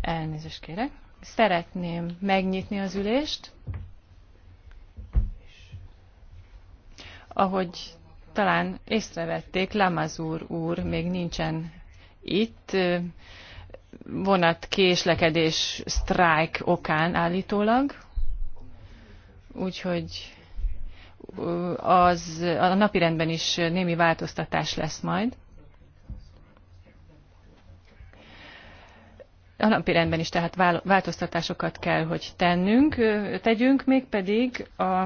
Elnézést kérek. Szeretném megnyitni az ülést. Ahogy talán észrevették, Lamazur úr még nincsen itt vonat késlekedés sztrájk okán állítólag. Úgyhogy az a napirendben is némi változtatás lesz majd. A napirendben is tehát változtatásokat kell, hogy tennünk, tegyünk, mégpedig a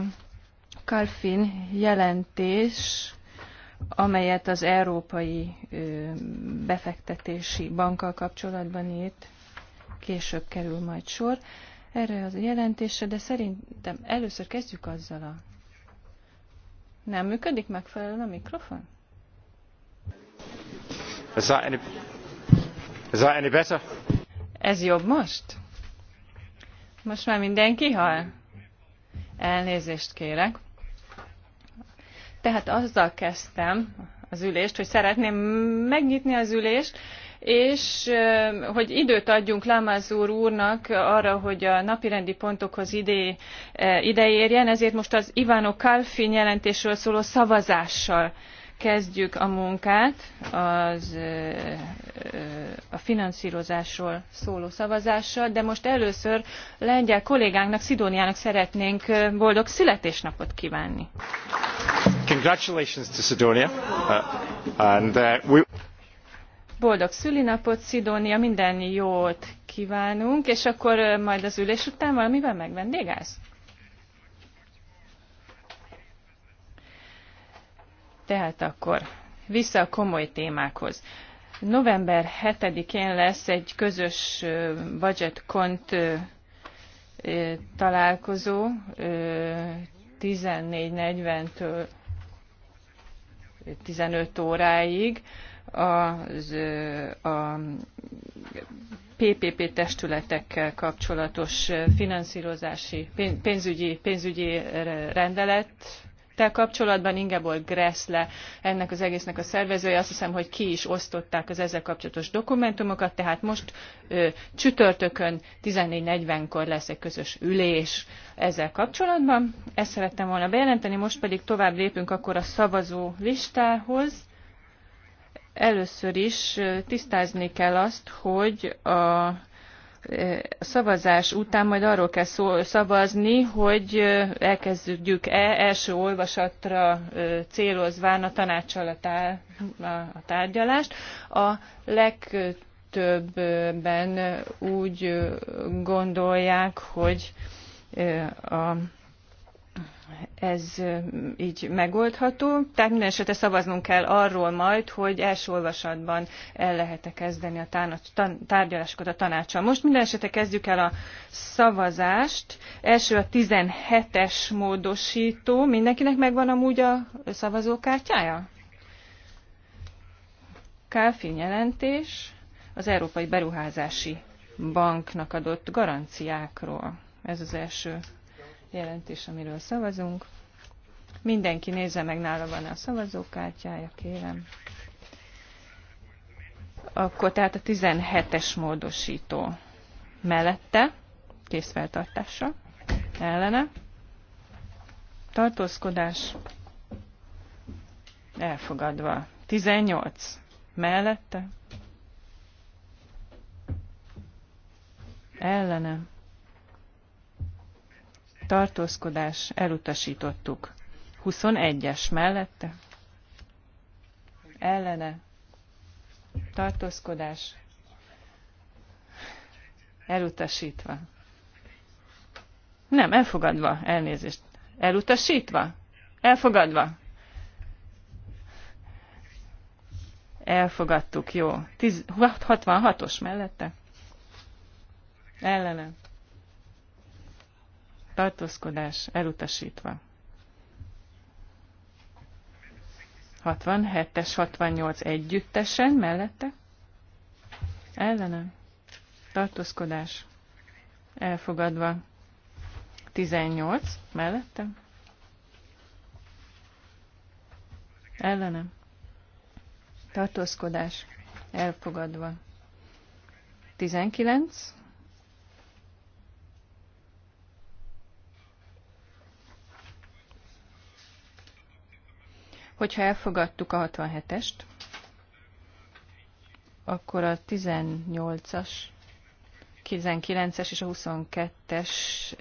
Kalfin jelentés, amelyet az Európai Befektetési Bankkal kapcsolatban írt, később kerül majd sor erre az jelentésre, de szerintem először kezdjük azzal a nem működik megfelelően a mikrofon? Ez eine, ez eine besser. Ez jobb most? Most már mindenki hall? Elnézést kérek. Tehát azzal kezdtem az ülést, hogy szeretném megnyitni az ülést, és hogy időt adjunk Lamazur úrnak arra, hogy a napirendi pontokhoz ide, érjen, ezért most az Ivano Kalfin jelentésről szóló szavazással kezdjük a munkát, az, a finanszírozásról szóló szavazással, de most először lengyel kollégánknak, Szidóniának szeretnénk boldog születésnapot kívánni. Congratulations to Sidonia. Uh, and, uh, we... Boldog szülinapot, Szidónia, minden jót kívánunk, és akkor majd az ülés után valamivel megvendégálsz? Tehát akkor vissza a komoly témákhoz. November 7-én lesz egy közös budget kont találkozó 14.40-től 15 óráig az, a PPP testületekkel kapcsolatos finanszírozási, pénzügyi, pénzügyi rendelet Te kapcsolatban Ingeborg Gressle ennek az egésznek a szervezője. Azt hiszem, hogy ki is osztották az ezzel kapcsolatos dokumentumokat, tehát most ö, csütörtökön 14.40-kor lesz egy közös ülés ezzel kapcsolatban. Ezt szerettem volna bejelenteni, most pedig tovább lépünk akkor a szavazó listához. Először is tisztázni kell azt, hogy a szavazás után majd arról kell szavazni, hogy elkezdjük-e első olvasatra célozván a tanácssal a, a tárgyalást. A legtöbben úgy gondolják, hogy a ez így megoldható. Tehát minden esetre szavaznunk kell arról majd, hogy első olvasatban el lehet -e kezdeni a tárgyalásokat a tanácssal. Most minden esetre kezdjük el a szavazást. Első a 17-es módosító. Mindenkinek megvan amúgy a szavazókártyája? Kálfin jelentés az Európai Beruházási Banknak adott garanciákról. Ez az első jelentés, amiről szavazunk. Mindenki nézze meg, nála van a szavazókártyája, kérem. Akkor tehát a 17-es módosító mellette, készfeltartása, ellene, tartózkodás, elfogadva. 18 mellette, ellene, tartózkodás, elutasítottuk. 21-es mellette, ellene, tartózkodás, elutasítva. Nem, elfogadva, elnézést. Elutasítva? Elfogadva. Elfogadtuk, jó. 66-os mellette? Ellene tartózkodás elutasítva. 67-es, 68 együttesen mellette. Ellenem. Tartózkodás. Elfogadva. 18 mellette. Ellenem. Tartózkodás. Elfogadva. 19 Hogyha elfogadtuk a 67-est, akkor a 18-as, 19-es és a 22-es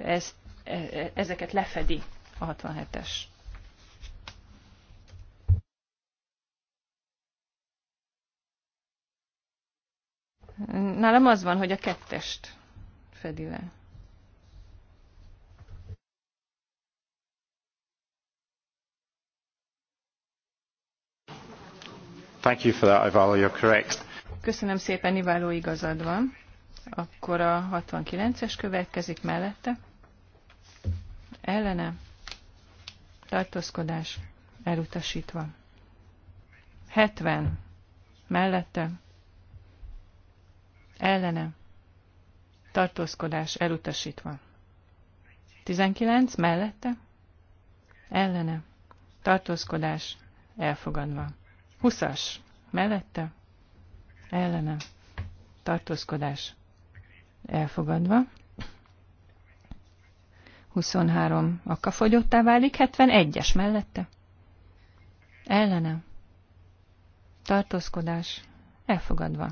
ez, e, e, ezeket lefedi a 67-es. Nálam az van, hogy a kettest fedi le. Thank you for that, Ivalo, you're correct. Köszönöm szépen, Iváló, igazad van. Akkor a 69-es következik mellette. Ellene. Tartózkodás. Elutasítva. 70. Mellette. Ellene. Tartózkodás. Elutasítva. 19. Mellette. Ellene. Tartózkodás. Elfogadva. 20 mellette ellene tartózkodás elfogadva. 23 akka fogyottá válik, 71-es mellette ellene tartózkodás elfogadva.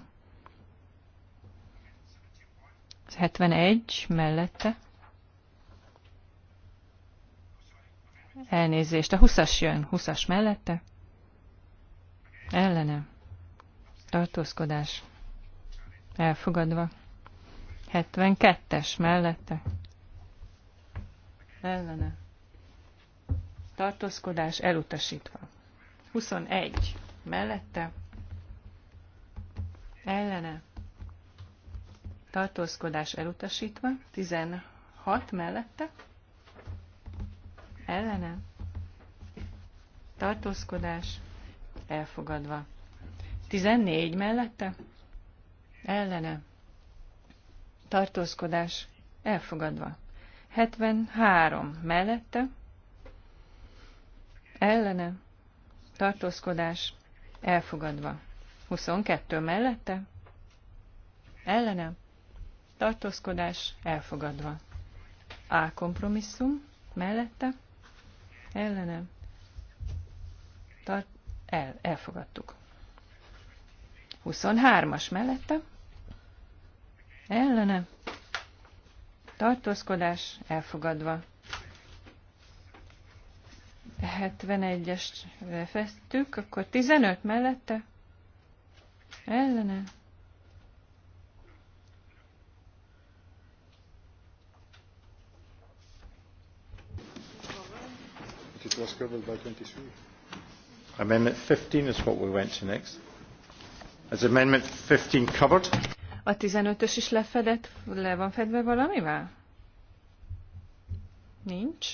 71 mellette Elnézést, a 20-as jön, 20-as mellette ellene, tartózkodás elfogadva, 72-es mellette, ellene, tartózkodás elutasítva, 21 mellette, ellene, tartózkodás elutasítva, 16 mellette, ellene, tartózkodás elfogadva. 14 mellette, ellene, tartózkodás, elfogadva. 73 mellette, ellene, tartózkodás, elfogadva. 22 mellette, ellene, tartózkodás, elfogadva. A kompromisszum mellette, ellene, tart, el, elfogadtuk. 23-as mellette. Ellene. Tartózkodás elfogadva. 71-est lefesztük, akkor 15 mellette. Ellene. It was covered by 23. Amendment 15 is what we went to next. Amendment 15 covered? A 15-ös is lefedett, le van fedve valamivel? Nincs.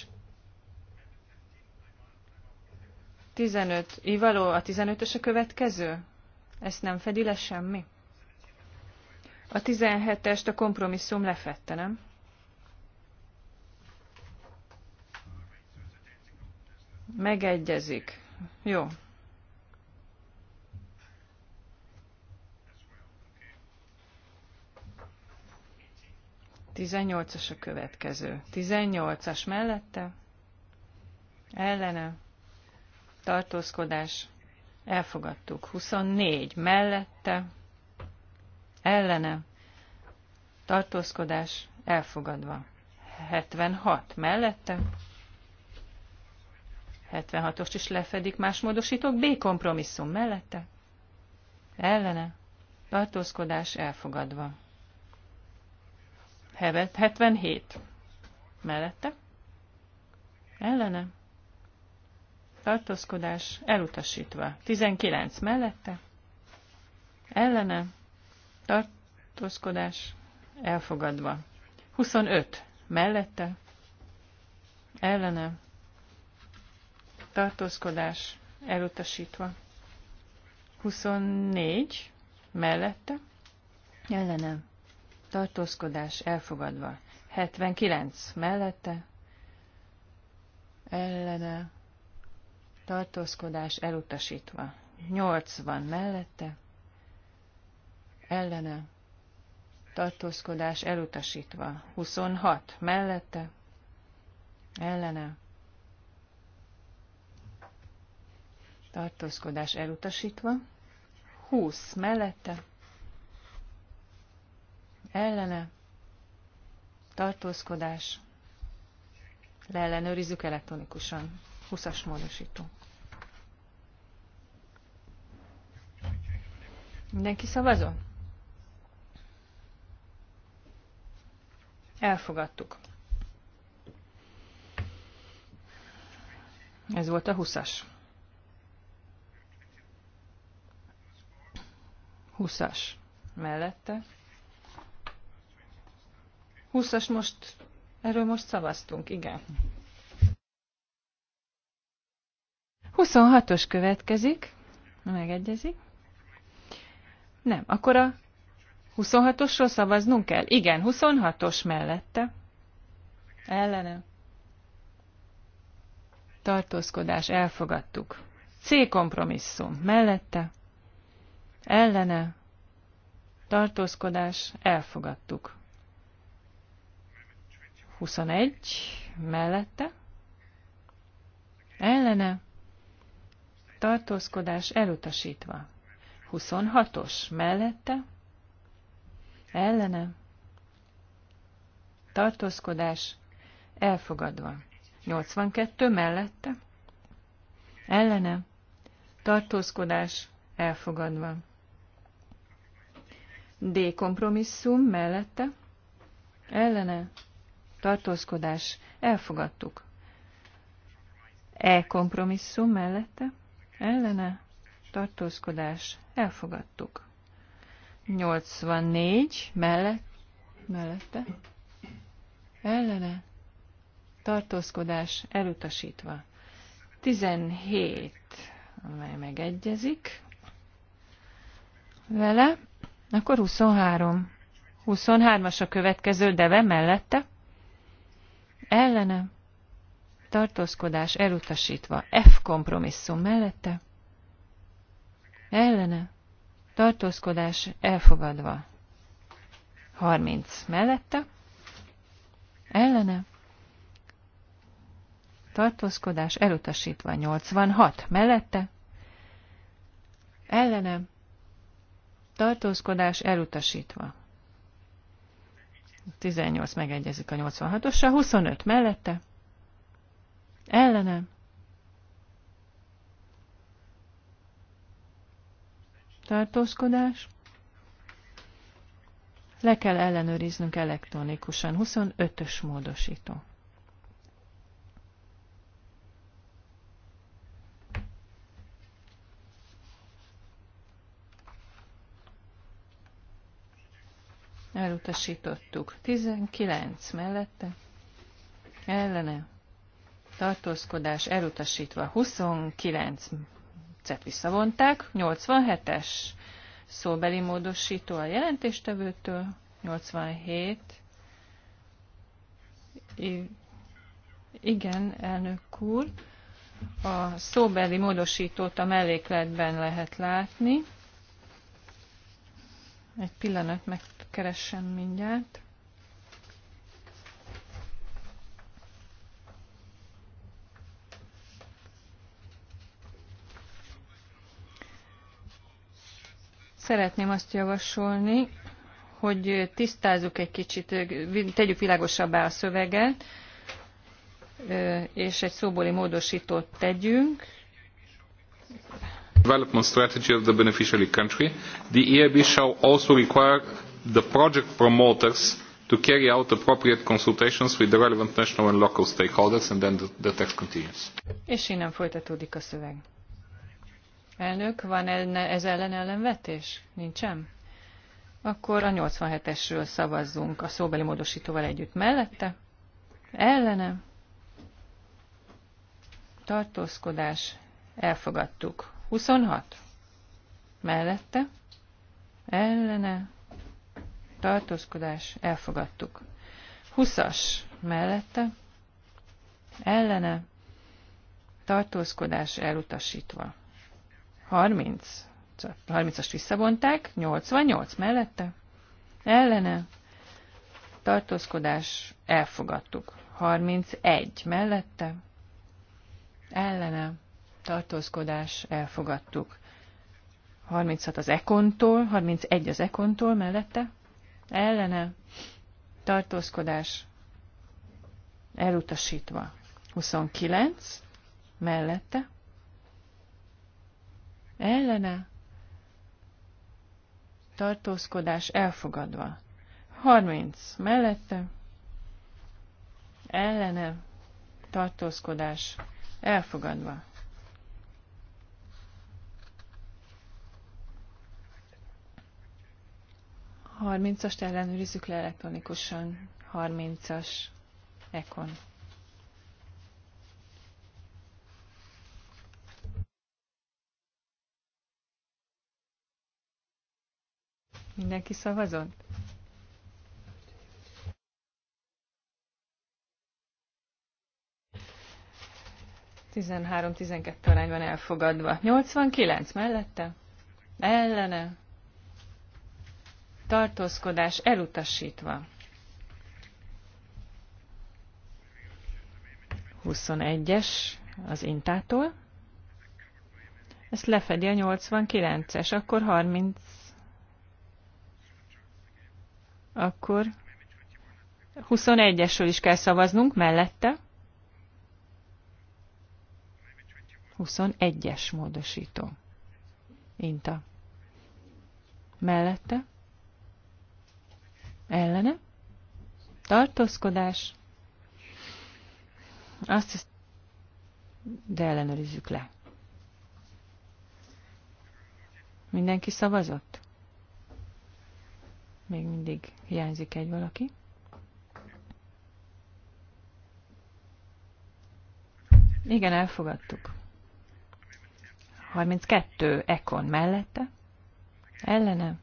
15. Ivaló, a 15-ös a következő? Ezt nem fedi le semmi? A 17-est a kompromisszum lefette, nem? Megegyezik. Jó. Tizennyolcas a következő. Tizennyolcas mellette, ellene, tartózkodás, elfogadtuk. 24 mellette, ellene, tartózkodás, elfogadva. 76 mellette, 76-ost is lefedik más módosítók. B kompromisszum mellette. Ellene. Tartózkodás elfogadva. 77. Mellette. Ellene. Tartózkodás elutasítva. 19. Mellette. Ellene. Tartózkodás elfogadva. 25. Mellette. Ellene tartózkodás elutasítva. 24 mellette ellenem tartózkodás elfogadva. 79 mellette ellene tartózkodás elutasítva. 80 mellette ellene tartózkodás elutasítva. 26 mellette ellene tartózkodás elutasítva, 20 mellette, ellene, tartózkodás, leellenőrizzük elektronikusan, 20-as módosító. Mindenki szavazó? Elfogadtuk. Ez volt a 20-as. 20-as mellette. 20-as most, erről most szavaztunk, igen. 26-os következik, megegyezik. Nem, akkor a 26-osról szavaznunk kell? Igen, 26-os mellette. Ellene. Tartózkodás, elfogadtuk. C kompromisszum mellette ellene, tartózkodás, elfogadtuk. 21 mellette, ellene, tartózkodás elutasítva. 26-os mellette, ellene, tartózkodás elfogadva. 82 mellette, ellene, tartózkodás elfogadva. D kompromisszum mellette, ellene, tartózkodás, elfogadtuk. E kompromisszum mellette, ellene, tartózkodás, elfogadtuk. 84 mellett, mellette, ellene, tartózkodás, elutasítva. 17, amely megegyezik vele, akkor 23. 23-as a következő deve mellette. Ellene. Tartózkodás elutasítva. F kompromisszum mellette. Ellene. Tartózkodás elfogadva. 30 mellette. Ellene. Tartózkodás elutasítva. 86 mellette. Ellene tartózkodás elutasítva. 18 megegyezik a 86-ossal, 25 mellette, ellenem, tartózkodás, le kell ellenőriznünk elektronikusan, 25-ös módosító. elutasítottuk. 19 mellette, ellene, tartózkodás elutasítva. 29-et visszavonták, 87-es szóbeli módosító a jelentéstevőtől, 87. I igen, elnök úr, a szóbeli módosítót a mellékletben lehet látni. Egy pillanat, megkeressem mindjárt. Szeretném azt javasolni, hogy tisztázzuk egy kicsit, tegyük világosabbá a szöveget, és egy szóbóli módosítót tegyünk, development strategy of the beneficiary country, the EIB shall also require the project promoters to carry out appropriate consultations with the relevant national and local stakeholders, and then the, the text continues. És innen folytatódik a szöveg. Elnök, van ez ellen ellenvetés? Nincsen? Akkor a 87-esről szavazzunk a szóbeli módosítóval együtt mellette. Ellene. Tartózkodás. Elfogadtuk. 26. Mellette, ellene, tartózkodás, elfogadtuk. 20-as mellette, ellene, tartózkodás elutasítva. 30. 30-ast visszavonták, 88 mellette, ellene, tartózkodás elfogadtuk. 31 mellette, ellene, tartózkodás, elfogadtuk. 36 az ekontól, 31 az ekontól mellette, ellene, tartózkodás, elutasítva. 29 mellette, ellene, tartózkodás, elfogadva. 30 mellette, ellene, tartózkodás, elfogadva. 30-ast ellenőrizzük le elektronikusan. 30-as Ekon. Mindenki szavazott? Tizenhárom-tizenkettő arányban elfogadva. 89 mellette? Ellene? tartózkodás elutasítva. 21-es az intától. Ezt lefedi a 89-es, akkor 30. Akkor 21-esről is kell szavaznunk mellette. 21-es módosító. Inta. Mellette ellene, tartózkodás, azt hisz, de ellenőrizzük le. Mindenki szavazott? Még mindig hiányzik egy valaki. Igen, elfogadtuk. 32 ekon mellette, ellene,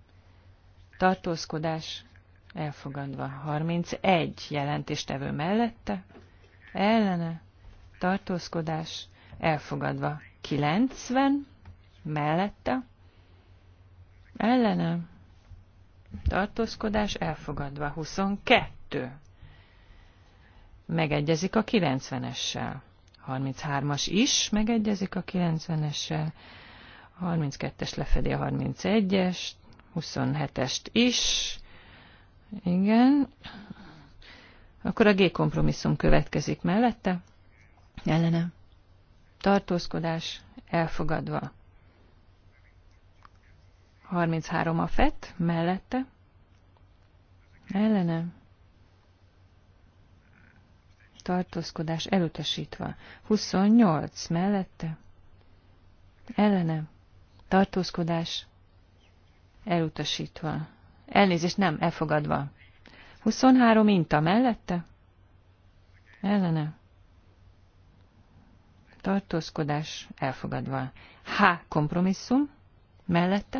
tartózkodás, elfogadva. 31 jelentéstevő mellette, ellene, tartózkodás, elfogadva. 90 mellette, ellene, tartózkodás, elfogadva. 22 megegyezik a 90-essel. 33-as is megegyezik a 90-essel. 32-es lefedi a 31-est, 27-est is, igen. Akkor a G kompromisszum következik mellette. Ellene. Tartózkodás elfogadva. 33 a fett mellette. Ellene. Tartózkodás elutasítva. 28 mellette. Ellene. Tartózkodás elutasítva. Elnézést, nem, elfogadva. 23 inta mellette? Ellene. Tartózkodás elfogadva. H. Kompromisszum. Mellette.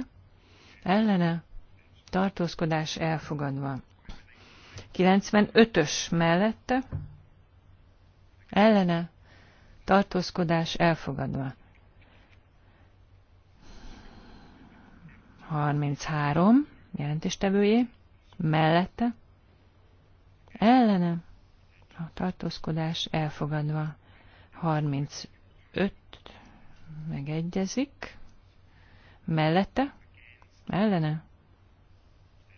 Ellene. Tartózkodás elfogadva. 95-ös mellette. Ellene. Tartózkodás elfogadva. 33 jelentéstevőjé, mellette, ellene, a tartózkodás elfogadva 35 megegyezik, mellette, ellene,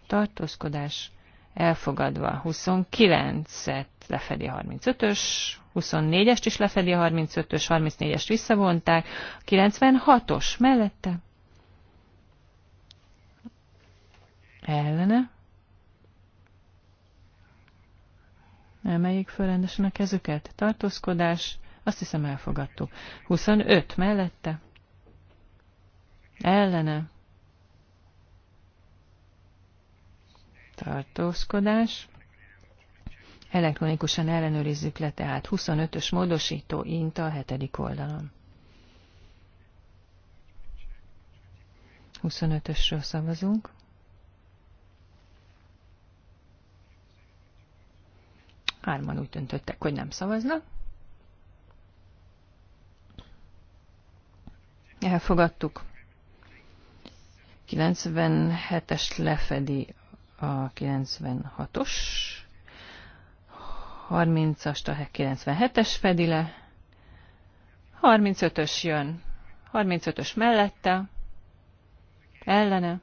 tartózkodás elfogadva 29-et lefedi 35-ös, 24-est is lefedi a 35-ös, 34-est visszavonták, 96-os mellette, ellene. Emeljék föl rendesen a kezüket. Tartózkodás, azt hiszem elfogadtuk. 25 mellette. Ellene. Tartózkodás. Elektronikusan ellenőrizzük le tehát 25-ös módosító inta a hetedik oldalon. 25-ösről szavazunk. Hárman úgy döntöttek, hogy nem szavaznak. Elfogadtuk. 97-es lefedi a 96-os, 30-ast a 97-es fedi le, 35-ös jön, 35-ös mellette, ellene,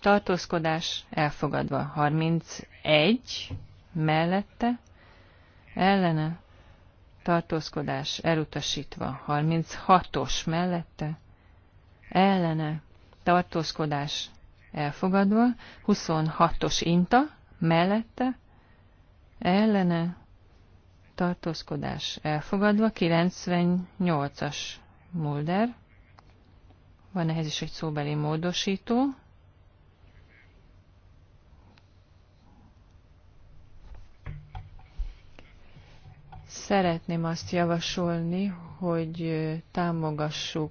tartózkodás elfogadva, 31 mellette, ellene, tartózkodás elutasítva. 36-os mellette, ellene, tartózkodás elfogadva. 26-os inta, mellette, ellene, tartózkodás elfogadva. 98-as Mulder. Van ehhez is egy szóbeli módosító. Szeretném azt javasolni, hogy támogassuk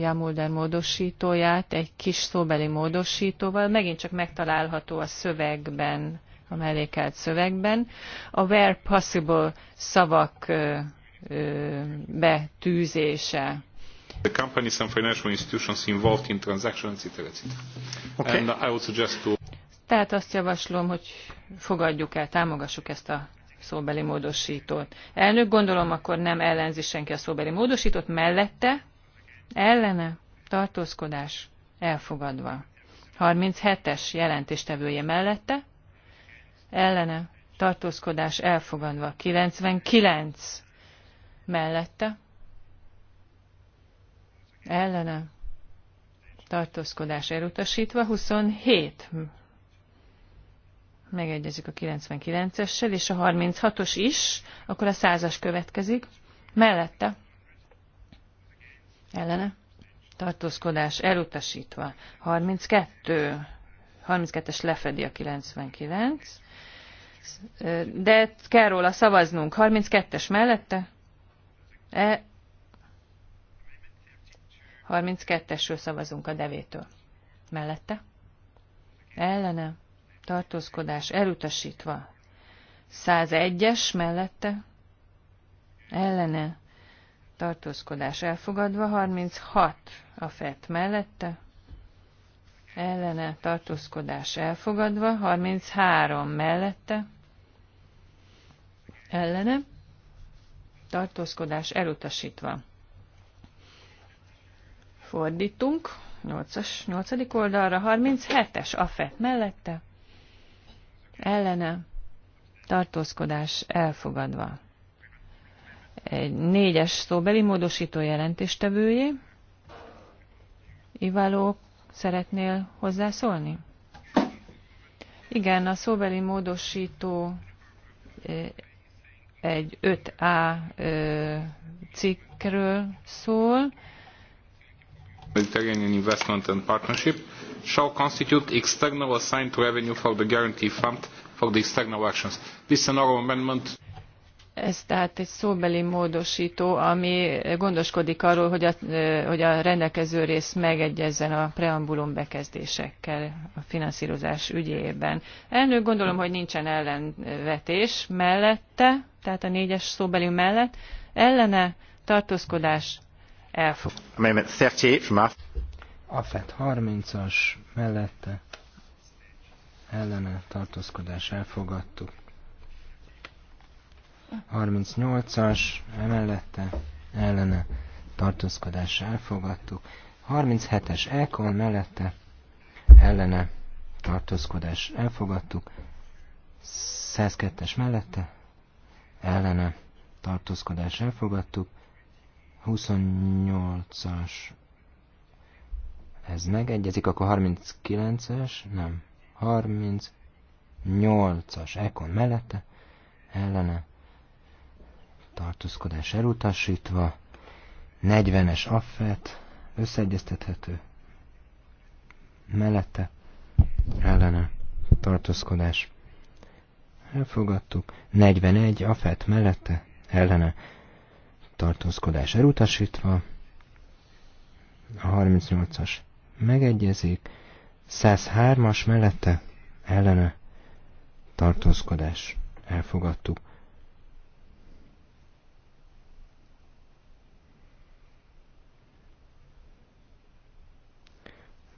Jamulder módosítóját egy kis szóbeli módosítóval. Megint csak megtalálható a szövegben, a mellékelt szövegben. A where possible szavak betűzése the companies and financial institutions involved in transactions, etc. Okay. And I would suggest to... Tehát azt javaslom, hogy fogadjuk el, támogassuk ezt a szóbeli módosítót. Elnök, gondolom, akkor nem ellenzi senki a szóbeli módosítót. Mellette? Ellene? Tartózkodás? Elfogadva. 37-es jelentéstevője mellette? Ellene? Tartózkodás? Elfogadva. 99 mellette? Ellene? Tartózkodás elutasítva. 27 megegyezik a 99-essel, és a 36-os is, akkor a 100-as következik, mellette, ellene, tartózkodás elutasítva, 32, 32-es lefedi a 99, de kell róla szavaznunk, 32-es mellette, e, 32-esről szavazunk a devétől. Mellette? Ellene? tartózkodás elutasítva. 101-es mellette, ellene, tartózkodás elfogadva, 36 a FET mellette, ellene, tartózkodás elfogadva, 33 mellette, ellene, tartózkodás elutasítva. Fordítunk, 8-as, 8. oldalra, 37-es a FET mellette, ellene, tartózkodás elfogadva. Egy négyes szóbeli módosító jelentéstevője. Iváló, szeretnél hozzászólni? Igen, a szóbeli módosító egy 5A cikkről szól. Mediterranean Investment and Partnership shall constitute external assigned revenue for the guarantee fund for the external actions. This is an oral amendment ez tehát egy szóbeli módosító, ami gondoskodik arról, hogy a, hogy a rendelkező rész megegyezzen a preambulum bekezdésekkel a finanszírozás ügyében. Elnök, gondolom, hogy nincsen ellenvetés mellette, tehát a négyes szóbeli mellett, ellene tartózkodás elfog a AFET 30-as mellette ellene tartózkodás elfogadtuk. 38-as emellette ellene tartózkodás elfogadtuk. 37-es Ekon mellette ellene tartózkodás elfogadtuk. 102-es mellette ellene tartózkodás elfogadtuk. 28-as ez megegyezik, akkor 39-es, nem, 38-as Ekon mellette, ellene, tartózkodás elutasítva, 40-es affet, összeegyeztethető, mellette, ellene, tartózkodás. Elfogadtuk. 41 affet mellette, ellene, tartózkodás elutasítva, a 38-as megegyezik. 103-as mellette ellene tartózkodás. Elfogadtuk.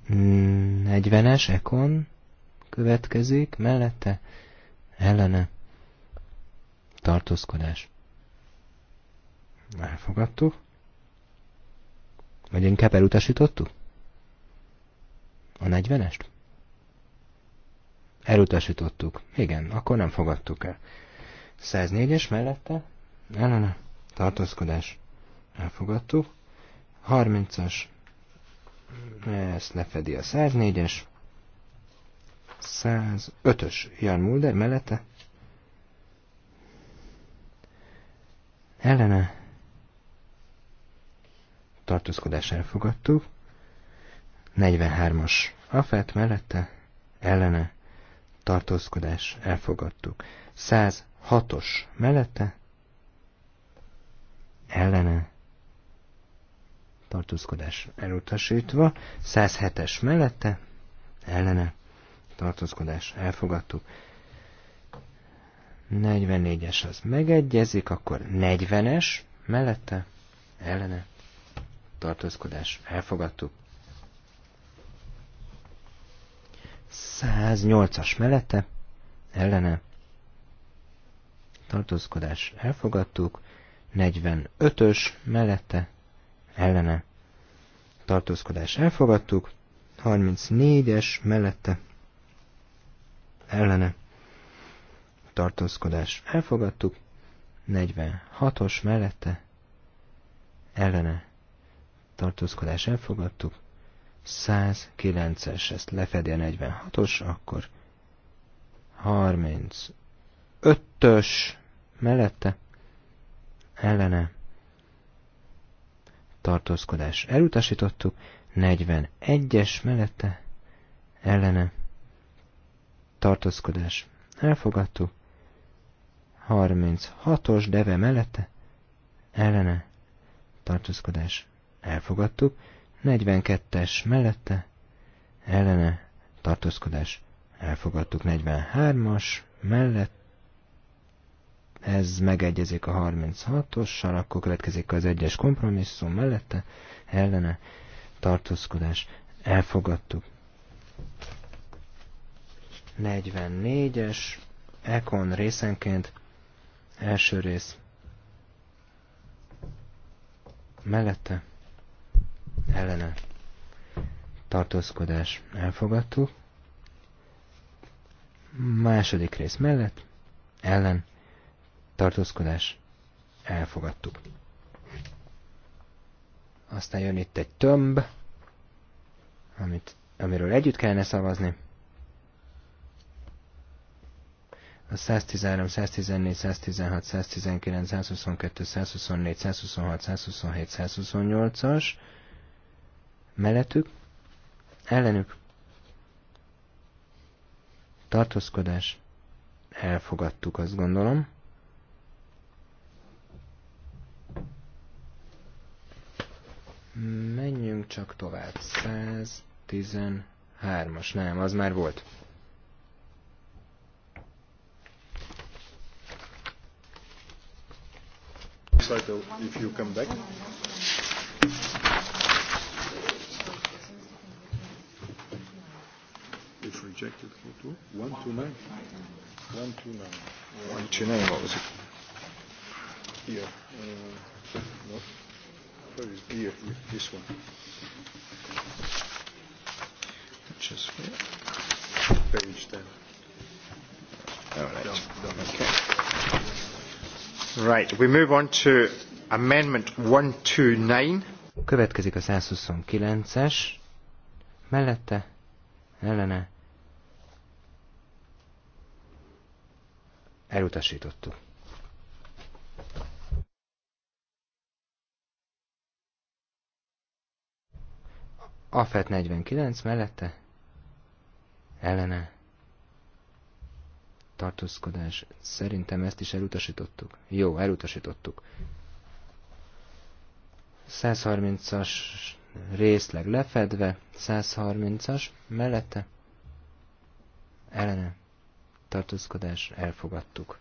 40-es ekon következik, mellette ellene tartózkodás. Elfogadtuk. Vagy inkább elutasítottuk? A negyvenest? Elutasítottuk. Igen, akkor nem fogadtuk el. 104-es mellette? Ne, ne, ne. Tartózkodás. Elfogadtuk. 30-as. Ezt lefedi a 104-es. 105-ös Jan Mulder mellette. Ellene. Tartózkodás elfogadtuk. 43-as afet mellette ellene tartózkodás elfogadtuk. 106-os mellette ellene tartózkodás elutasítva, 107-es mellette ellene tartózkodás elfogadtuk. 44-es az megegyezik, akkor 40-es mellette ellene tartózkodás elfogadtuk. 108-as mellette, ellene, tartózkodás elfogadtuk, 45-ös mellette, ellene, tartózkodás elfogadtuk, 34-es mellette, ellene, tartózkodás elfogadtuk, 46-os mellette, ellene, tartózkodás elfogadtuk, 109-es, ezt lefedi a 46-os, akkor 35-ös mellette ellene tartózkodás elutasítottuk, 41-es mellette ellene tartózkodás elfogadtuk, 36-os deve mellette ellene tartózkodás elfogadtuk, 42-es mellette, ellene, tartózkodás, elfogadtuk 43-as, mellett, ez megegyezik a 36-ossal, akkor következik az egyes kompromisszum mellette, ellene, tartózkodás, elfogadtuk. 44-es, Ekon részenként, első rész, mellette, ellene tartózkodás elfogadtuk. Második rész mellett ellen tartózkodás elfogadtuk. Aztán jön itt egy tömb, amit, amiről együtt kellene szavazni. A 113, 114, 116, 119, 122, 124, 126, 127, 128-as mellettük, ellenük, tartózkodás, elfogadtuk, azt gondolom. Menjünk csak tovább. 113-as, nem, az már volt. If you come back. rejected. Two, one, two, nine. One, two, nine. One, two, nine. What was it? Here. Uh, no. Where is here? here this one. Just here. Page ten. All right. Done, done. Okay. Right. We move on to amendment 129. Következik a 129-es. Mellette, ellene, Elutasítottuk. AFET 49 mellette ellene tartózkodás. Szerintem ezt is elutasítottuk. Jó, elutasítottuk. 130-as részleg lefedve, 130-as mellette ellene tartózkodás, elfogadtuk.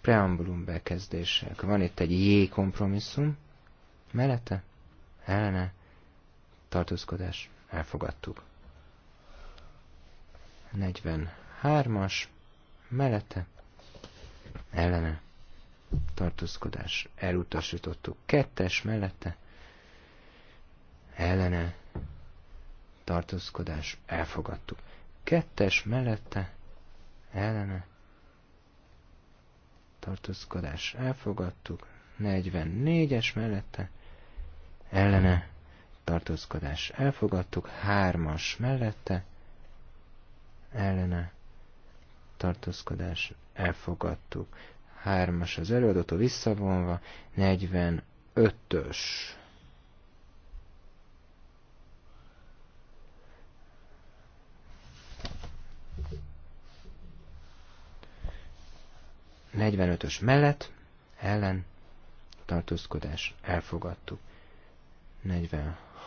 Preambulum bekezdések. Van itt egy J kompromisszum, mellette, ellene, tartózkodás, elfogadtuk. 43-as, mellette, ellene, tartózkodás, elutasítottuk. Kettes, mellette, ellene, tartózkodás, elfogadtuk. Kettes, mellette, ellene tartózkodás elfogadtuk, 44-es mellette ellene tartózkodás elfogadtuk, 3-as mellette ellene tartózkodás elfogadtuk, 3-as az előadótól visszavonva, 45-ös 45-ös mellett, ellen, tartózkodás, elfogadtuk.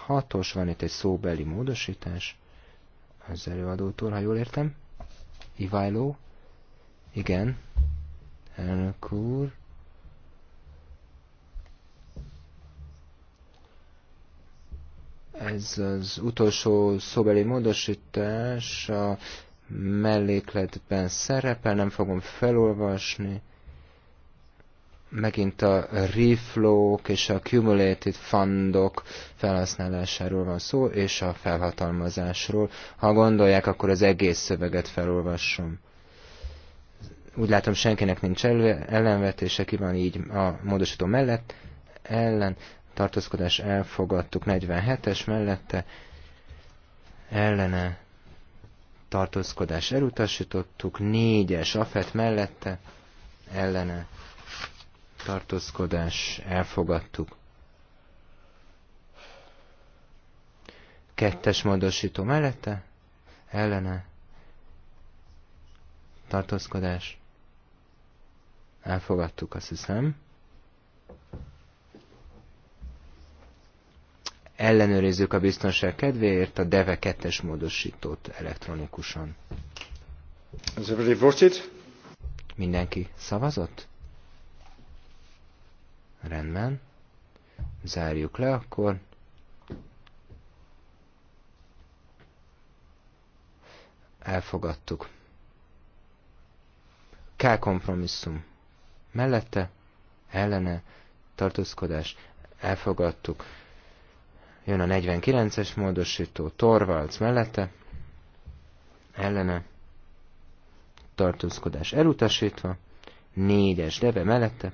46-os, van itt egy szóbeli módosítás, az előadótól, ha jól értem. Iváló, igen, elnök úr. Ez az utolsó szóbeli módosítás a mellékletben szerepel, nem fogom felolvasni. Megint a reflow és a cumulated fundok felhasználásáról van szó, és a felhatalmazásról. Ha gondolják, akkor az egész szöveget felolvasom. Úgy látom, senkinek nincs ellenvetése, ki van így a módosító mellett, ellen, tartózkodás elfogadtuk 47-es mellette, ellene tartózkodás elutasítottuk, négyes afet mellette ellene tartózkodás elfogadtuk. Kettes módosító mellette ellene tartózkodás elfogadtuk, azt hiszem. ellenőrizzük a biztonság kedvéért a DEVE 2-es módosítót elektronikusan. Has everybody voted? Mindenki szavazott? Rendben. Zárjuk le akkor. Elfogadtuk. K kompromisszum. Mellette, ellene, tartózkodás. Elfogadtuk. Jön a 49-es módosító, Torvalds mellette, ellene, tartózkodás elutasítva, 4-es debe mellette,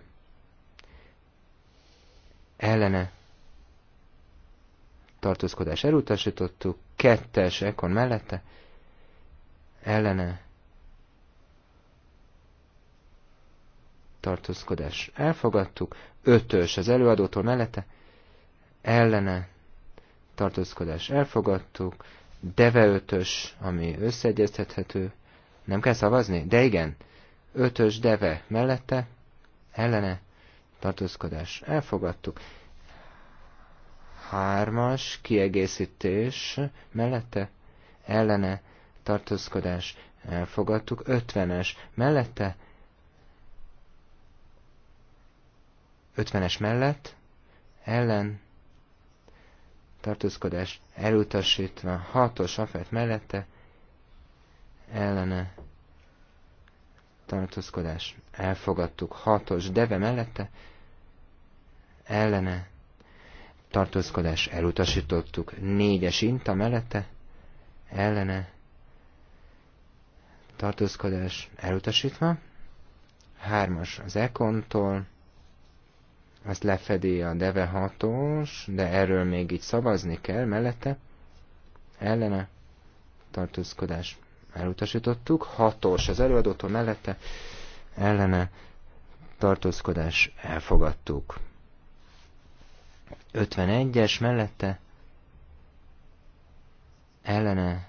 ellene, tartózkodás elutasítottuk, 2-es ekon mellette, ellene, tartózkodás elfogadtuk, 5-ös az előadótól mellette, ellene, tartózkodás elfogadtuk, deve ötös, ami összeegyeztethető, nem kell szavazni? De igen, ötös deve mellette, ellene, tartózkodás elfogadtuk, hármas kiegészítés mellette, ellene, tartózkodás elfogadtuk, ötvenes mellette, ötvenes mellett, ellen, tartózkodás elutasítva, hatos afet mellette, ellene tartózkodás elfogadtuk, hatos deve mellette, ellene tartózkodás elutasítottuk, négyes inta mellette, ellene tartózkodás elutasítva, hármas az ekontól, azt lefedi a Deve hatós, de erről még így szavazni kell mellette. Ellene tartózkodás elutasítottuk. Hatos az előadótól mellette ellene tartózkodás elfogadtuk. 51-es mellette ellene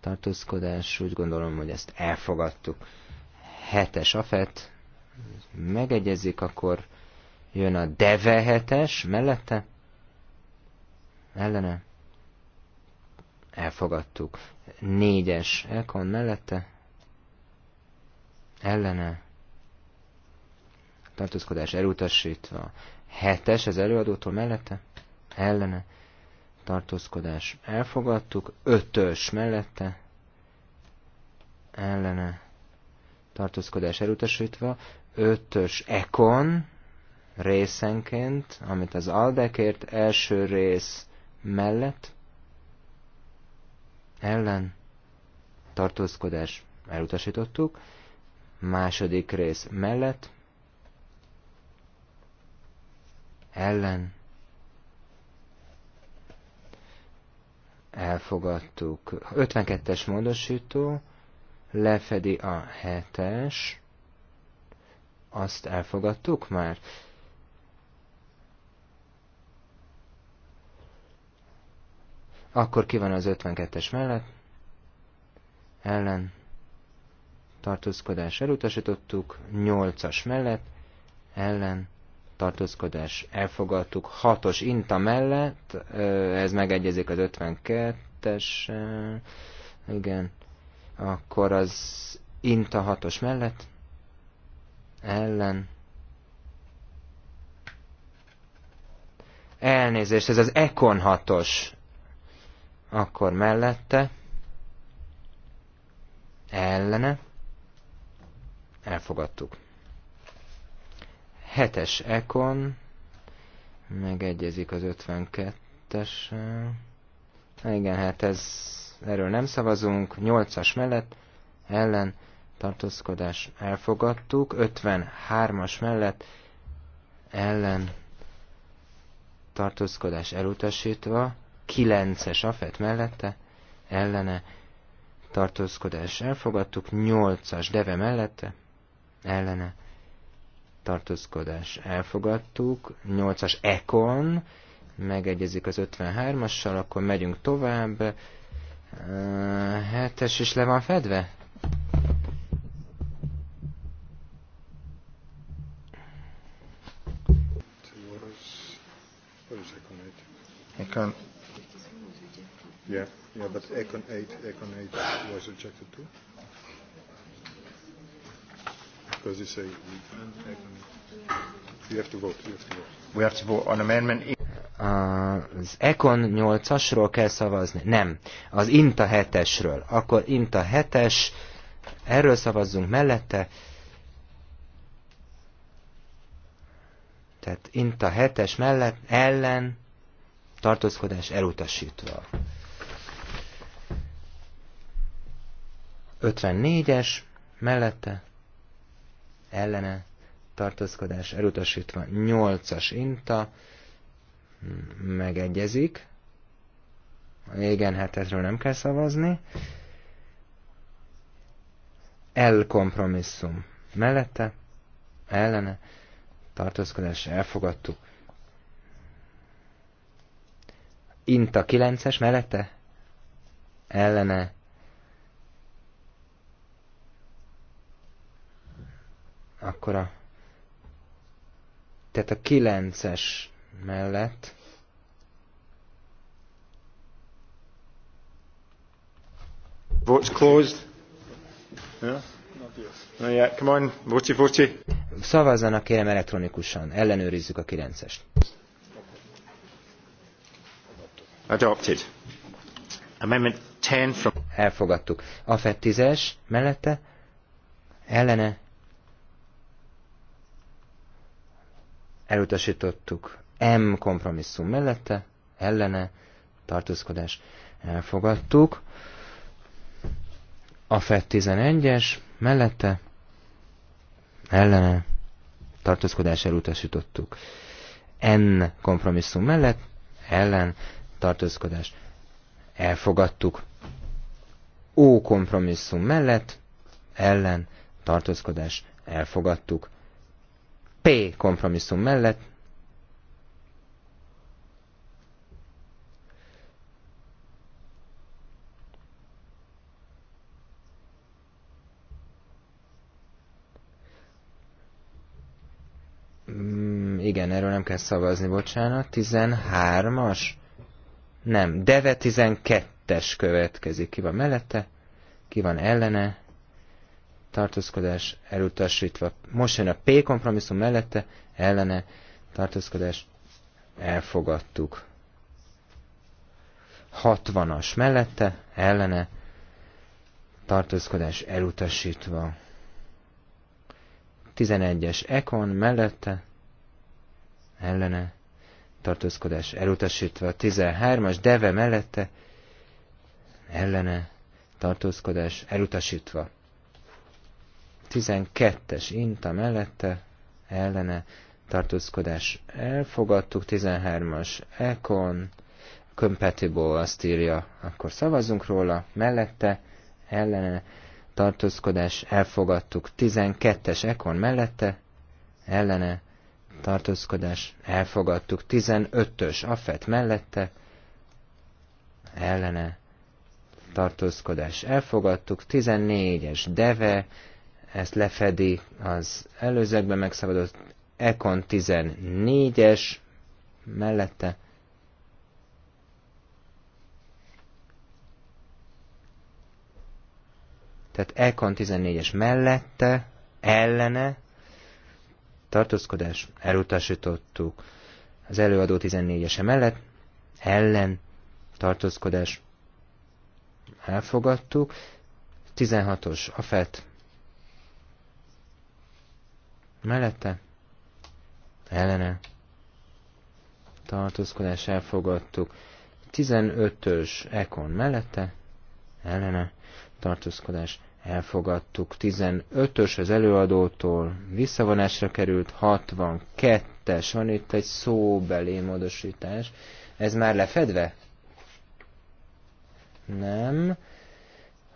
tartózkodás, úgy gondolom, hogy ezt elfogadtuk. 7-es afet megegyezik, akkor Jön a devehetes mellette. Ellene. Elfogadtuk. négyes es Econ mellette. Ellene. Tartózkodás elutasítva. hetes az előadótól mellette. Ellene. Tartózkodás elfogadtuk. ötös mellette. Ellene tartózkodás elutasítva, ötös Ekon részenként, amit az Aldekért első rész mellett ellen tartózkodás elutasítottuk, második rész mellett ellen elfogadtuk. 52-es módosító lefedi a 7-es, azt elfogadtuk már. Akkor ki van az 52-es mellett? Ellen. Tartózkodás elutasítottuk. 8-as mellett. Ellen. Tartózkodás elfogadtuk. 6-os inta mellett. Ez megegyezik az 52-es. Igen. Akkor az inta 6-os mellett. Ellen. Elnézést, ez az Econ 6-os akkor mellette, ellene, elfogadtuk. Hetes Ekon, megegyezik az 52-es. Igen, hát ez, erről nem szavazunk. 8-as mellett, ellen, tartózkodás elfogadtuk. 53-as mellett, ellen, tartózkodás elutasítva kilences afet mellette, ellene, tartózkodás elfogadtuk, nyolcas deve mellette, ellene, tartózkodás elfogadtuk, nyolcas ekon, megegyezik az 53-assal, akkor megyünk tovább, hetes is le van fedve? Ekon Yeah, yeah, but Econ 8, Econ 8 was rejected too. Because you say you have to vote. You have to vote. We have to vote on amendment. Az Econ 8-asról kell szavazni? Nem. Az Inta 7-esről. Akkor Inta 7-es, erről szavazzunk mellette. Tehát Inta 7-es mellett, ellen, tartózkodás elutasítva. 54-es mellette ellene tartózkodás elutasítva 8-as inta megegyezik. Igen, hát ezről nem kell szavazni. elkompromisszum kompromisszum mellette ellene tartózkodás elfogadtuk. Inta 9-es mellette ellene akkor a tehát a 9-es mellett Vote's closed. Yeah. Not yet. Come on, voti, voti. Szavazzanak kérem elektronikusan, ellenőrizzük a 9-est. Adopted. Amendment 10 from... Elfogadtuk. A AFET 10-es, mellette, ellene, elutasítottuk. M kompromisszum mellette, ellene, tartózkodás, elfogadtuk. A FED 11-es mellette, ellene, tartózkodás elutasítottuk. N kompromisszum mellett, ellen, tartózkodás, elfogadtuk. O kompromisszum mellett, ellen, tartózkodás, elfogadtuk. P kompromisszum mellett mm, igen, erről nem kell szavazni, bocsánat. 13-as? Nem, Deve 12-es következik. Ki van mellette? Ki van ellene? tartózkodás elutasítva. Most jön a P kompromisszum mellette, ellene tartózkodás elfogadtuk. 60-as mellette, ellene tartózkodás elutasítva. 11-es Ekon mellette, ellene tartózkodás elutasítva. 13-as Deve mellette, ellene tartózkodás elutasítva. 12-es inta mellette ellene tartózkodás elfogadtuk, 13-as Econ, compatible azt írja, akkor szavazunk róla, mellette ellene tartózkodás elfogadtuk, 12-es Econ mellette ellene tartózkodás elfogadtuk, 15-ös Affet mellette ellene tartózkodás elfogadtuk, 14-es Deve ezt lefedi az előzőkben megszabadult Econ 14-es mellette. Tehát Econ 14-es mellette, ellene, tartózkodás, elutasítottuk. Az előadó 14-ese mellett, ellen, tartózkodás, elfogadtuk. 16-os a FET, mellette, ellene, tartózkodás elfogadtuk. 15-ös Ekon mellette, ellene, tartózkodás elfogadtuk. 15-ös az előadótól visszavonásra került, 62-es, van itt egy szóbeli módosítás. Ez már lefedve? Nem.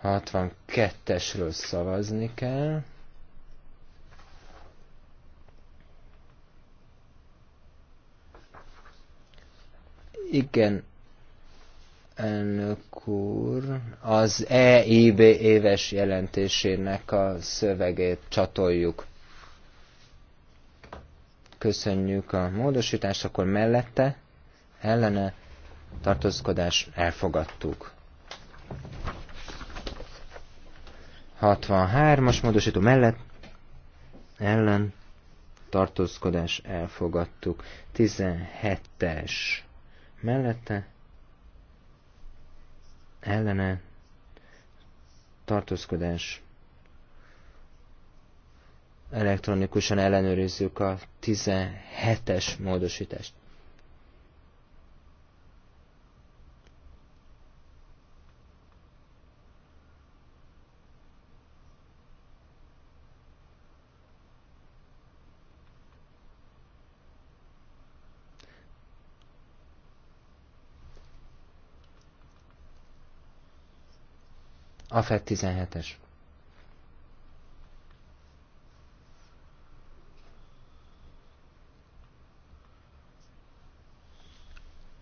62-esről szavazni kell. Igen, elnök úr, az EIB éves jelentésének a szövegét csatoljuk. Köszönjük a módosítást, akkor mellette, ellene, tartózkodás elfogadtuk. 63-as módosító mellett, ellen, tartózkodás elfogadtuk. 17-es mellette ellene tartózkodás elektronikusan ellenőrizzük a 17-es módosítást. AFET 17-es.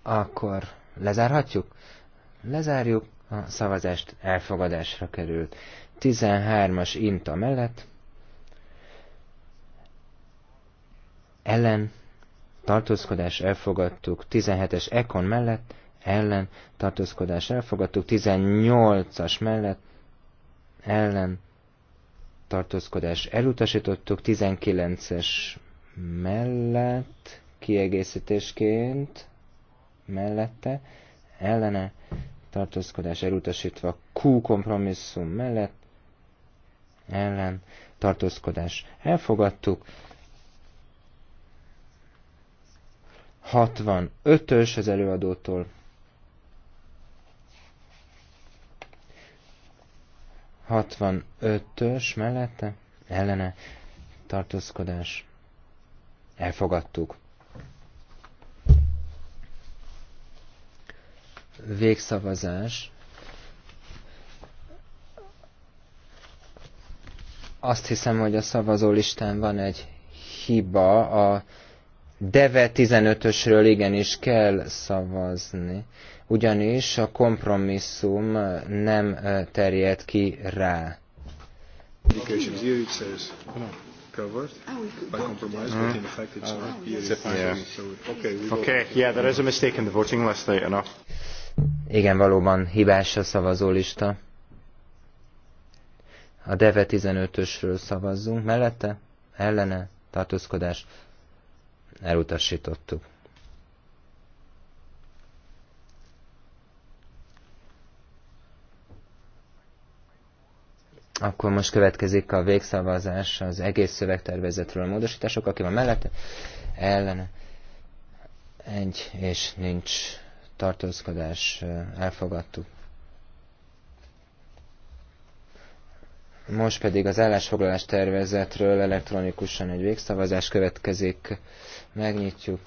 Akkor lezárhatjuk? Lezárjuk, a szavazást elfogadásra került. 13-as inta mellett ellen tartózkodás elfogadtuk, 17-es ekon mellett ellen tartózkodás elfogadtuk, 18-as mellett ellen tartózkodás elutasítottuk, 19-es mellett kiegészítésként mellette ellene tartózkodás elutasítva Q kompromisszum mellett ellen tartózkodás elfogadtuk. 65-ös az előadótól 65-ös mellette ellene tartózkodás elfogadtuk. Végszavazás. Azt hiszem, hogy a szavazólistán van egy hiba, a DEVE 15-ösről igenis kell szavazni ugyanis a kompromisszum nem terjed ki rá. Ah. Igen, valóban hibás a szavazólista. A DEVE 15-ösről szavazzunk. Mellette? Ellene? Tartózkodás? Elutasítottuk. Akkor most következik a végszavazás az egész szövegtervezetről a módosítások, aki van mellette, ellene egy, és nincs tartózkodás, elfogadtuk. Most pedig az állásfoglalás tervezetről elektronikusan egy végszavazás következik. Megnyitjuk.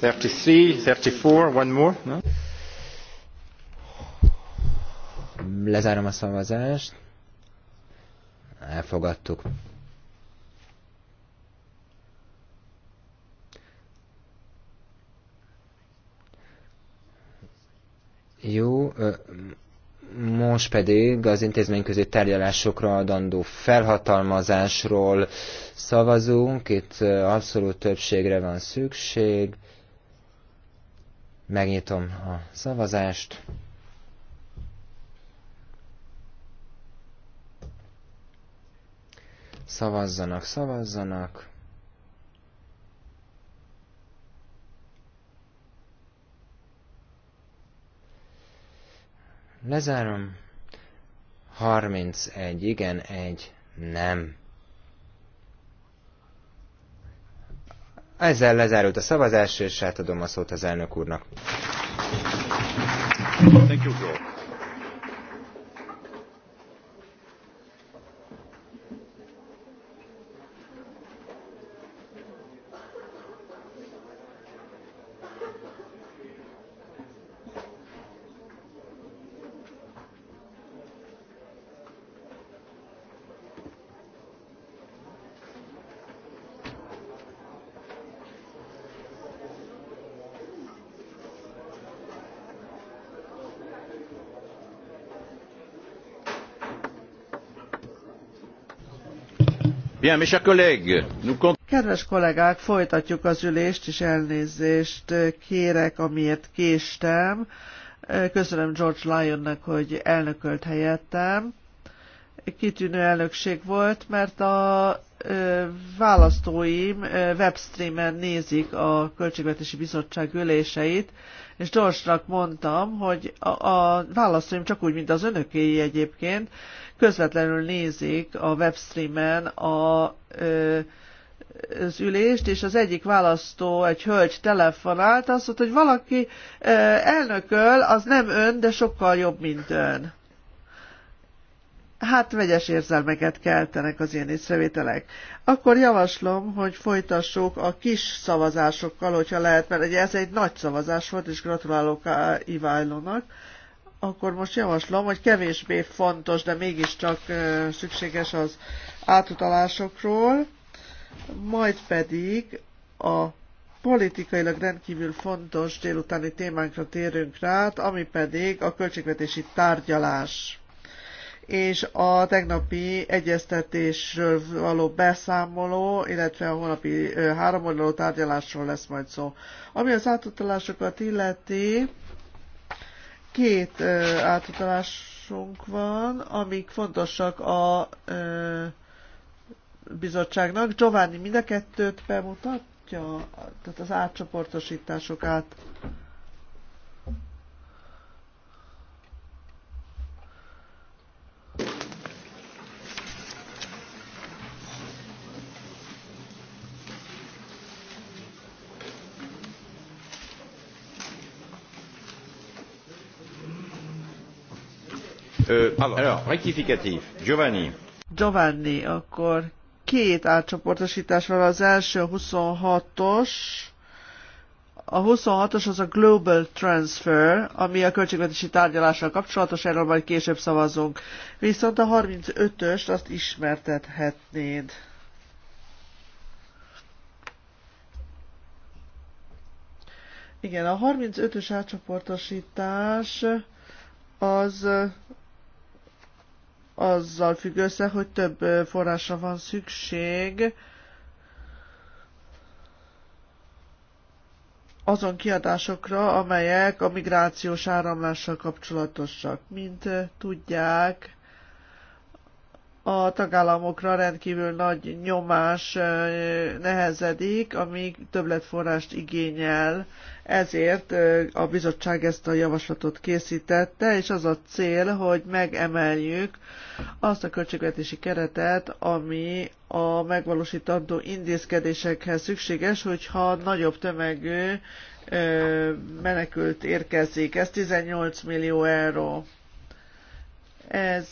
33, 34, one more. Lezárom a szavazást. Elfogadtuk. Jó, most pedig az intézményközi tárgyalásokra adandó felhatalmazásról szavazunk. Itt abszolút többségre van szükség. Megnyitom a szavazást. Szavazzanak, szavazzanak. Lezárom. 31 igen, egy nem. Ezzel lezárult a szavazás, és átadom a szót az elnök úrnak. Thank you, Kedves kollégák, folytatjuk az ülést, és elnézést kérek, amiért késtem. Köszönöm George Lyonnak, hogy elnökölt helyettem kitűnő elnökség volt, mert a választóim webstreamen nézik a Költségvetési Bizottság üléseit, és george mondtam, hogy a, a választóim csak úgy, mint az önökéi egyébként, közvetlenül nézik a webstreamen a az ülést, és az egyik választó, egy hölgy telefonált, azt mondta, hogy valaki elnököl, az nem ön, de sokkal jobb, mint ön hát vegyes érzelmeket keltenek az ilyen észrevételek. Akkor javaslom, hogy folytassuk a kis szavazásokkal, hogyha lehet, mert ugye ez egy nagy szavazás volt, és gratulálok Iválónak. Akkor most javaslom, hogy kevésbé fontos, de mégiscsak szükséges az átutalásokról, majd pedig a politikailag rendkívül fontos délutáni témánkra térünk rá, ami pedig a költségvetési tárgyalás és a tegnapi egyeztetésről való beszámoló, illetve a holnapi háromoldalú tárgyalásról lesz majd szó. Ami az átutalásokat illeti, két átutalásunk van, amik fontosak a bizottságnak. Giovanni mind a kettőt bemutatja, tehát az átcsoportosítások át alors, rectificatif. Giovanni. Giovanni, akkor két átcsoportosítás van. Az első 26-os, a 26-os az a Global Transfer, ami a költségvetési tárgyalással kapcsolatos, erről majd később szavazunk. Viszont a 35-öst azt ismertethetnéd. Igen, a 35-ös átcsoportosítás az azzal függ össze, hogy több forrásra van szükség, azon kiadásokra, amelyek a migrációs áramlással kapcsolatosak. Mint tudják, a tagállamokra rendkívül nagy nyomás nehezedik, ami többletforrást igényel ezért a bizottság ezt a javaslatot készítette, és az a cél, hogy megemeljük azt a költségvetési keretet, ami a megvalósítandó intézkedésekhez szükséges, hogyha nagyobb tömegű menekült érkezik. Ez 18 millió euró. Ez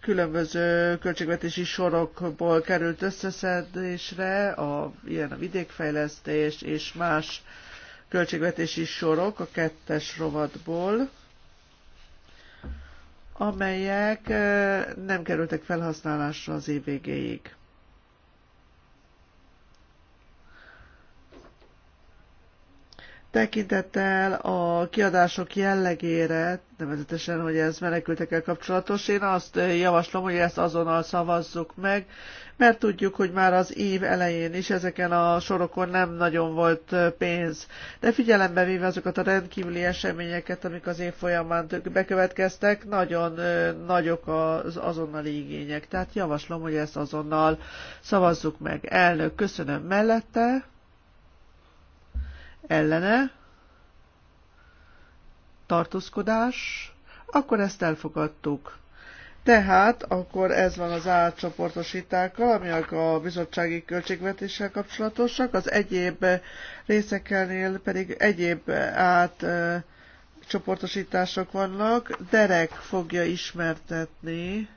különböző költségvetési sorokból került összeszedésre, a, ilyen a vidékfejlesztés és más költségvetési sorok a kettes rovatból, amelyek nem kerültek felhasználásra az év végéig. Tekintettel a kiadások jellegére, nevezetesen, hogy ez menekültekkel kapcsolatos, én azt javaslom, hogy ezt azonnal szavazzuk meg, mert tudjuk, hogy már az év elején is ezeken a sorokon nem nagyon volt pénz. De figyelembe véve azokat a rendkívüli eseményeket, amik az év folyamán bekövetkeztek, nagyon nagyok az azonnali igények. Tehát javaslom, hogy ezt azonnal szavazzuk meg. Elnök, köszönöm mellette. Ellene tartózkodás, akkor ezt elfogadtuk. Tehát akkor ez van az átcsoportosítákkal, amik a bizottsági költségvetéssel kapcsolatosak, az egyéb részeknél pedig egyéb átcsoportosítások vannak. Derek fogja ismertetni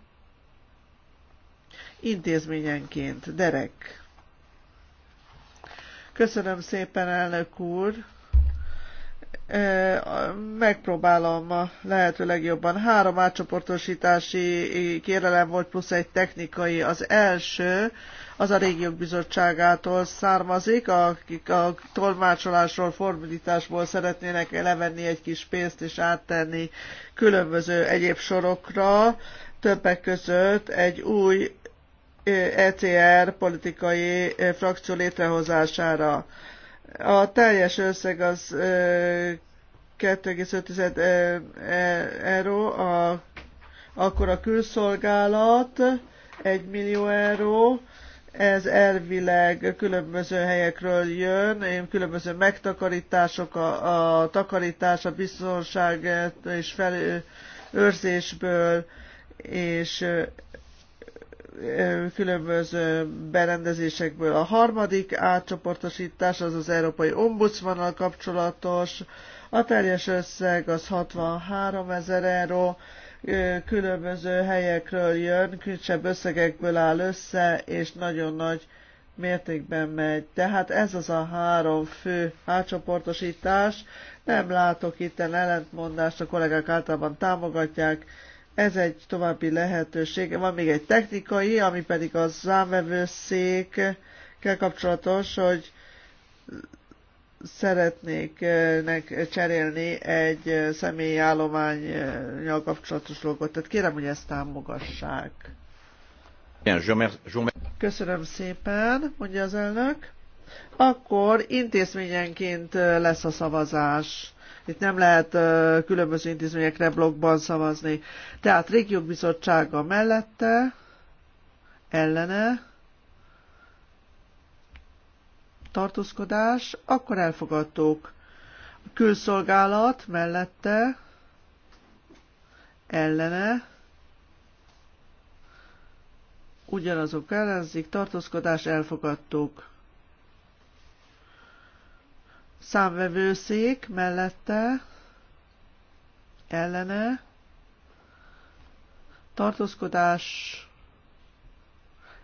intézményenként. Derek. Köszönöm szépen, elnök úr! megpróbálom a lehető legjobban. Három átcsoportosítási kérelem volt, plusz egy technikai. Az első az a régiók bizottságától származik, akik a tolmácsolásról, fordításból szeretnének levenni egy kis pénzt és áttenni különböző egyéb sorokra. Többek között egy új ECR politikai frakció létrehozására. A teljes összeg az 2,5 e, euró, a, akkor a külszolgálat 1 millió euró, ez elvileg különböző helyekről jön, én különböző megtakarítások, a, a takarítás, a biztonság és felőrzésből és különböző berendezésekből. A harmadik átcsoportosítás az az Európai Ombudsmannal kapcsolatos. A teljes összeg az 63 ezer euró, különböző helyekről jön, kisebb összegekből áll össze, és nagyon nagy mértékben megy. Tehát ez az a három fő átcsoportosítás. Nem látok itt ellentmondást, a kollégák általában támogatják ez egy további lehetőség. Van még egy technikai, ami pedig a számvevőszékkel kapcsolatos, hogy szeretnék nek cserélni egy személyi állomány kapcsolatos logot. Tehát kérem, hogy ezt támogassák. Köszönöm szépen, mondja az elnök. Akkor intézményenként lesz a szavazás. Itt nem lehet különböző intézményekre blogban szavazni. Tehát régiók bizottsága mellette, ellene, tartózkodás, akkor elfogadtuk. A külszolgálat mellette, ellene, ugyanazok ellenzik, tartózkodás, elfogadtuk számvevőszék mellette, ellene, tartózkodás,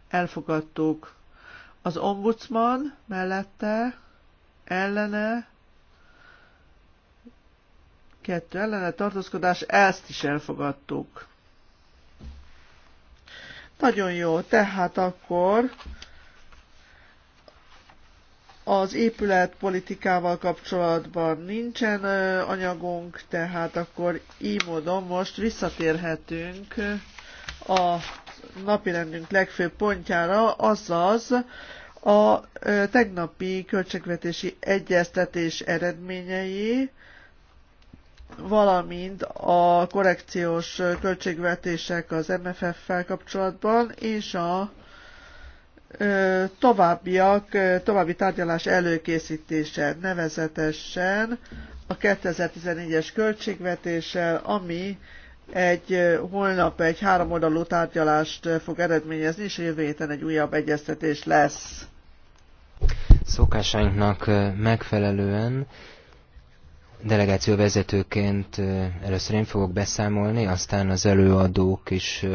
elfogadtuk. Az ombudsman mellette, ellene, kettő ellene tartózkodás, ezt is elfogadtuk. Nagyon jó, tehát akkor az épületpolitikával kapcsolatban nincsen anyagunk, tehát akkor így módon most visszatérhetünk a napirendünk legfőbb pontjára, azaz a tegnapi költségvetési egyeztetés eredményei, valamint a korrekciós költségvetések az MFF-fel kapcsolatban, és a továbbiak, további tárgyalás előkészítése nevezetesen a 2014-es költségvetéssel, ami egy holnap egy háromoldalú tárgyalást fog eredményezni, és jövő héten egy újabb egyeztetés lesz. Szokásainknak megfelelően delegáció vezetőként először én fogok beszámolni, aztán az előadók is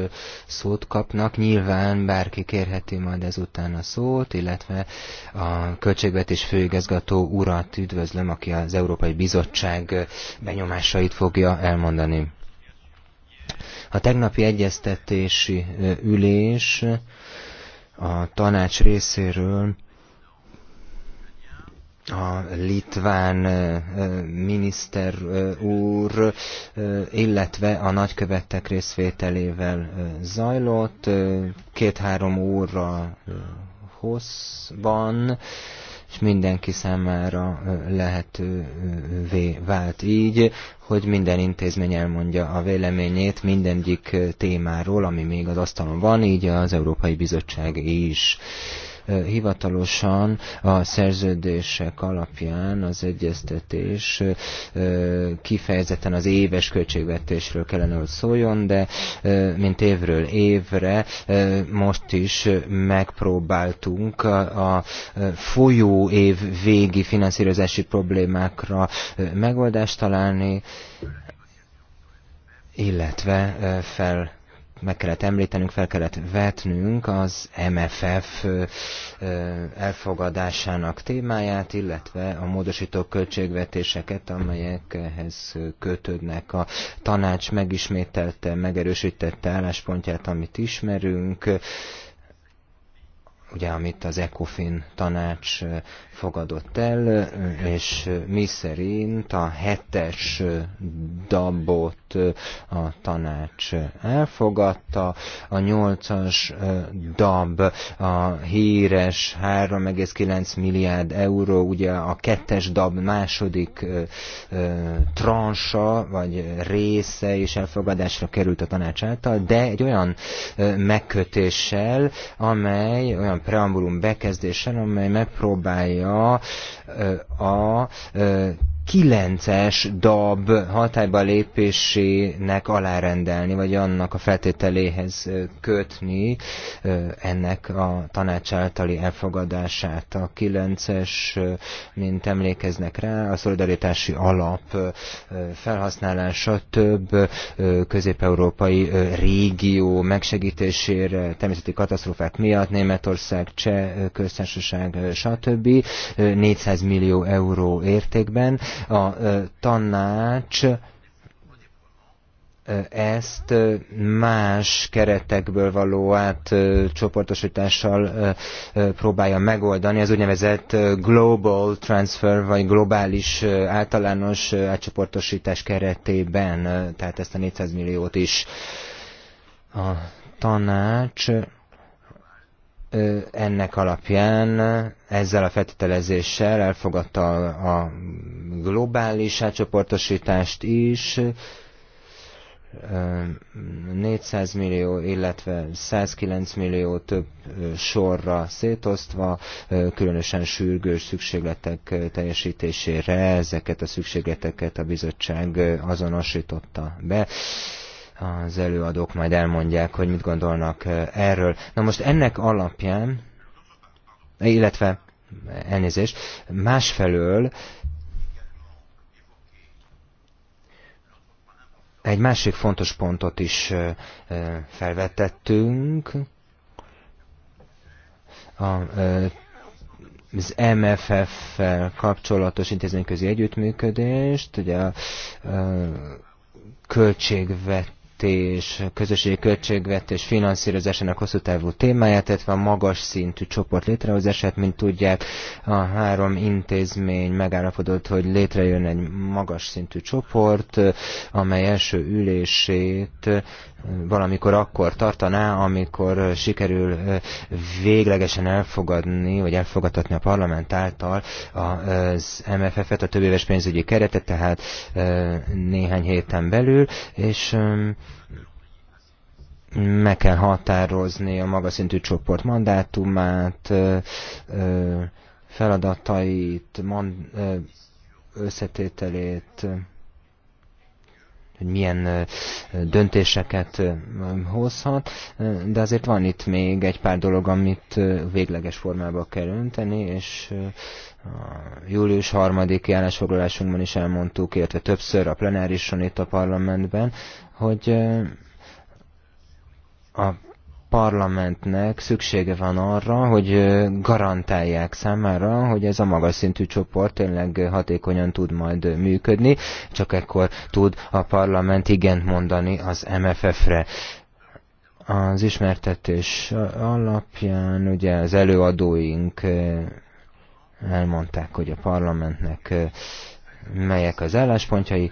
szót kapnak. Nyilván bárki kérheti majd ezután a szót, illetve a költségvetés főigazgató urat üdvözlöm, aki az Európai Bizottság benyomásait fogja elmondani. A tegnapi egyeztetési ülés a tanács részéről a litván miniszter úr, illetve a nagykövetek részvételével zajlott, két-három óra hosszban, és mindenki számára lehetővé vált így, hogy minden intézmény elmondja a véleményét mindegyik témáról, ami még az asztalon van, így az Európai Bizottság is. Hivatalosan a szerződések alapján az egyeztetés kifejezetten az éves költségvetésről kellene, hogy szóljon, de mint évről évre most is megpróbáltunk a folyó év végi finanszírozási problémákra megoldást találni, illetve fel meg kellett említenünk, fel kellett vetnünk az MFF elfogadásának témáját, illetve a módosító költségvetéseket, amelyek ehhez kötődnek. A tanács megismételte, megerősítette álláspontját, amit ismerünk, ugye, amit az ECOFIN tanács fogadott el, és mi szerint a hetes dabot a tanács elfogadta, a nyolcas dab a híres 3,9 milliárd euró, ugye a kettes dab második transa, vagy része és elfogadásra került a tanács által, de egy olyan megkötéssel, amely olyan preambulum bekezdésen, amely megpróbálja a 9-es DAB hatályba lépésének alárendelni, vagy annak a feltételéhez kötni ennek a tanács általi elfogadását. A 9-es, mint emlékeznek rá, a szolidaritási alap felhasználása több közép-európai régió megsegítésére, természeti katasztrófák miatt, Németország, Cseh köztársaság, stb. 400 millió euró értékben a tanács ezt más keretekből való átcsoportosítással próbálja megoldani, az úgynevezett global transfer, vagy globális általános átcsoportosítás keretében, tehát ezt a 400 milliót is a tanács ennek alapján ezzel a feltételezéssel elfogadta a globális átcsoportosítást is, 400 millió, illetve 109 millió több sorra szétosztva, különösen sürgős szükségletek teljesítésére ezeket a szükségleteket a bizottság azonosította be az előadók majd elmondják, hogy mit gondolnak erről. Na most ennek alapján, illetve elnézést, másfelől egy másik fontos pontot is felvetettünk, a, az MFF-fel kapcsolatos intézményközi együttműködést, ugye a, a költségvet költségvetés, közösségi költségvetés finanszírozásának hosszú távú témáját, illetve a magas szintű csoport létrehozását, mint tudják, a három intézmény megállapodott, hogy létrejön egy magas szintű csoport, amely első ülését valamikor akkor tartaná, amikor sikerül véglegesen elfogadni, vagy elfogadtatni a parlament által az MFF-et, a többéves pénzügyi keretet, tehát néhány héten belül, és meg kell határozni a szintű csoport mandátumát, feladatait, összetételét, hogy milyen döntéseket hozhat, de azért van itt még egy pár dolog, amit végleges formába kell önteni, és a július harmadik állásfoglalásunkban is elmondtuk, illetve többször a plenárison itt a parlamentben, hogy a parlamentnek szüksége van arra, hogy garantálják számára, hogy ez a magas szintű csoport tényleg hatékonyan tud majd működni, csak ekkor tud a parlament igent mondani az MFF-re az ismertetés alapján ugye az előadóink elmondták, hogy a parlamentnek melyek az álláspontjai,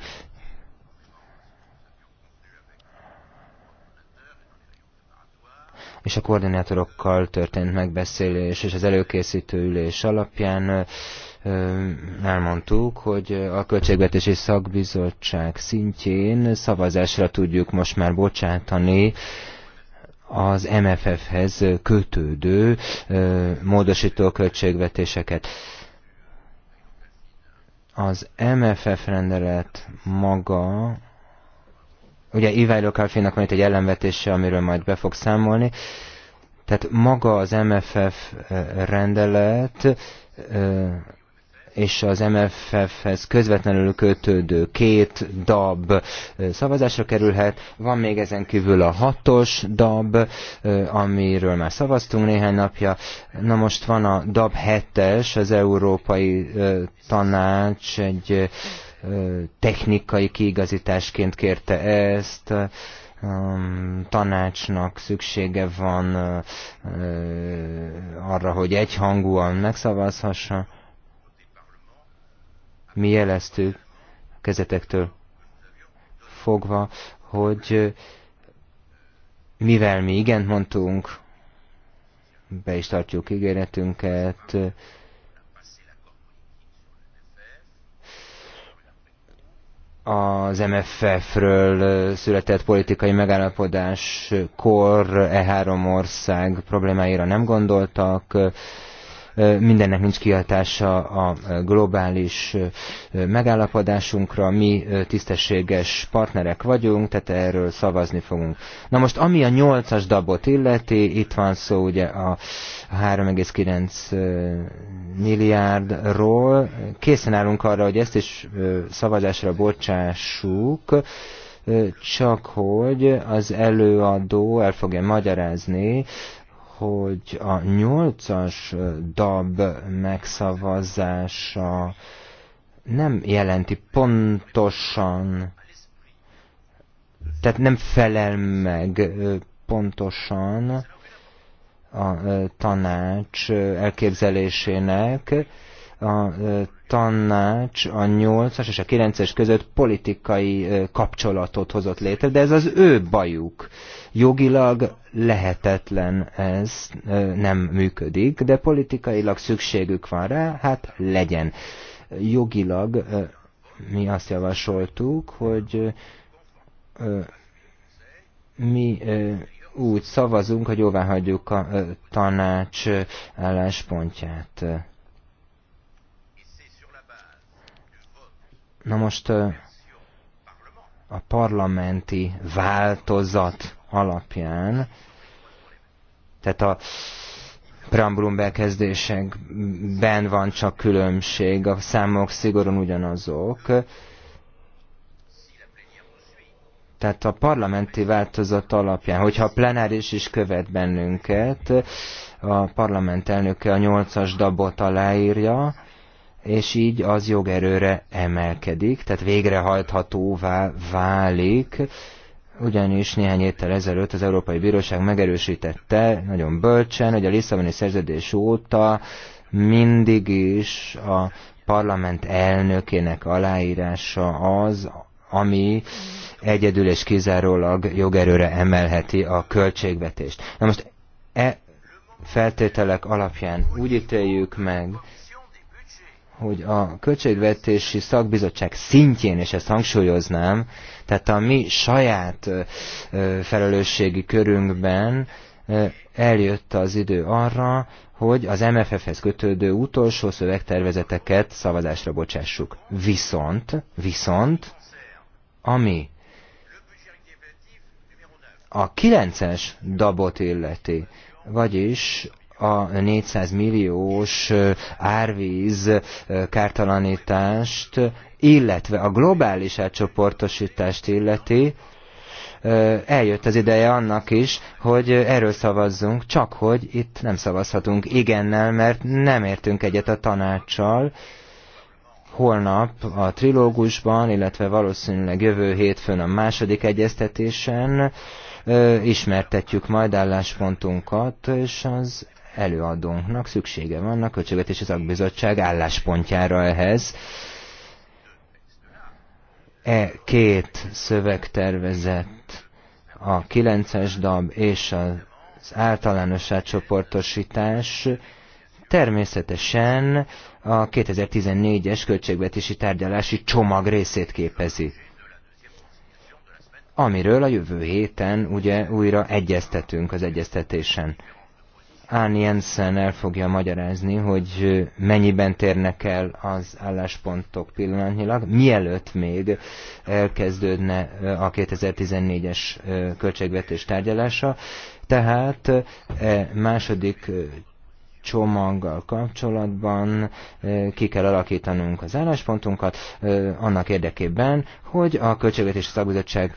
és a koordinátorokkal történt megbeszélés és az előkészítő ülés alapján elmondtuk, hogy a Költségvetési Szakbizottság szintjén szavazásra tudjuk most már bocsátani az MFF-hez kötődő módosító költségvetéseket. Az MFF rendelet maga Ugye Ivailo Kalfinnak van itt egy ellenvetése, amiről majd be fog számolni. Tehát maga az MFF rendelet és az MFF-hez közvetlenül kötődő két DAB szavazásra kerülhet. Van még ezen kívül a hatos DAB, amiről már szavaztunk néhány napja. Na most van a DAB 7-es, az Európai Tanács egy technikai kiigazításként kérte ezt, tanácsnak szüksége van arra, hogy egyhangúan megszavazhassa. Mi jeleztük kezetektől fogva, hogy mivel mi igent mondtunk, be is tartjuk ígéretünket, az MFF-ről született politikai megállapodáskor e három ország problémáira nem gondoltak, mindennek nincs kihatása a globális megállapodásunkra, mi tisztességes partnerek vagyunk, tehát erről szavazni fogunk. Na most, ami a nyolcas dabot illeti, itt van szó ugye a 3,9 milliárdról. Készen állunk arra, hogy ezt is szavazásra bocsássuk, csak hogy az előadó el fogja magyarázni, hogy a nyolcas dab megszavazása nem jelenti pontosan, tehát nem felel meg pontosan a tanács elképzelésének. A tanács a 8-as és a 9-es között politikai kapcsolatot hozott létre, de ez az ő bajuk. Jogilag lehetetlen ez, nem működik, de politikailag szükségük van rá, hát legyen. Jogilag mi azt javasoltuk, hogy mi úgy szavazunk, hogy jóvá hagyjuk a tanács álláspontját. Na most a parlamenti változat alapján, tehát a preambulum bekezdésekben van csak különbség, a számok szigorúan ugyanazok, tehát a parlamenti változat alapján, hogyha a plenáris is követ bennünket, a parlament elnöke a nyolcas dabot aláírja, és így az jogerőre emelkedik, tehát végrehajthatóvá válik, ugyanis néhány héttel ezelőtt az Európai Bíróság megerősítette nagyon bölcsen, hogy a Lisszaboni szerződés óta mindig is a parlament elnökének aláírása az, ami egyedül és kizárólag jogerőre emelheti a költségvetést. Na most e feltételek alapján úgy ítéljük meg, hogy a költségvetési szakbizottság szintjén, és ezt hangsúlyoznám, tehát a mi saját felelősségi körünkben eljött az idő arra, hogy az MFF-hez kötődő utolsó szövegtervezeteket szavazásra bocsássuk. Viszont, viszont ami a 9-es dabot illeti, vagyis a 400 milliós árvíz kártalanítást, illetve a globális átcsoportosítást illeti, eljött az ideje annak is, hogy erről szavazzunk, csak hogy itt nem szavazhatunk igennel, mert nem értünk egyet a tanácssal, holnap a trilógusban, illetve valószínűleg jövő hétfőn a második egyeztetésen ismertetjük majd álláspontunkat, és az előadónknak szüksége van a Költségvetési Szakbizottság álláspontjára ehhez. E két szövegtervezet, a 9-es dab és az általános csoportosítás természetesen a 2014-es költségvetési tárgyalási csomag részét képezi, amiről a jövő héten ugye újra egyeztetünk az egyeztetésen. Án Jensen el fogja magyarázni, hogy mennyiben térnek el az álláspontok pillanatnyilag, mielőtt még elkezdődne a 2014-es költségvetés tárgyalása. Tehát e, második csomaggal kapcsolatban ki kell alakítanunk az álláspontunkat, annak érdekében, hogy a Költségvetési Szakbizottság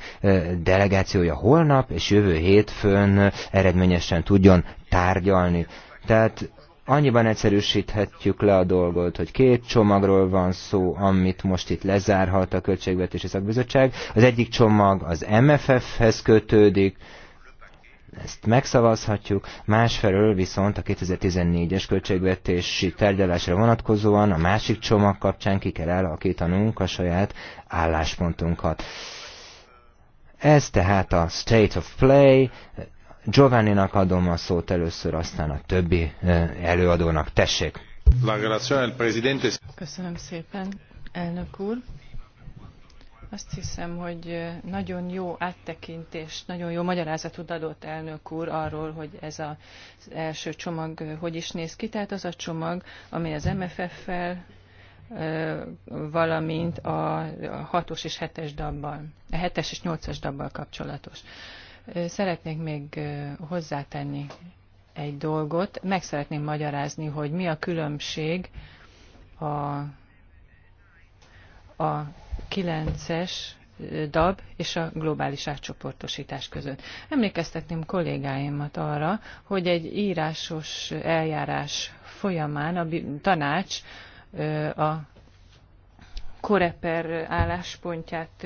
delegációja holnap és jövő hétfőn eredményesen tudjon tárgyalni. Tehát annyiban egyszerűsíthetjük le a dolgot, hogy két csomagról van szó, amit most itt lezárhat a Költségvetési Szakbizottság. Az egyik csomag az MFF-hez kötődik, ezt megszavazhatjuk, másfelől viszont a 2014-es költségvetési tárgyalásra vonatkozóan a másik csomag kapcsán ki kell elakítanunk a saját álláspontunkat. Ez tehát a State of Play. Giovanninak adom a szót először, aztán a többi eh, előadónak. Tessék! Köszönöm szépen, elnök úr! Azt hiszem, hogy nagyon jó áttekintést, nagyon jó magyarázatot adott elnök úr arról, hogy ez az első csomag hogy is néz ki. Tehát az a csomag, ami az MFF-fel, valamint a 6-os és 7-es dabbal, a 7-es és 8-as dabbal kapcsolatos. Szeretnék még hozzátenni egy dolgot. Meg szeretném magyarázni, hogy mi a különbség a, a 9-es DAB és a globális átcsoportosítás között. Emlékeztetném kollégáimat arra, hogy egy írásos eljárás folyamán a tanács a koreper álláspontját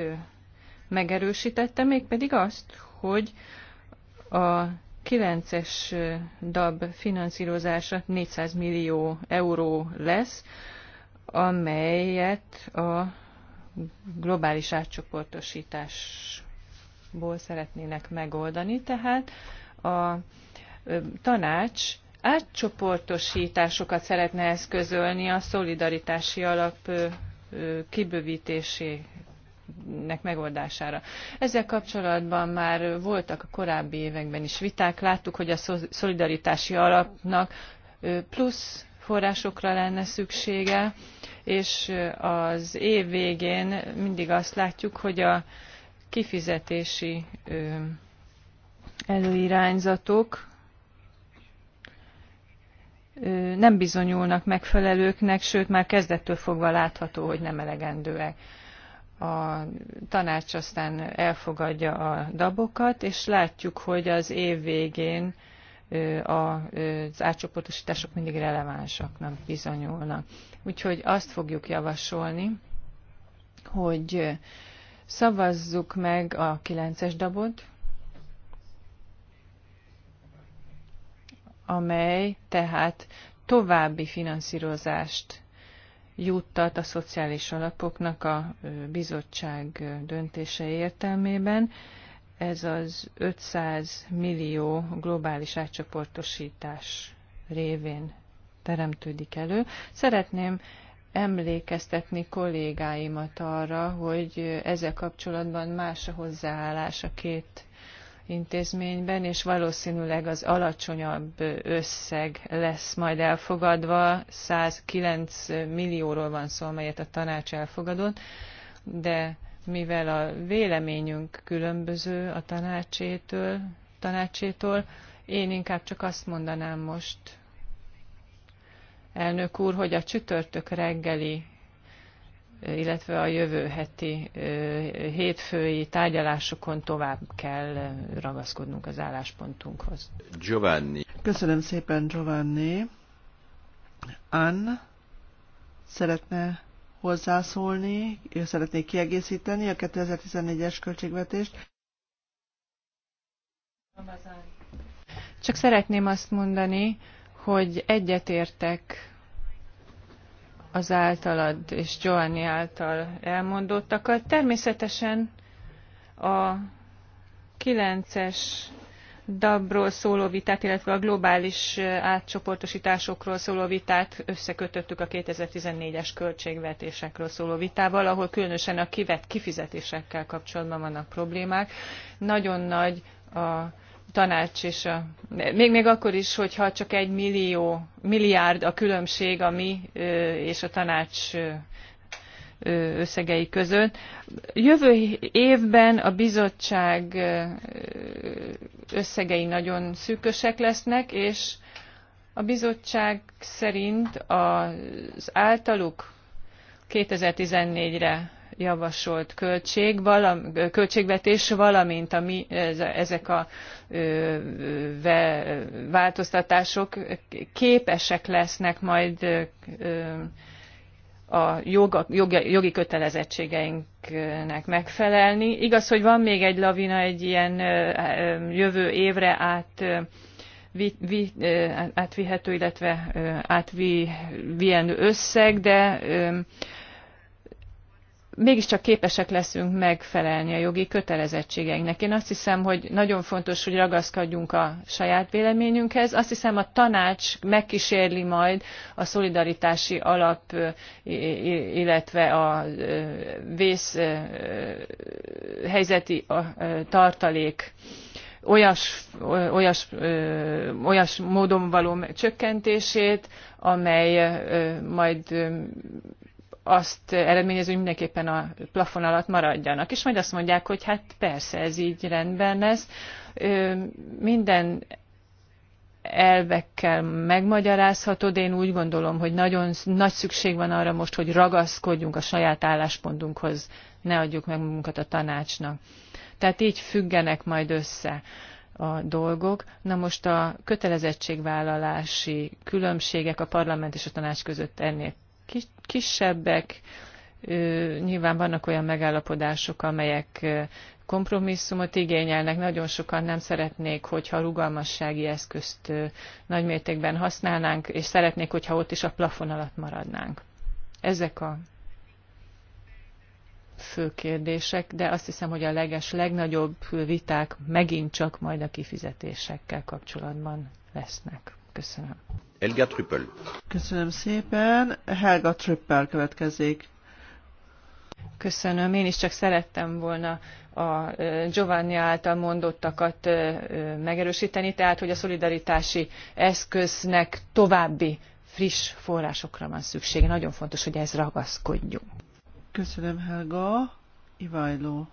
megerősítette, mégpedig azt, hogy a 9-es DAB finanszírozása 400 millió euró lesz, amelyet a globális átcsoportosításból szeretnének megoldani, tehát a tanács átcsoportosításokat szeretne eszközölni a szolidaritási alap kibővítésének megoldására. Ezzel kapcsolatban már voltak a korábbi években is viták, láttuk, hogy a szolidaritási alapnak plusz forrásokra lenne szüksége, és az év végén mindig azt látjuk, hogy a kifizetési előirányzatok nem bizonyulnak megfelelőknek, sőt már kezdettől fogva látható, hogy nem elegendőek. A tanács aztán elfogadja a dabokat, és látjuk, hogy az év végén az átcsoportosítások mindig relevánsaknak bizonyulnak. Úgyhogy azt fogjuk javasolni, hogy szavazzuk meg a 9-es dabot, amely tehát további finanszírozást juttat a szociális alapoknak a bizottság döntése értelmében. Ez az 500 millió globális átcsoportosítás révén teremtődik elő. Szeretném emlékeztetni kollégáimat arra, hogy ezzel kapcsolatban más a hozzáállás a két intézményben, és valószínűleg az alacsonyabb összeg lesz majd elfogadva, 109 millióról van szó, amelyet a tanács elfogadott, de mivel a véleményünk különböző a tanácsétől, tanácsétól, én inkább csak azt mondanám most, elnök úr, hogy a csütörtök reggeli, illetve a jövő heti hétfői tárgyalásokon tovább kell ragaszkodnunk az álláspontunkhoz. Giovanni. Köszönöm szépen, Giovanni. Ann szeretne hozzászólni, ő szeretné kiegészíteni a 2014-es költségvetést. Csak szeretném azt mondani, hogy egyetértek az általad és Giovanni által elmondottakat. Természetesen a 9-es DAB-ról szóló vitát, illetve a globális átcsoportosításokról szóló vitát összekötöttük a 2014-es költségvetésekről szóló vitával, ahol különösen a kivett kifizetésekkel kapcsolatban vannak problémák. Nagyon nagy a tanács és a, még, még akkor is, hogyha csak egy millió, milliárd a különbség a mi és a tanács összegei között. Jövő évben a bizottság összegei nagyon szűkösek lesznek, és a bizottság szerint az általuk 2014-re javasolt költség, valam, költségvetés, valamint a mi, ezek a változtatások képesek lesznek majd a joga, jogi kötelezettségeinknek megfelelni. Igaz, hogy van még egy lavina egy ilyen jövő évre át vi, vi, átvihető, illetve átvihenő összeg, de mégiscsak képesek leszünk megfelelni a jogi kötelezettségeinknek. Én azt hiszem, hogy nagyon fontos, hogy ragaszkodjunk a saját véleményünkhez. Azt hiszem, a tanács megkísérli majd a szolidaritási alap, illetve a vész helyzeti tartalék olyas, olyas, olyas módon való csökkentését, amely majd azt eredményező, hogy mindenképpen a plafon alatt maradjanak. És majd azt mondják, hogy hát persze, ez így rendben lesz. Minden elvekkel megmagyarázhatod. Én úgy gondolom, hogy nagyon nagy szükség van arra most, hogy ragaszkodjunk a saját álláspontunkhoz, ne adjuk meg magunkat a tanácsnak. Tehát így függenek majd össze a dolgok. Na most a kötelezettségvállalási különbségek a parlament és a tanács között ennél kisebbek. Nyilván vannak olyan megállapodások, amelyek kompromisszumot igényelnek, nagyon sokan nem szeretnék, hogyha rugalmassági eszközt nagymértékben használnánk, és szeretnék, hogyha ott is a plafon alatt maradnánk. Ezek a fő kérdések, de azt hiszem, hogy a leges legnagyobb viták megint csak majd a kifizetésekkel kapcsolatban lesznek. Köszönöm. Helga Trüppel. Köszönöm szépen. Helga Trüppel következik. Köszönöm. Én is csak szerettem volna a Giovanni által mondottakat megerősíteni, tehát hogy a szolidaritási eszköznek további friss forrásokra van szüksége. Nagyon fontos, hogy ez ragaszkodjunk. Köszönöm, Helga. Ivajló.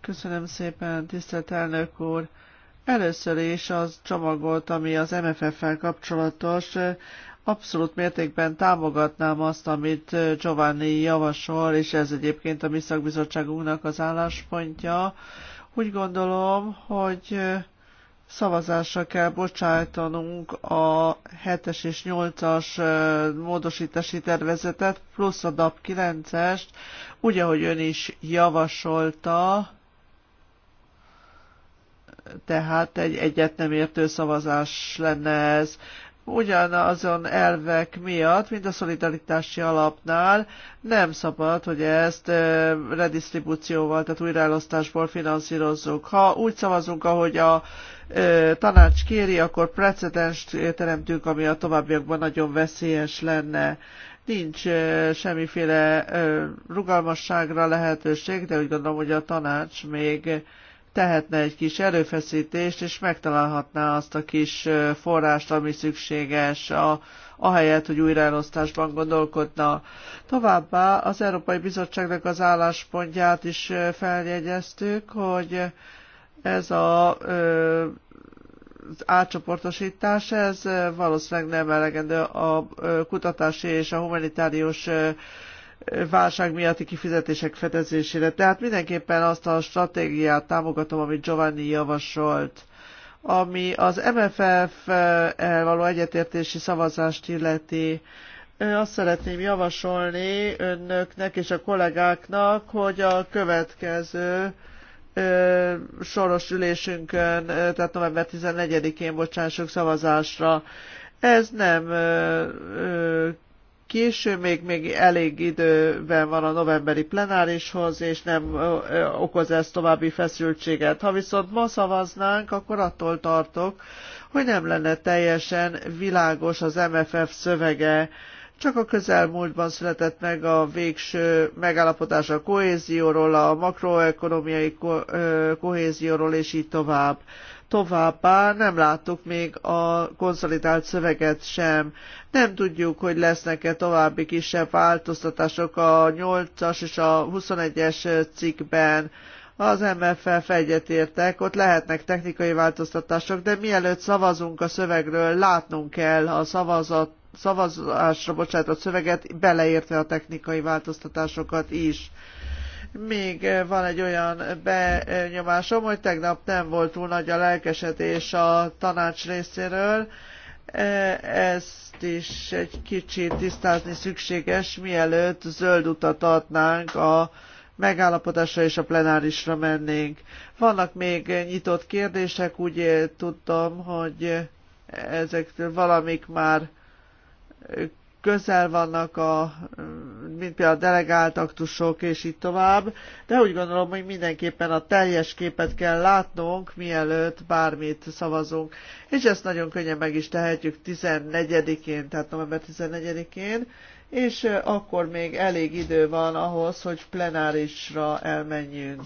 Köszönöm szépen, tisztelt elnök úr. Először is az csomagolt, ami az MFF-fel kapcsolatos, abszolút mértékben támogatnám azt, amit Giovanni javasol, és ez egyébként a mi szakbizottságunknak az álláspontja. Úgy gondolom, hogy szavazásra kell bocsájtanunk a 7-es és 8-as módosítási tervezetet, plusz a DAP 9-est, úgy, ahogy ön is javasolta, tehát egy egyet nem értő szavazás lenne ez. Ugyanazon elvek miatt, mint a szolidaritási alapnál, nem szabad, hogy ezt redistribúcióval, tehát újraelosztásból finanszírozzuk. Ha úgy szavazunk, ahogy a tanács kéri, akkor precedenst teremtünk, ami a továbbiakban nagyon veszélyes lenne nincs semmiféle rugalmasságra lehetőség, de úgy gondolom, hogy a tanács még tehetne egy kis erőfeszítést, és megtalálhatná azt a kis forrást, ami szükséges, a, ahelyett, hogy újraelosztásban gondolkodna. Továbbá az Európai Bizottságnak az álláspontját is feljegyeztük, hogy ez a ö, az átcsoportosítás, ez valószínűleg nem elegendő a kutatási és a humanitárius válság miatti kifizetések fedezésére. Tehát mindenképpen azt a stratégiát támogatom, amit Giovanni javasolt, ami az mff való egyetértési szavazást illeti. Azt szeretném javasolni önöknek és a kollégáknak, hogy a következő soros ülésünkön, tehát november 14-én bocsássuk szavazásra. Ez nem késő, még, még elég időben van a novemberi plenárishoz, és nem okoz ez további feszültséget. Ha viszont ma szavaznánk, akkor attól tartok, hogy nem lenne teljesen világos az MFF szövege, csak a közelmúltban született meg a végső megállapodás a kohézióról, a makroekonomiai kohézióról, és így tovább. Továbbá nem láttuk még a konszolidált szöveget sem. Nem tudjuk, hogy lesznek-e további kisebb változtatások a 8-as és a 21-es cikkben. Az MFF egyetértek, ott lehetnek technikai változtatások, de mielőtt szavazunk a szövegről, látnunk kell a szavazat, szavazásra bocsátott szöveget, beleértve a technikai változtatásokat is. Még eh, van egy olyan benyomásom, hogy tegnap nem volt túl nagy a lelkesedés a tanács részéről. Eh, ezt is egy kicsit tisztázni szükséges, mielőtt zöld utat adnánk a megállapodásra és a plenárisra mennénk. Vannak még nyitott kérdések, úgy tudtam, hogy ezek valamik már közel vannak a, mint például a delegált aktusok, és így tovább, de úgy gondolom, hogy mindenképpen a teljes képet kell látnunk, mielőtt bármit szavazunk, és ezt nagyon könnyen meg is tehetjük 14-én, tehát november 14-én, és akkor még elég idő van ahhoz, hogy plenárisra elmenjünk.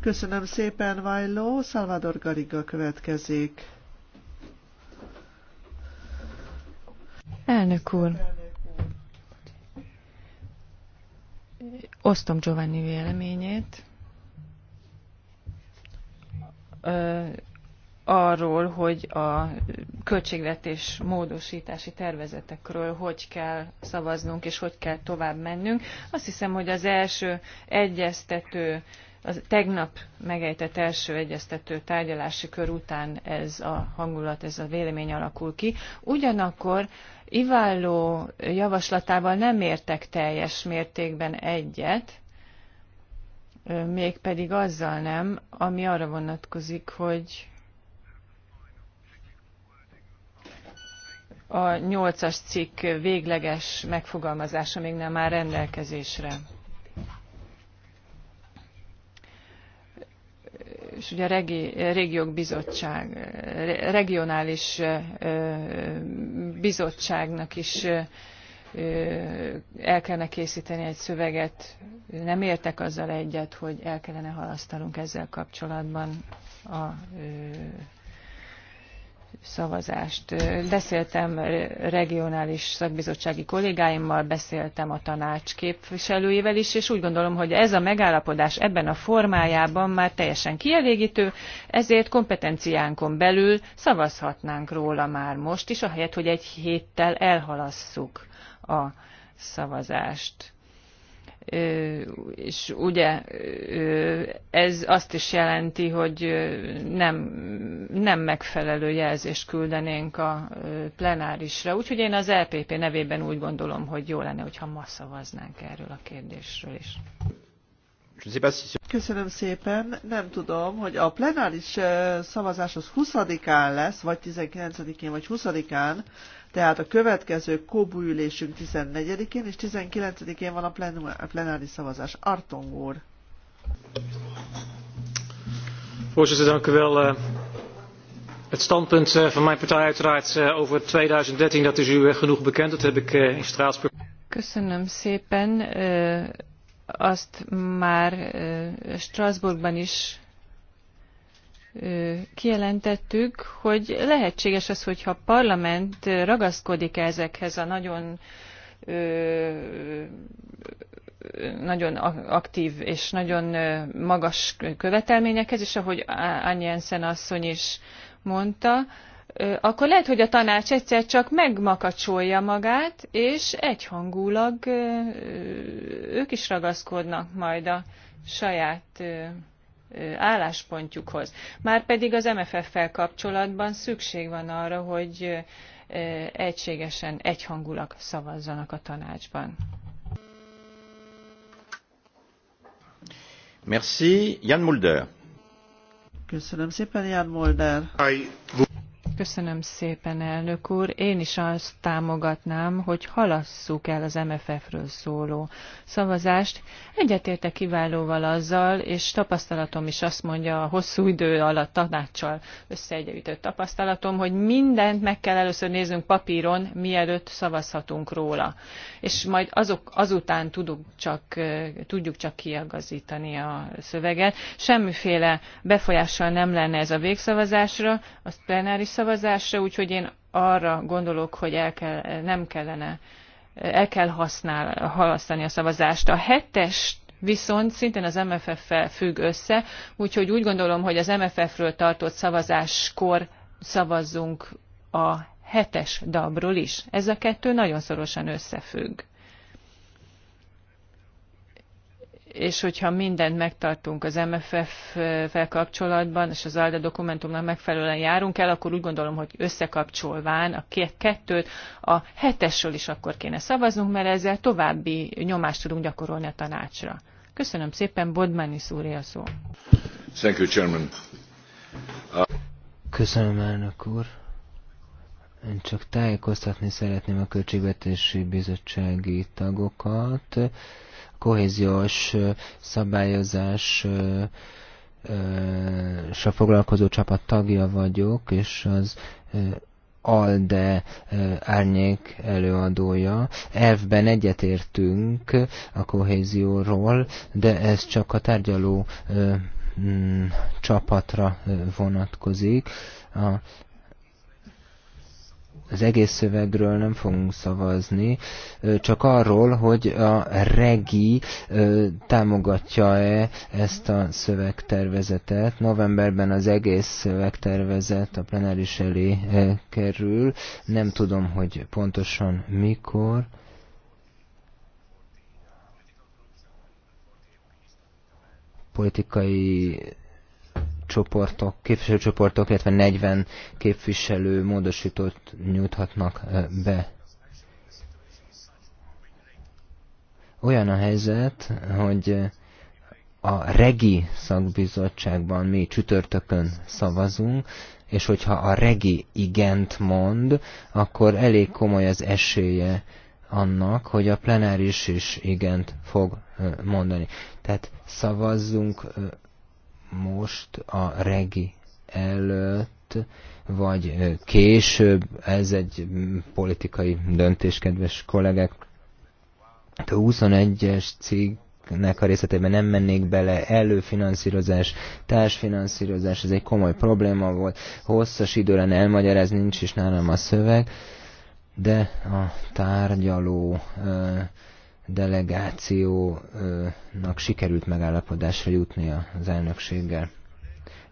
Köszönöm szépen, Vajló. Salvador Gariga következik. Elnök úr, osztom Giovanni véleményét arról, hogy a költségvetés módosítási tervezetekről hogy kell szavaznunk és hogy kell tovább mennünk. Azt hiszem, hogy az első egyeztető, az tegnap megejtett első egyeztető tárgyalási kör után ez a hangulat, ez a vélemény alakul ki. Ugyanakkor Iválló javaslatával nem értek teljes mértékben egyet, mégpedig azzal nem, ami arra vonatkozik, hogy a nyolcas cikk végleges megfogalmazása még nem áll rendelkezésre. és ugye a regi, régiók bizottság, regionális bizottságnak is el kellene készíteni egy szöveget. Nem értek azzal egyet, hogy el kellene halasztanunk ezzel kapcsolatban a szavazást. Beszéltem regionális szakbizottsági kollégáimmal, beszéltem a tanács képviselőivel is, és úgy gondolom, hogy ez a megállapodás ebben a formájában már teljesen kielégítő, ezért kompetenciánkon belül szavazhatnánk róla már most is, ahelyett, hogy egy héttel elhalasszuk a szavazást és ugye ez azt is jelenti, hogy nem, nem megfelelő jelzést küldenénk a plenárisra. Úgyhogy én az LPP e nevében úgy gondolom, hogy jó lenne, hogyha ma szavaznánk erről a kérdésről is. Köszönöm szépen. Nem tudom, hogy a plenáris szavazás az 20-án lesz, vagy 19-én, vagy 20-án, tehát a következő Kóbu ülésünk 14-én és 19-én van a, plenum, a plenári szavazás. Artong úr. Voorzitter, dank u wel. Eh, het standpunt eh, van mijn partij uiteraard eh, over 2013, dat is u genoeg bekend. Dat heb ik in Straatsburg. Köszönöm szépen. Azt már Strasbourgban is kijelentettük, hogy lehetséges az, hogyha a parlament ragaszkodik ezekhez a nagyon nagyon aktív és nagyon magas követelményekhez, és ahogy Anjensen asszony is mondta, akkor lehet, hogy a tanács egyszer csak megmakacsolja magát, és egyhangulag ők is ragaszkodnak majd a saját álláspontjukhoz. Márpedig az MFF-fel kapcsolatban szükség van arra, hogy egységesen, egyhangulak szavazzanak a tanácsban. Merci. Jan Mulder. Köszönöm szépen, Jan Mulder. Köszönöm szépen, elnök úr. Én is azt támogatnám, hogy halasszuk el az MFF-ről szóló szavazást. Egyetértek kiválóval azzal, és tapasztalatom is azt mondja a hosszú idő alatt tanácssal összeegyűjtött tapasztalatom, hogy mindent meg kell először néznünk papíron, mielőtt szavazhatunk róla. És majd azok, azután tudunk csak, tudjuk csak kiagazítani a szöveget. Semmiféle befolyással nem lenne ez a végszavazásra, az plenáris szavazásra, szavazásra, úgyhogy én arra gondolok, hogy el kell, nem kellene, el kell használ, halasztani a szavazást. A hetes viszont szintén az MFF-fel függ össze, úgyhogy úgy gondolom, hogy az MFF-ről tartott szavazáskor szavazzunk a hetes dabról is. Ez a kettő nagyon szorosan összefügg. és hogyha mindent megtartunk az mff vel kapcsolatban, és az ALDA e dokumentumnak megfelelően járunk el, akkor úgy gondolom, hogy összekapcsolván a két, kettőt, a hetesről is akkor kéne szavaznunk, mert ezzel további nyomást tudunk gyakorolni a tanácsra. Köszönöm szépen, Bodmanis úr a szó. Thank you, Chairman. Uh... Köszönöm, elnök úr. Én csak tájékoztatni szeretném a Költségvetési Bizottsági tagokat, kohéziós szabályozás a foglalkozó csapat tagja vagyok, és az ALDE árnyék előadója. Elvben egyetértünk a kohézióról, de ez csak a tárgyaló csapatra vonatkozik. A az egész szövegről nem fogunk szavazni, csak arról, hogy a regi támogatja-e ezt a szövegtervezetet. Novemberben az egész szövegtervezet a plenáris elé kerül. Nem tudom, hogy pontosan mikor. politikai csoportok, képviselőcsoportok, illetve 40 képviselő módosítót nyújthatnak be. Olyan a helyzet, hogy a regi szakbizottságban mi csütörtökön szavazunk, és hogyha a regi igent mond, akkor elég komoly az esélye annak, hogy a plenáris is igent fog mondani. Tehát szavazzunk most a regi előtt, vagy később, ez egy mm, politikai döntés, kedves kollégek. A 21-es cikknek a részletében nem mennék bele, előfinanszírozás, társfinanszírozás, ez egy komoly probléma volt, hosszas idő lenne elmagyarázni, nincs is nálam a szöveg, de a tárgyaló delegációnak sikerült megállapodásra jutni az elnökséggel.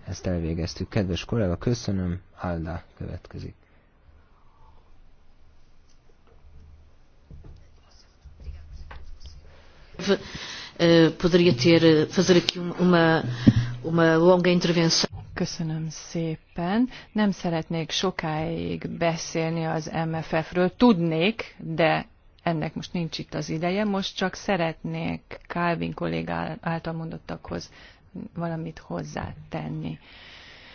Ezt elvégeztük. Kedves kollega, köszönöm. Alda következik. Eh, um, köszönöm szépen. Nem szeretnék sokáig beszélni az MFF-ről. Tudnék, de ennek most nincs itt az ideje. Most csak szeretnék Calvin kollégá által mondottakhoz valamit hozzátenni.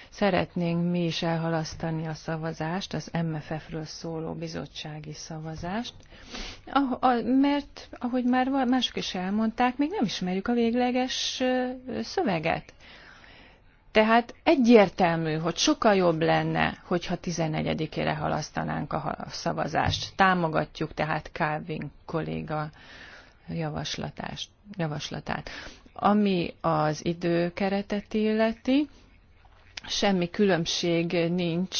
Szeretnénk mi is elhalasztani a szavazást, az MFF-ről szóló bizottsági szavazást, ah, mert, ahogy már mások is elmondták, még nem ismerjük a végleges szöveget. Tehát egyértelmű, hogy sokkal jobb lenne, hogyha 14-ére halasztanánk a szavazást. Támogatjuk tehát Calvin kolléga javaslatást, javaslatát. Ami az időkeretet illeti, semmi különbség nincs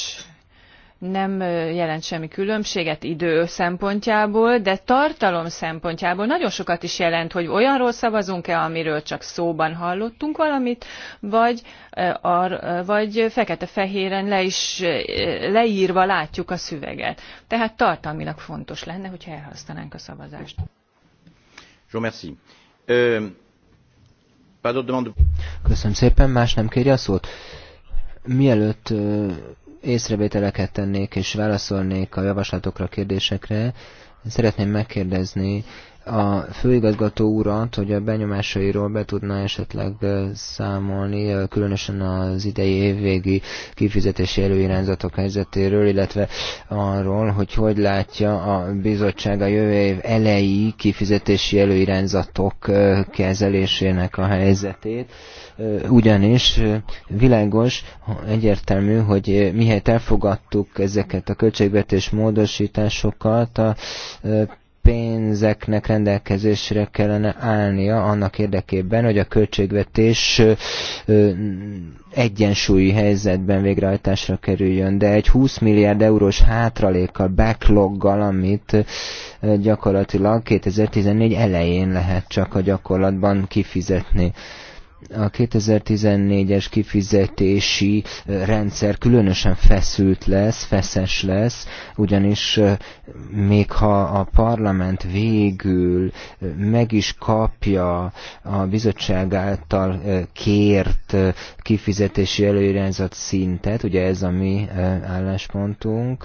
nem jelent semmi különbséget idő szempontjából, de tartalom szempontjából nagyon sokat is jelent, hogy olyanról szavazunk-e, amiről csak szóban hallottunk valamit, vagy, ar, vagy fekete-fehéren le is leírva látjuk a szöveget. Tehát tartalmilag fontos lenne, hogyha elhasználnánk a szavazást. Jó, merci. Euh, Köszönöm szépen, más nem kérje a szót. Mielőtt észrevételeket tennék és válaszolnék a javaslatokra, kérdésekre, szeretném megkérdezni a főigazgató urat, hogy a benyomásairól be tudna esetleg számolni, különösen az idei évvégi kifizetési előirányzatok helyzetéről, illetve arról, hogy hogy látja a bizottság a jövő év elejé kifizetési előirányzatok kezelésének a helyzetét. Ugyanis világos, egyértelmű, hogy mihelyt elfogadtuk ezeket a költségvetés módosításokat, a pénzeknek rendelkezésre kellene állnia annak érdekében, hogy a költségvetés egyensúlyi helyzetben végrehajtásra kerüljön. De egy 20 milliárd eurós hátralékkal, backloggal, amit gyakorlatilag 2014 elején lehet csak a gyakorlatban kifizetni a 2014-es kifizetési rendszer különösen feszült lesz, feszes lesz, ugyanis még ha a parlament végül meg is kapja a bizottság által kért kifizetési előirányzat szintet, ugye ez a mi álláspontunk,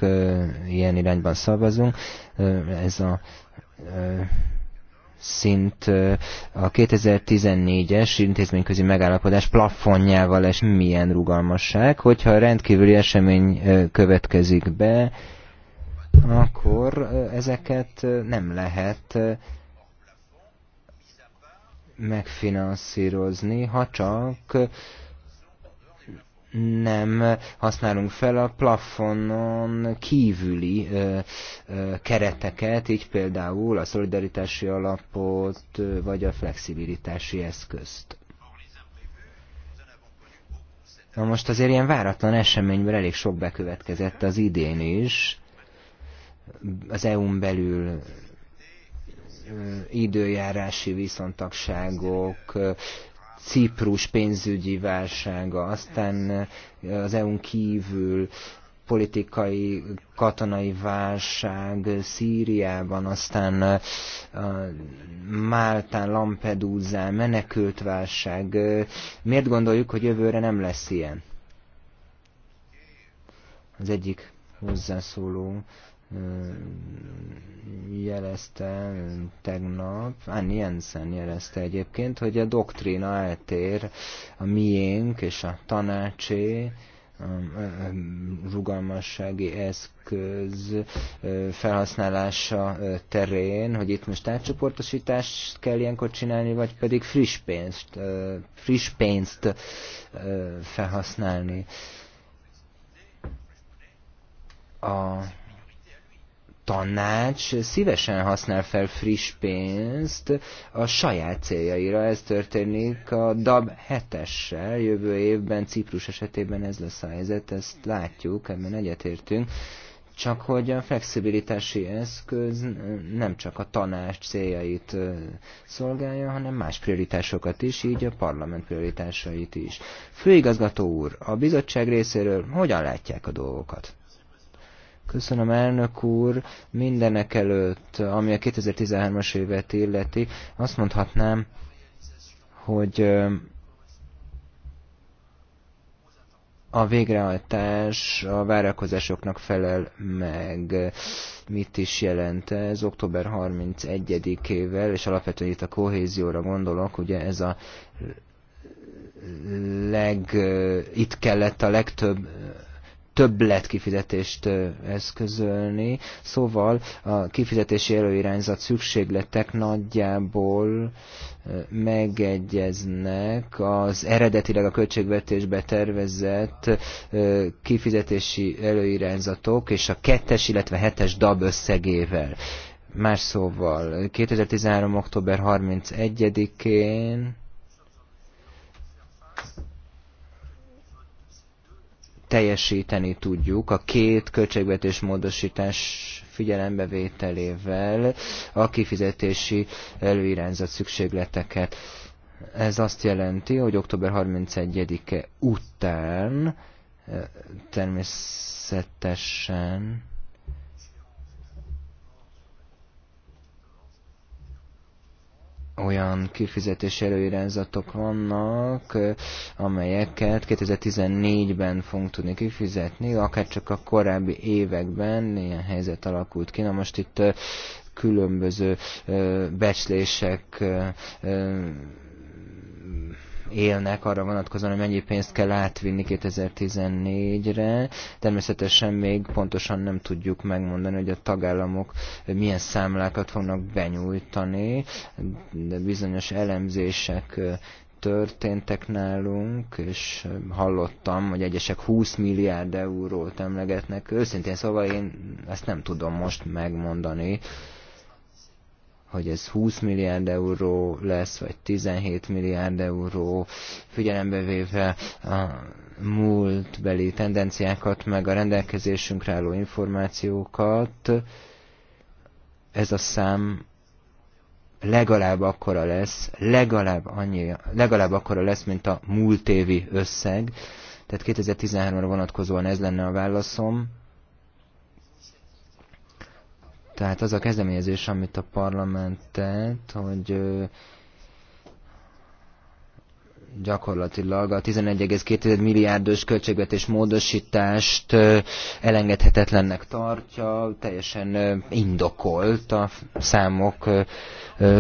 ilyen irányban szavazunk, ez a szint a 2014-es intézményközi megállapodás plafonjával és milyen rugalmasság, hogyha rendkívüli esemény következik be, akkor ezeket nem lehet megfinanszírozni, ha csak nem használunk fel a plafonon kívüli ö, ö, kereteket, így például a szolidaritási alapot vagy a flexibilitási eszközt. Na most azért ilyen váratlan eseményből elég sok bekövetkezett az idén is, az EU-n belül időjárási viszontagságok, Ciprus pénzügyi válsága, aztán eh, az EU-n kívül politikai, katonai válság eh, Szíriában, aztán eh, Máltán, Lampedúzán, menekült válság. Miért gondoljuk, hogy jövőre nem lesz ilyen? Az egyik hozzászóló jelezte tegnap, Ann Jensen jelezte egyébként, hogy a doktrína eltér a miénk és a tanácsé, a rugalmassági eszköz felhasználása terén, hogy itt most átcsoportosítást kell ilyenkor csinálni, vagy pedig friss pénzt, friss pénzt felhasználni. A tanács szívesen használ fel friss pénzt a saját céljaira. Ez történik a DAB 7-essel. Jövő évben Ciprus esetében ez lesz a helyzet, ezt látjuk, ebben egyetértünk. Csak hogy a flexibilitási eszköz nem csak a tanács céljait szolgálja, hanem más prioritásokat is, így a parlament prioritásait is. Főigazgató úr, a bizottság részéről hogyan látják a dolgokat? Köszönöm, elnök úr. Mindenek előtt, ami a 2013-as évet illeti, azt mondhatnám, hogy a végrehajtás a várakozásoknak felel meg. Mit is jelent ez? Október 31-ével, és alapvetően itt a kohézióra gondolok, ugye ez a leg, itt kellett a legtöbb többlet kifizetést eszközölni. Szóval a kifizetési előirányzat szükségletek nagyjából megegyeznek az eredetileg a költségvetésbe tervezett kifizetési előirányzatok és a kettes, illetve hetes DAB összegével. Más szóval 2013. október 31-én teljesíteni tudjuk a két költségvetés módosítás figyelembevételével a kifizetési előirányzat szükségleteket. Ez azt jelenti, hogy október 31-e után eh, természetesen olyan kifizetés előirányzatok vannak, amelyeket 2014-ben fogunk tudni kifizetni, akár csak a korábbi években ilyen helyzet alakult ki. Na most itt különböző becslések élnek arra vonatkozóan, hogy mennyi pénzt kell átvinni 2014-re. Természetesen még pontosan nem tudjuk megmondani, hogy a tagállamok milyen számlákat fognak benyújtani, de bizonyos elemzések történtek nálunk, és hallottam, hogy egyesek 20 milliárd eurót emlegetnek. Őszintén szóval én ezt nem tudom most megmondani, hogy ez 20 milliárd euró lesz, vagy 17 milliárd euró, figyelembe véve a múltbeli tendenciákat, meg a rendelkezésünkre álló információkat, ez a szám legalább akkora lesz, legalább, annyi, legalább akkora lesz, mint a múlt évi összeg. Tehát 2013-ra vonatkozóan ez lenne a válaszom tehát az a kezdeményezés, amit a parlament tett, hogy gyakorlatilag a 11,2 milliárdos költségvetés módosítást elengedhetetlennek tartja, teljesen indokolt a számok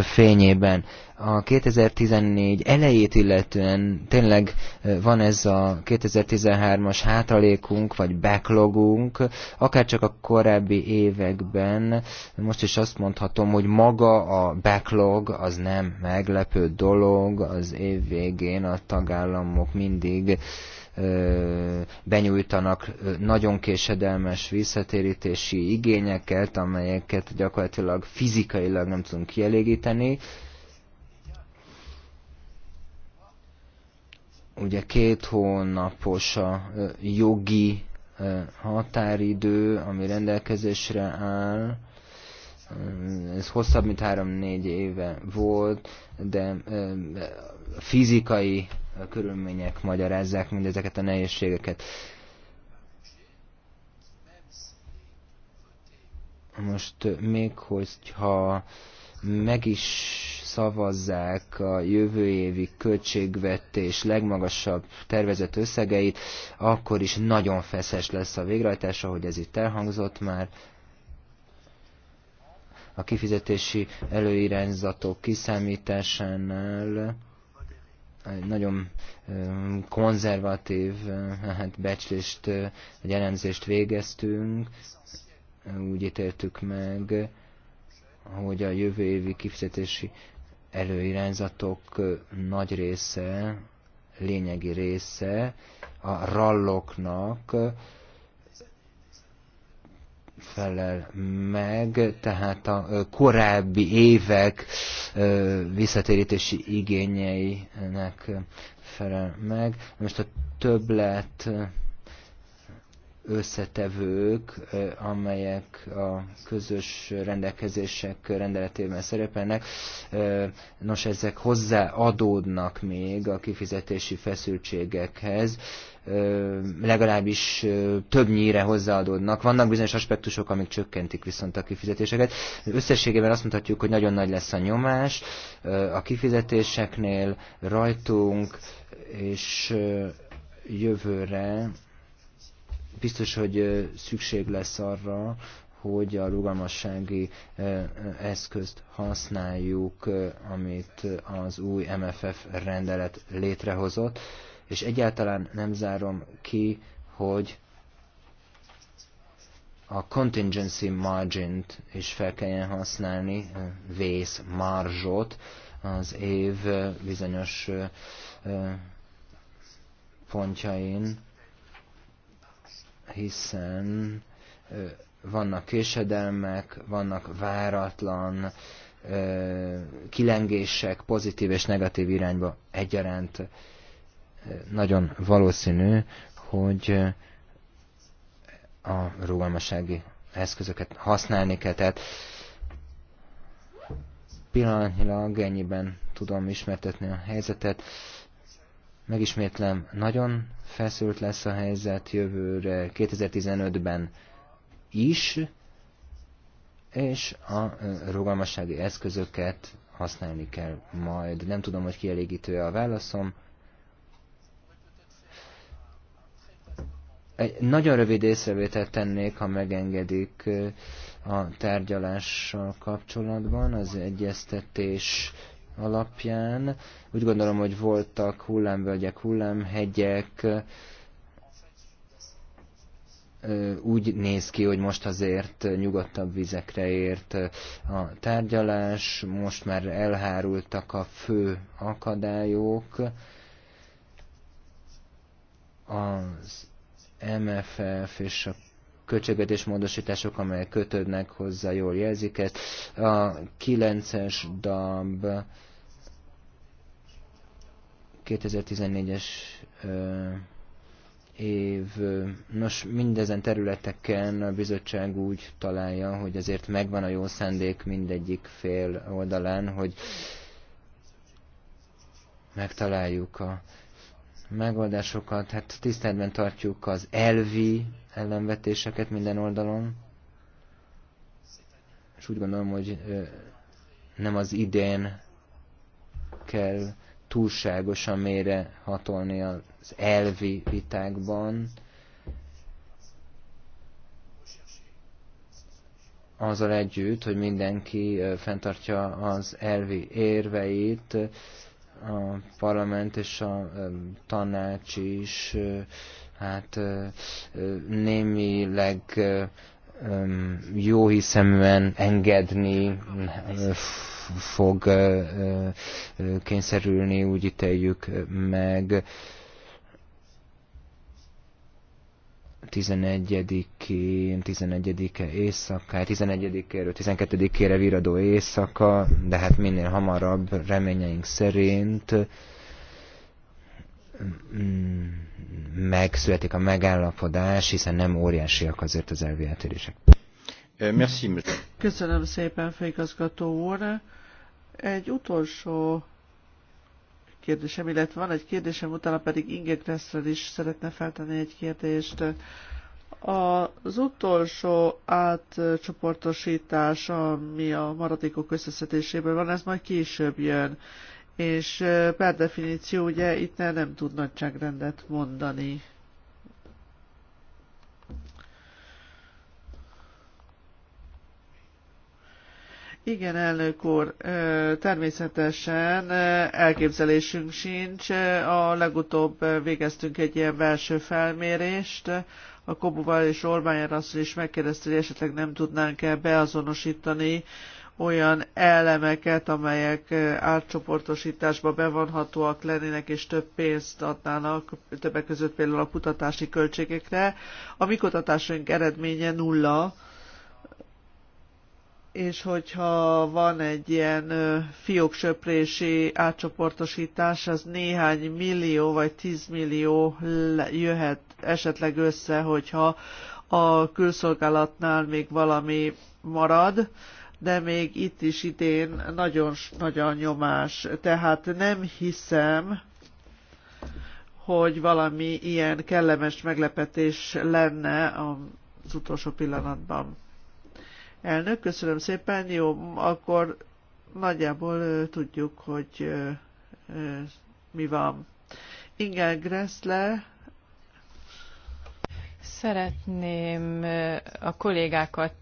fényében a 2014 elejét illetően tényleg van ez a 2013-as hátralékunk, vagy backlogunk, akár csak a korábbi években, most is azt mondhatom, hogy maga a backlog az nem meglepő dolog, az év végén a tagállamok mindig benyújtanak nagyon késedelmes visszatérítési igényeket, amelyeket gyakorlatilag fizikailag nem tudunk kielégíteni, Ugye két hónapos a jogi határidő, ami rendelkezésre áll. Ez hosszabb, mint három-négy éve volt, de fizikai körülmények magyarázzák mindezeket a nehézségeket. Most még hogyha meg is szavazzák a jövő évi költségvetés legmagasabb tervezett összegeit, akkor is nagyon feszes lesz a végrehajtás, ahogy ez itt elhangzott már. A kifizetési előirányzatok kiszámításánál egy nagyon konzervatív hát becslést, egy elemzést végeztünk, úgy ítéltük meg, hogy a jövő évi kifizetési előirányzatok nagy része, lényegi része a ralloknak felel meg, tehát a korábbi évek visszatérítési igényeinek felel meg. Most a többlet összetevők, amelyek a közös rendelkezések rendeletében szerepelnek. Nos, ezek hozzáadódnak még a kifizetési feszültségekhez, legalábbis többnyire hozzáadódnak. Vannak bizonyos aspektusok, amik csökkentik viszont a kifizetéseket. Összességében azt mondhatjuk, hogy nagyon nagy lesz a nyomás a kifizetéseknél, rajtunk, és jövőre Biztos, hogy szükség lesz arra, hogy a rugalmassági eszközt használjuk, amit az új MFF rendelet létrehozott, és egyáltalán nem zárom ki, hogy a contingency margin-t is fel kelljen használni, marzsot az év bizonyos pontjain, hiszen vannak késedelmek, vannak váratlan kilengések pozitív és negatív irányba egyaránt. Nagyon valószínű, hogy a rugalmasági eszközöket használni kell. Tehát pillanatnyilag ennyiben tudom ismertetni a helyzetet. Megismétlem, nagyon feszült lesz a helyzet jövőre, 2015-ben is, és a rugalmassági eszközöket használni kell majd. Nem tudom, hogy kielégítő a válaszom. Egy nagyon rövid észrevételt tennék, ha megengedik a tárgyalással kapcsolatban. Az egyeztetés alapján. Úgy gondolom, hogy voltak hullámvölgyek, hullámhegyek, úgy néz ki, hogy most azért nyugodtabb vizekre ért a tárgyalás, most már elhárultak a fő akadályok, az MFF és a költségvetés módosítások, amelyek kötődnek hozzá, jól jelzik ezt. A 9-es DAB 2014-es év. Nos, mindezen területeken a bizottság úgy találja, hogy azért megvan a jó szándék mindegyik fél oldalán, hogy megtaláljuk a megoldásokat, hát tiszteletben tartjuk az elvi ellenvetéseket minden oldalon, és úgy gondolom, hogy nem az idén kell túlságosan mélyre hatolni az elvi vitákban, azzal együtt, hogy mindenki fenntartja az elvi érveit, a parlament és a tanács is hát némileg jó hiszeműen engedni fog kényszerülni, úgy ítéljük meg. 11-én, 11-e éjszaká, 11-éről 12-ére viradó éjszaka, de hát minél hamarabb reményeink szerint megszületik a megállapodás, hiszen nem óriásiak azért az elvi eltérések. Köszönöm szépen, főigazgató úr. Egy utolsó kérdésem, illetve van egy kérdésem, utána pedig Inge Gresszel is szeretne feltenni egy kérdést. Az utolsó átcsoportosítás, ami a maradékok összeszedéséből van, ez majd később jön és per definíció ugye itt nem tud nagyságrendet mondani. Igen, elnök úr, természetesen elképzelésünk sincs. A legutóbb végeztünk egy ilyen belső felmérést, a Kobuval és Orbán asszony is megkérdezte, hogy esetleg nem tudnánk-e beazonosítani olyan elemeket, amelyek átcsoportosításba bevonhatóak lennének, és több pénzt adnának, többek között például a kutatási költségekre. A mi kutatásunk eredménye nulla, és hogyha van egy ilyen fióksöprési átcsoportosítás, az néhány millió vagy tízmillió jöhet esetleg össze, hogyha a külszolgálatnál még valami marad, de még itt is idén nagyon nagy a nyomás. Tehát nem hiszem, hogy valami ilyen kellemes meglepetés lenne az utolsó pillanatban. Elnök, köszönöm szépen, jó, akkor nagyjából tudjuk, hogy mi van. Inge Gressle Szeretném a kollégákat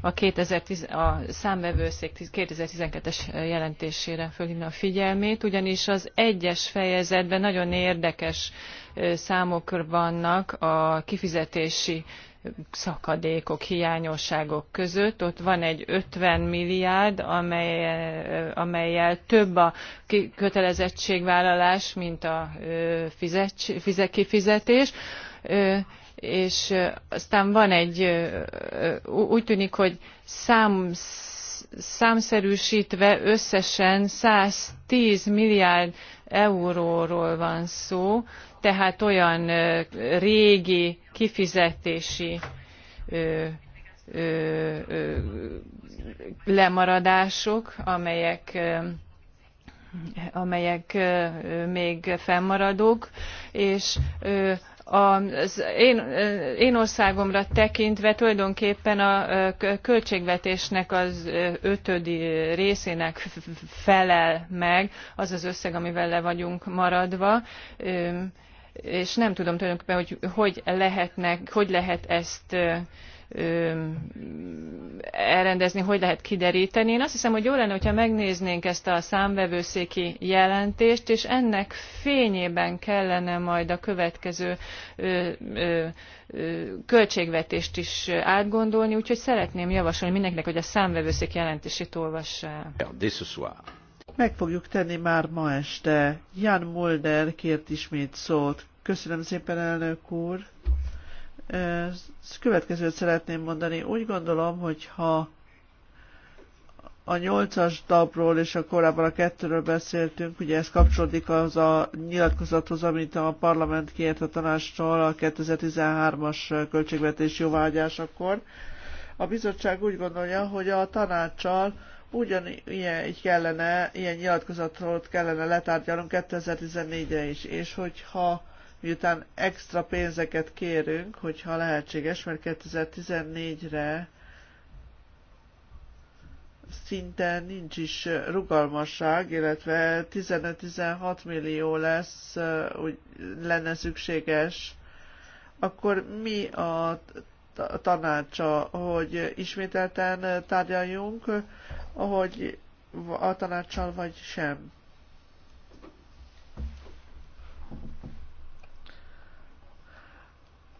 a, 2010, a számvevőszék 2012-es jelentésére fölhívni a figyelmét, ugyanis az egyes fejezetben nagyon érdekes számok vannak a kifizetési szakadékok, hiányosságok között. Ott van egy 50 milliárd, amely, amelyel több a kötelezettségvállalás, mint a fizet, kifizetés és aztán van egy, úgy tűnik, hogy szám, számszerűsítve összesen 110 milliárd euróról van szó, tehát olyan régi kifizetési lemaradások, amelyek amelyek még fennmaradók, és az én, én országomra tekintve tulajdonképpen a költségvetésnek az ötödi részének felel meg az az összeg, amivel le vagyunk maradva és nem tudom tulajdonképpen, hogy hogy, lehetnek, hogy lehet ezt elrendezni, hogy lehet kideríteni. Én azt hiszem, hogy jó lenne, hogyha megnéznénk ezt a számvevőszéki jelentést, és ennek fényében kellene majd a következő ö, ö, költségvetést is átgondolni, úgyhogy szeretném javasolni mindenkinek, hogy a számvevőszék jelentését olvassa Meg fogjuk tenni már ma este. Jan Mulder kért ismét szót. Köszönöm szépen, elnök úr! Következőt szeretném mondani. Úgy gondolom, hogy ha a nyolcas dabról és a korábban a kettőről beszéltünk, ugye ez kapcsolódik az a nyilatkozathoz, amit a parlament kért a tanástól a 2013-as költségvetés jóvágyásakor. A bizottság úgy gondolja, hogy a tanácssal ugyanígy kellene, ilyen nyilatkozatot kellene letárgyalnunk 2014-re is, és hogyha miután extra pénzeket kérünk, hogyha lehetséges, mert 2014-re szinte nincs is rugalmasság, illetve 15-16 millió lesz, úgy lenne szükséges, akkor mi a tanácsa, hogy ismételten tárgyaljunk, ahogy a tanácssal vagy sem?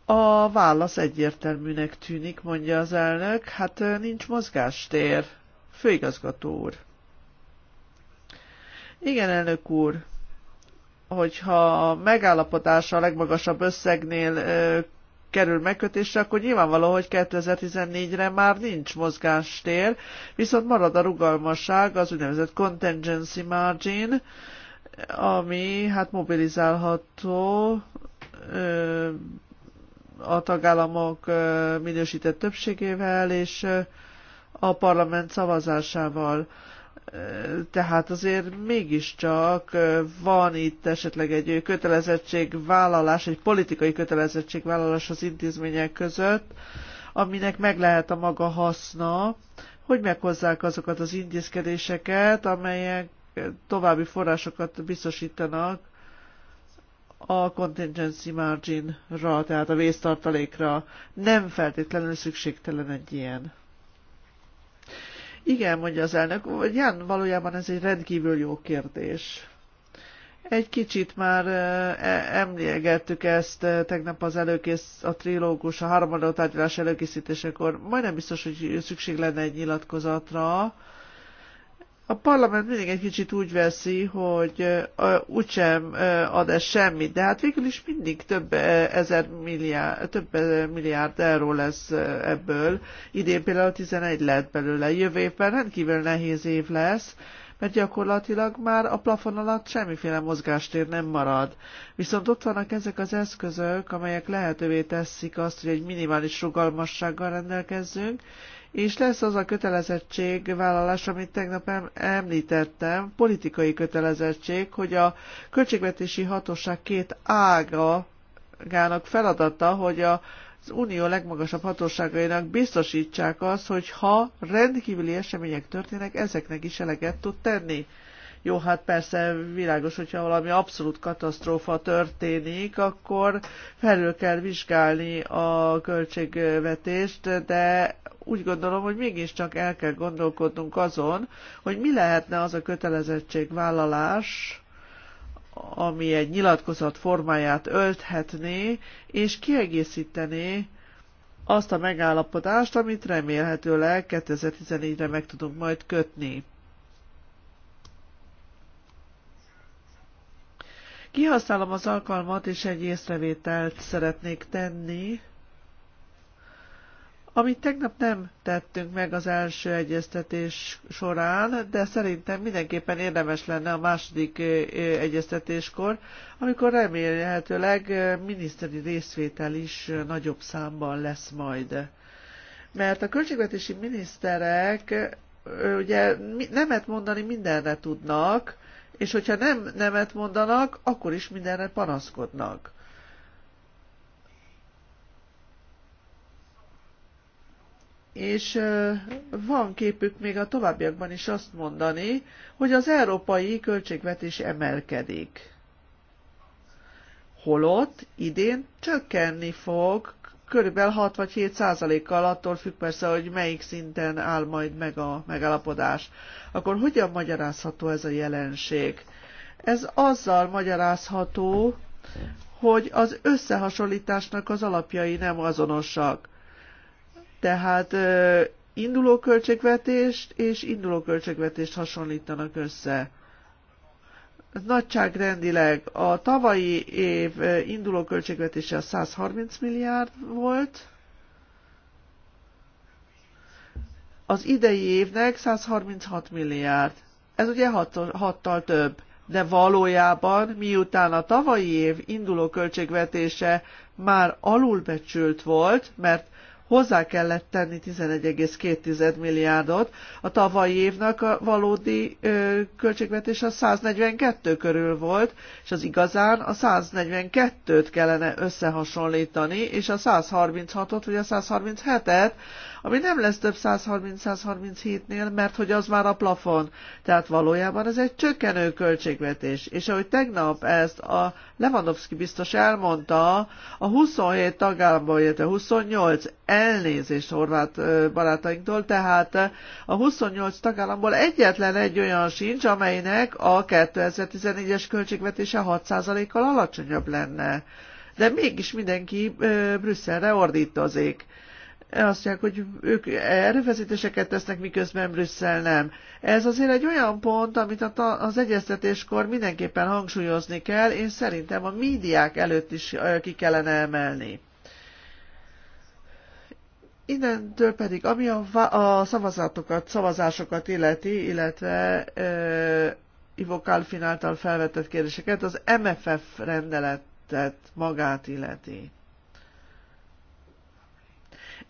A válasz egyértelműnek tűnik, mondja az elnök. Hát nincs mozgástér. Főigazgató úr. Igen, elnök úr. Hogyha a megállapodása a legmagasabb összegnél ö, kerül megkötésre, akkor nyilvánvaló, hogy 2014-re már nincs mozgástér, viszont marad a rugalmasság, az úgynevezett contingency margin, ami hát mobilizálható ö, a tagállamok minősített többségével és a parlament szavazásával. Tehát azért mégiscsak van itt esetleg egy kötelezettségvállalás, egy politikai kötelezettségvállalás az intézmények között, aminek meg lehet a maga haszna, hogy meghozzák azokat az intézkedéseket, amelyek további forrásokat biztosítanak a contingency margin-ra, tehát a vésztartalékra nem feltétlenül szükségtelen egy ilyen. Igen, mondja az elnök, Jan, valójában ez egy rendkívül jó kérdés. Egy kicsit már e, emlékeztük ezt tegnap az előkész, a trilógus, a harmadó tárgyalás előkészítésekor. Majdnem biztos, hogy szükség lenne egy nyilatkozatra, a parlament mindig egy kicsit úgy veszi, hogy úgysem ad ez semmit, de hát végül is mindig több ezer milliárd, több milliárd euró lesz ebből. Idén például 11 lett belőle, jövő évben rendkívül nehéz év lesz, mert gyakorlatilag már a plafon alatt semmiféle mozgástér nem marad. Viszont ott vannak ezek az eszközök, amelyek lehetővé teszik azt, hogy egy minimális rugalmassággal rendelkezzünk, és lesz az a kötelezettségvállalás, amit tegnap említettem, politikai kötelezettség, hogy a költségvetési hatóság két ága feladata, hogy a az unió legmagasabb hatóságainak biztosítsák azt, hogy ha rendkívüli események történnek, ezeknek is eleget tud tenni. Jó, hát persze világos, hogyha valami abszolút katasztrófa történik, akkor felül kell vizsgálni a költségvetést, de úgy gondolom, hogy mégiscsak el kell gondolkodnunk azon, hogy mi lehetne az a kötelezettségvállalás, ami egy nyilatkozat formáját ölthetné, és kiegészítené azt a megállapodást, amit remélhetőleg 2014-re meg tudunk majd kötni. Kihasználom az alkalmat, és egy észrevételt szeretnék tenni, amit tegnap nem tettünk meg az első egyeztetés során, de szerintem mindenképpen érdemes lenne a második egyeztetéskor, amikor remélhetőleg miniszteri részvétel is nagyobb számban lesz majd. Mert a költségvetési miniszterek ugye nemet mondani mindenre tudnak, és hogyha nem nemet mondanak, akkor is mindenre panaszkodnak. és van képük még a továbbiakban is azt mondani, hogy az európai költségvetés emelkedik. Holott idén csökkenni fog körülbelül 6 vagy 7 százalékkal, attól függ persze, hogy melyik szinten áll majd meg a megállapodás. Akkor hogyan magyarázható ez a jelenség? Ez azzal magyarázható, hogy az összehasonlításnak az alapjai nem azonosak. Tehát induló költségvetést és induló költségvetést hasonlítanak össze. Ez nagyságrendileg a tavalyi év induló költségvetése 130 milliárd volt, az idei évnek 136 milliárd. Ez ugye hattal több, de valójában miután a tavalyi év induló költségvetése már alulbecsült volt, mert hozzá kellett tenni 11,2 milliárdot. A tavalyi évnek a valódi ö, költségvetés a 142 körül volt, és az igazán a 142-t kellene összehasonlítani, és a 136-ot vagy a 137-et, ami nem lesz több 130-137-nél, mert hogy az már a plafon. Tehát valójában ez egy csökkenő költségvetés. És ahogy tegnap ezt a Lewandowski biztos elmondta, a 27 tagállamból, illetve 28 elnézést horvát barátainktól, tehát a 28 tagállamból egyetlen egy olyan sincs, amelynek a 2014-es költségvetése 6%-kal alacsonyabb lenne. De mégis mindenki Brüsszelre ordítozik azt mondják, hogy ők erőfeszítéseket tesznek, miközben Brüsszel nem. Ez azért egy olyan pont, amit az egyeztetéskor mindenképpen hangsúlyozni kell, Én szerintem a médiák előtt is ki kellene emelni. Innentől pedig, ami a, a szavazatokat, szavazásokat illeti, illetve ö, Ivo Kalfin által felvetett kérdéseket, az MFF rendeletet magát illeti.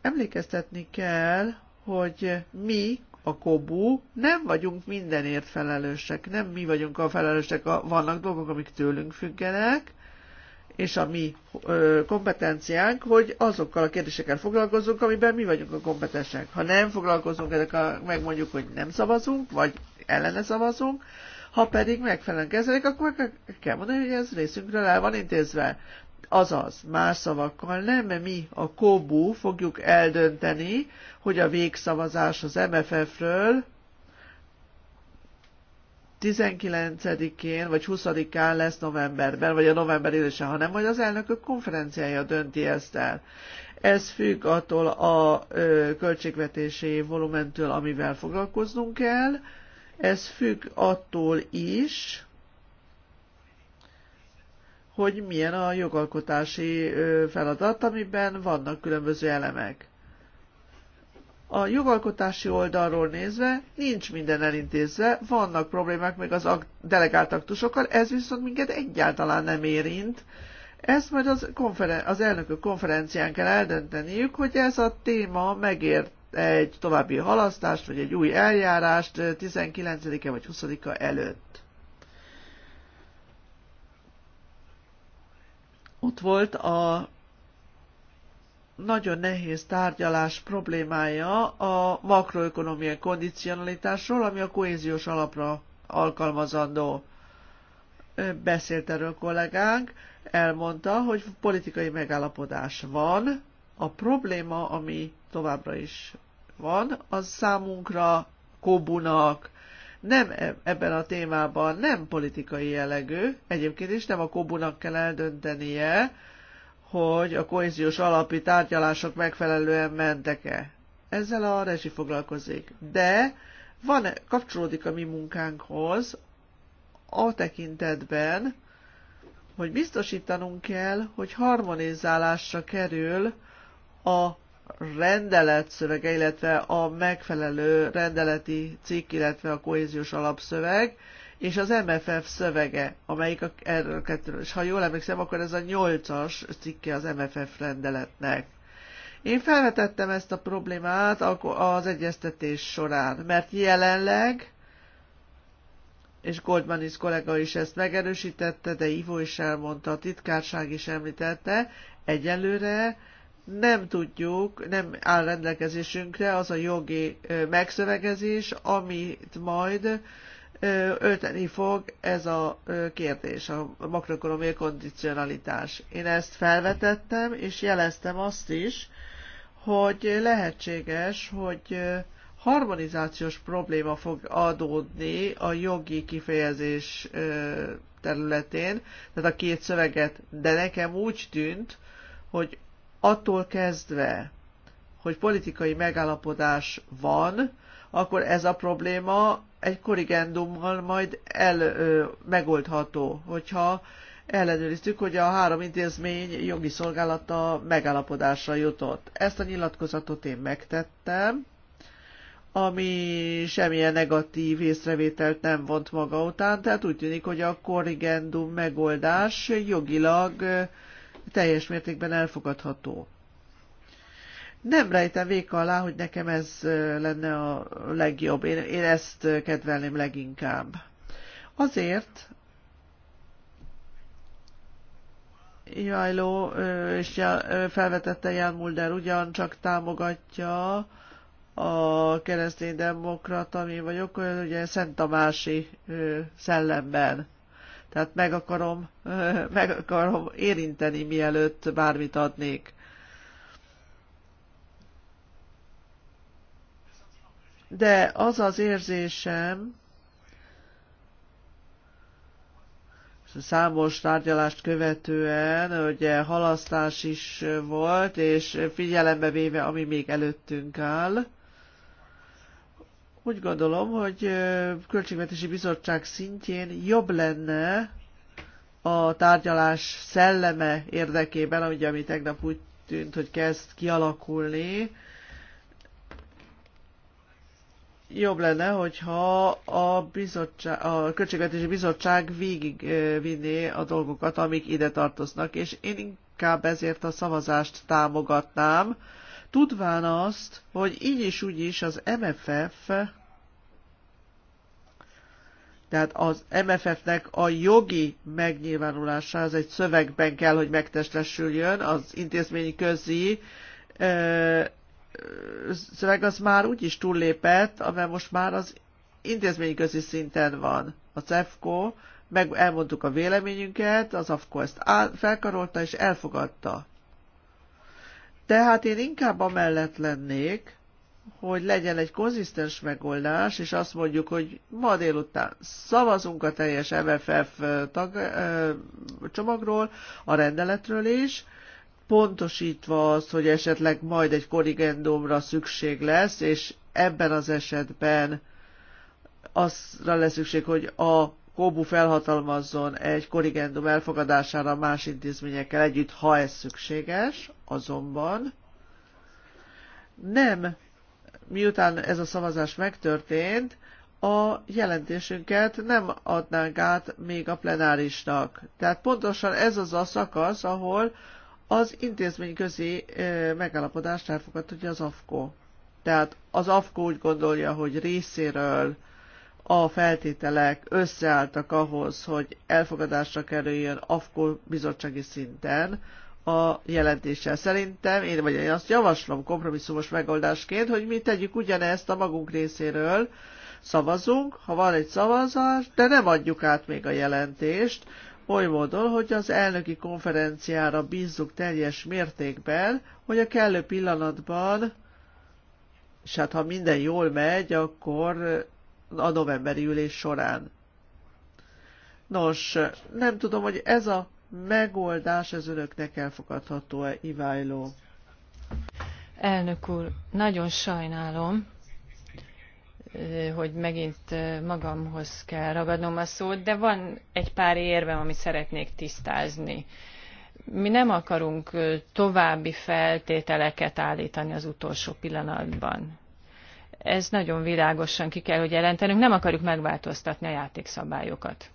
Emlékeztetni kell, hogy mi, a kobú, nem vagyunk mindenért felelősek, nem mi vagyunk a felelősek, a, vannak dolgok, amik tőlünk függenek, és a mi ö, kompetenciánk, hogy azokkal a kérdésekkel foglalkozunk, amiben mi vagyunk a kompetensek. Ha nem foglalkozunk a, megmondjuk, hogy nem szavazunk, vagy ellene szavazunk, ha pedig megfelelően kezelik, akkor meg kell mondani, hogy ez részünkről el van intézve. Azaz, más szavakkal nem mi a KOBU fogjuk eldönteni, hogy a végszavazás az MFF-ről 19-én vagy 20-án lesz novemberben, vagy a november ülésen, hanem majd az elnökök konferenciája dönti ezt el. Ez függ attól a ö, költségvetési volumentől, amivel foglalkoznunk kell, ez függ attól is, hogy milyen a jogalkotási feladat, amiben vannak különböző elemek. A jogalkotási oldalról nézve nincs minden elintézve, vannak problémák még az delegált aktusokkal, ez viszont minket egyáltalán nem érint. Ezt majd az, konferen- az elnökök konferencián kell eldönteniük, hogy ez a téma megért egy további halasztást, vagy egy új eljárást 19-e vagy 20-a előtt. ott volt a nagyon nehéz tárgyalás problémája a makroökonomiai kondicionalitásról, ami a kohéziós alapra alkalmazandó. Beszélt erről kollégánk, elmondta, hogy politikai megállapodás van, a probléma, ami továbbra is van, az számunkra Kobunak, nem e- ebben a témában nem politikai jellegű, egyébként is nem a kobunak kell eldöntenie, hogy a kohéziós alapi tárgyalások megfelelően mentek-e. Ezzel a rezsi foglalkozik. De van, kapcsolódik a mi munkánkhoz a tekintetben, hogy biztosítanunk kell, hogy harmonizálásra kerül a rendelet szövege, illetve a megfelelő rendeleti cikk, illetve a kohéziós alapszöveg, és az MFF szövege, amelyik a, erről kettő, és ha jól emlékszem, akkor ez a nyolcas cikke az MFF rendeletnek. Én felvetettem ezt a problémát az egyeztetés során, mert jelenleg, és is kollega is ezt megerősítette, de Ivo is elmondta, a titkárság is említette, egyelőre nem tudjuk, nem áll rendelkezésünkre az a jogi megszövegezés, amit majd ölteni fog ez a kérdés, a makroekonomiai kondicionalitás. Én ezt felvetettem, és jeleztem azt is, hogy lehetséges, hogy harmonizációs probléma fog adódni a jogi kifejezés területén, tehát a két szöveget, de nekem úgy tűnt, hogy attól kezdve, hogy politikai megállapodás van, akkor ez a probléma egy korrigendummal majd el, ö, megoldható, hogyha ellenőriztük, hogy a három intézmény jogi szolgálata megállapodásra jutott. Ezt a nyilatkozatot én megtettem, ami semmilyen negatív észrevételt nem vont maga után, tehát úgy tűnik, hogy a korrigendum megoldás jogilag teljes mértékben elfogadható. Nem rejtem véka alá, hogy nekem ez lenne a legjobb. Én, én ezt kedvelném leginkább. Azért, Jajló és felvetette Jan Mulder ugyancsak támogatja a keresztény demokrata, mi vagyok, ugye Szent Tamási szellemben. Tehát meg akarom, meg akarom érinteni, mielőtt bármit adnék. De az az érzésem, számos tárgyalást követően ugye halasztás is volt, és figyelembe véve, ami még előttünk áll, úgy gondolom, hogy költségvetési bizottság szintjén jobb lenne a tárgyalás szelleme érdekében, ugye, ami tegnap úgy tűnt, hogy kezd kialakulni, jobb lenne, hogyha a, bizottság, a Költségvetési Bizottság végigvinné a dolgokat, amik ide tartoznak, és én inkább ezért a szavazást támogatnám, tudván azt, hogy így is úgy is az MFF, tehát az MFF-nek a jogi megnyilvánulása, az egy szövegben kell, hogy megtestesüljön, az intézményi közi szöveg az már úgy is túllépett, amely most már az intézményi közi szinten van a CEFCO, meg elmondtuk a véleményünket, az AFCO ezt felkarolta és elfogadta. Tehát én inkább amellett lennék, hogy legyen egy konzisztens megoldás, és azt mondjuk, hogy ma délután szavazunk a teljes MFF tag, ö, csomagról, a rendeletről is, pontosítva az, hogy esetleg majd egy korrigendumra szükség lesz, és ebben az esetben azra lesz szükség, hogy a Kobu felhatalmazzon egy korrigendum elfogadására más intézményekkel együtt, ha ez szükséges, azonban nem, miután ez a szavazás megtörtént, a jelentésünket nem adnánk át még a plenárisnak. Tehát pontosan ez az a szakasz, ahol az intézményközi megállapodást elfogadhatja az AFKO. Tehát az AFKO úgy gondolja, hogy részéről a feltételek összeálltak ahhoz, hogy elfogadásra kerüljön AFKO bizottsági szinten a jelentéssel. Szerintem én vagy én azt javaslom kompromisszumos megoldásként, hogy mi tegyük ugyanezt a magunk részéről, szavazunk, ha van egy szavazás, de nem adjuk át még a jelentést, oly módon, hogy az elnöki konferenciára bízzuk teljes mértékben, hogy a kellő pillanatban, és hát ha minden jól megy, akkor a novemberi ülés során. Nos, nem tudom, hogy ez a megoldás az önöknek elfogadható-e, Iványló. Elnök úr, nagyon sajnálom, hogy megint magamhoz kell ragadnom a szót, de van egy pár érvem, amit szeretnék tisztázni. Mi nem akarunk további feltételeket állítani az utolsó pillanatban. Ez nagyon világosan ki kell, hogy jelentenünk. Nem akarjuk megváltoztatni a játékszabályokat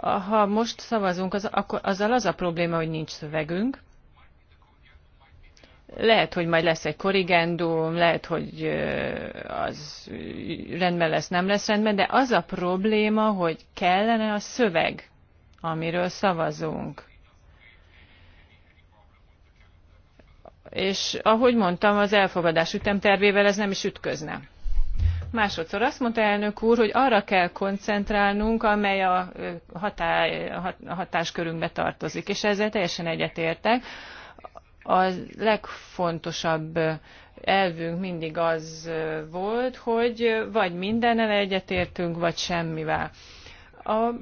ha most szavazunk, az, akkor azzal az a probléma, hogy nincs szövegünk. Lehet, hogy majd lesz egy korrigendum, lehet, hogy az rendben lesz, nem lesz rendben, de az a probléma, hogy kellene a szöveg, amiről szavazunk. és ahogy mondtam, az elfogadás ütemtervével ez nem is ütközne. Másodszor azt mondta elnök úr, hogy arra kell koncentrálnunk, amely a, hatá, a hatáskörünkbe tartozik, és ezzel teljesen egyetértek. A legfontosabb elvünk mindig az volt, hogy vagy mindennel egyetértünk, vagy semmivel a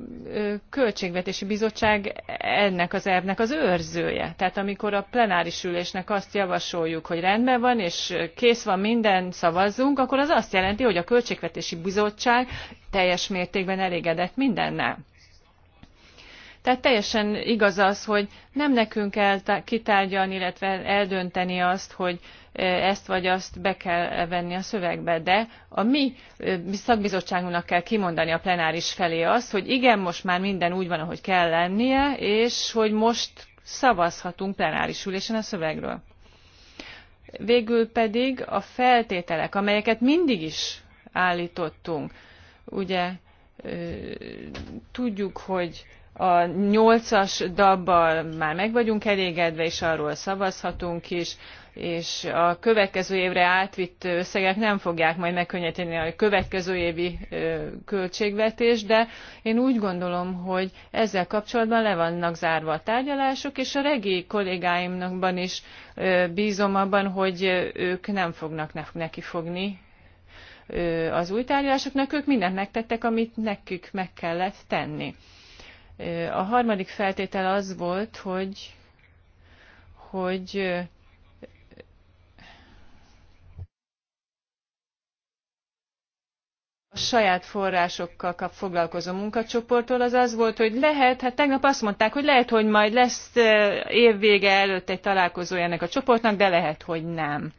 Költségvetési Bizottság ennek az elvnek az őrzője. Tehát amikor a plenáris ülésnek azt javasoljuk, hogy rendben van, és kész van minden, szavazzunk, akkor az azt jelenti, hogy a Költségvetési Bizottság teljes mértékben elégedett mindennel. Tehát teljesen igaz az, hogy nem nekünk kell kitárgyalni, illetve eldönteni azt, hogy ezt vagy azt be kell venni a szövegbe, de a mi szakbizottságunknak kell kimondani a plenáris felé azt, hogy igen, most már minden úgy van, ahogy kell lennie, és hogy most szavazhatunk plenáris ülésen a szövegről. Végül pedig a feltételek, amelyeket mindig is állítottunk, ugye tudjuk, hogy a nyolcas dabbal már meg vagyunk elégedve, és arról szavazhatunk is és a következő évre átvitt összegek nem fogják majd megkönnyíteni a következő évi költségvetés, de én úgy gondolom, hogy ezzel kapcsolatban le vannak zárva a tárgyalások, és a regi kollégáimnakban is bízom abban, hogy ők nem fognak fogni az új tárgyalásoknak, ők mindent megtettek, amit nekik meg kellett tenni. A harmadik feltétel az volt, hogy hogy a saját forrásokkal kap foglalkozó munkacsoporttól az az volt, hogy lehet, hát tegnap azt mondták, hogy lehet, hogy majd lesz évvége előtt egy találkozója ennek a csoportnak, de lehet, hogy nem.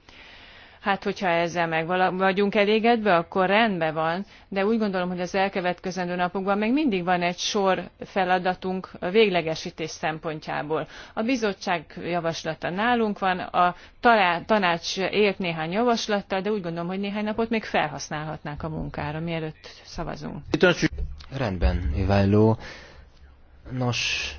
Hát, hogyha ezzel meg vagyunk elégedve, akkor rendben van, de úgy gondolom, hogy az elkövetkezendő napokban még mindig van egy sor feladatunk a véglegesítés szempontjából. A bizottság javaslata nálunk van, a tanács élt néhány javaslattal, de úgy gondolom, hogy néhány napot még felhasználhatnánk a munkára, mielőtt szavazunk. Rendben, Iváló. Nos,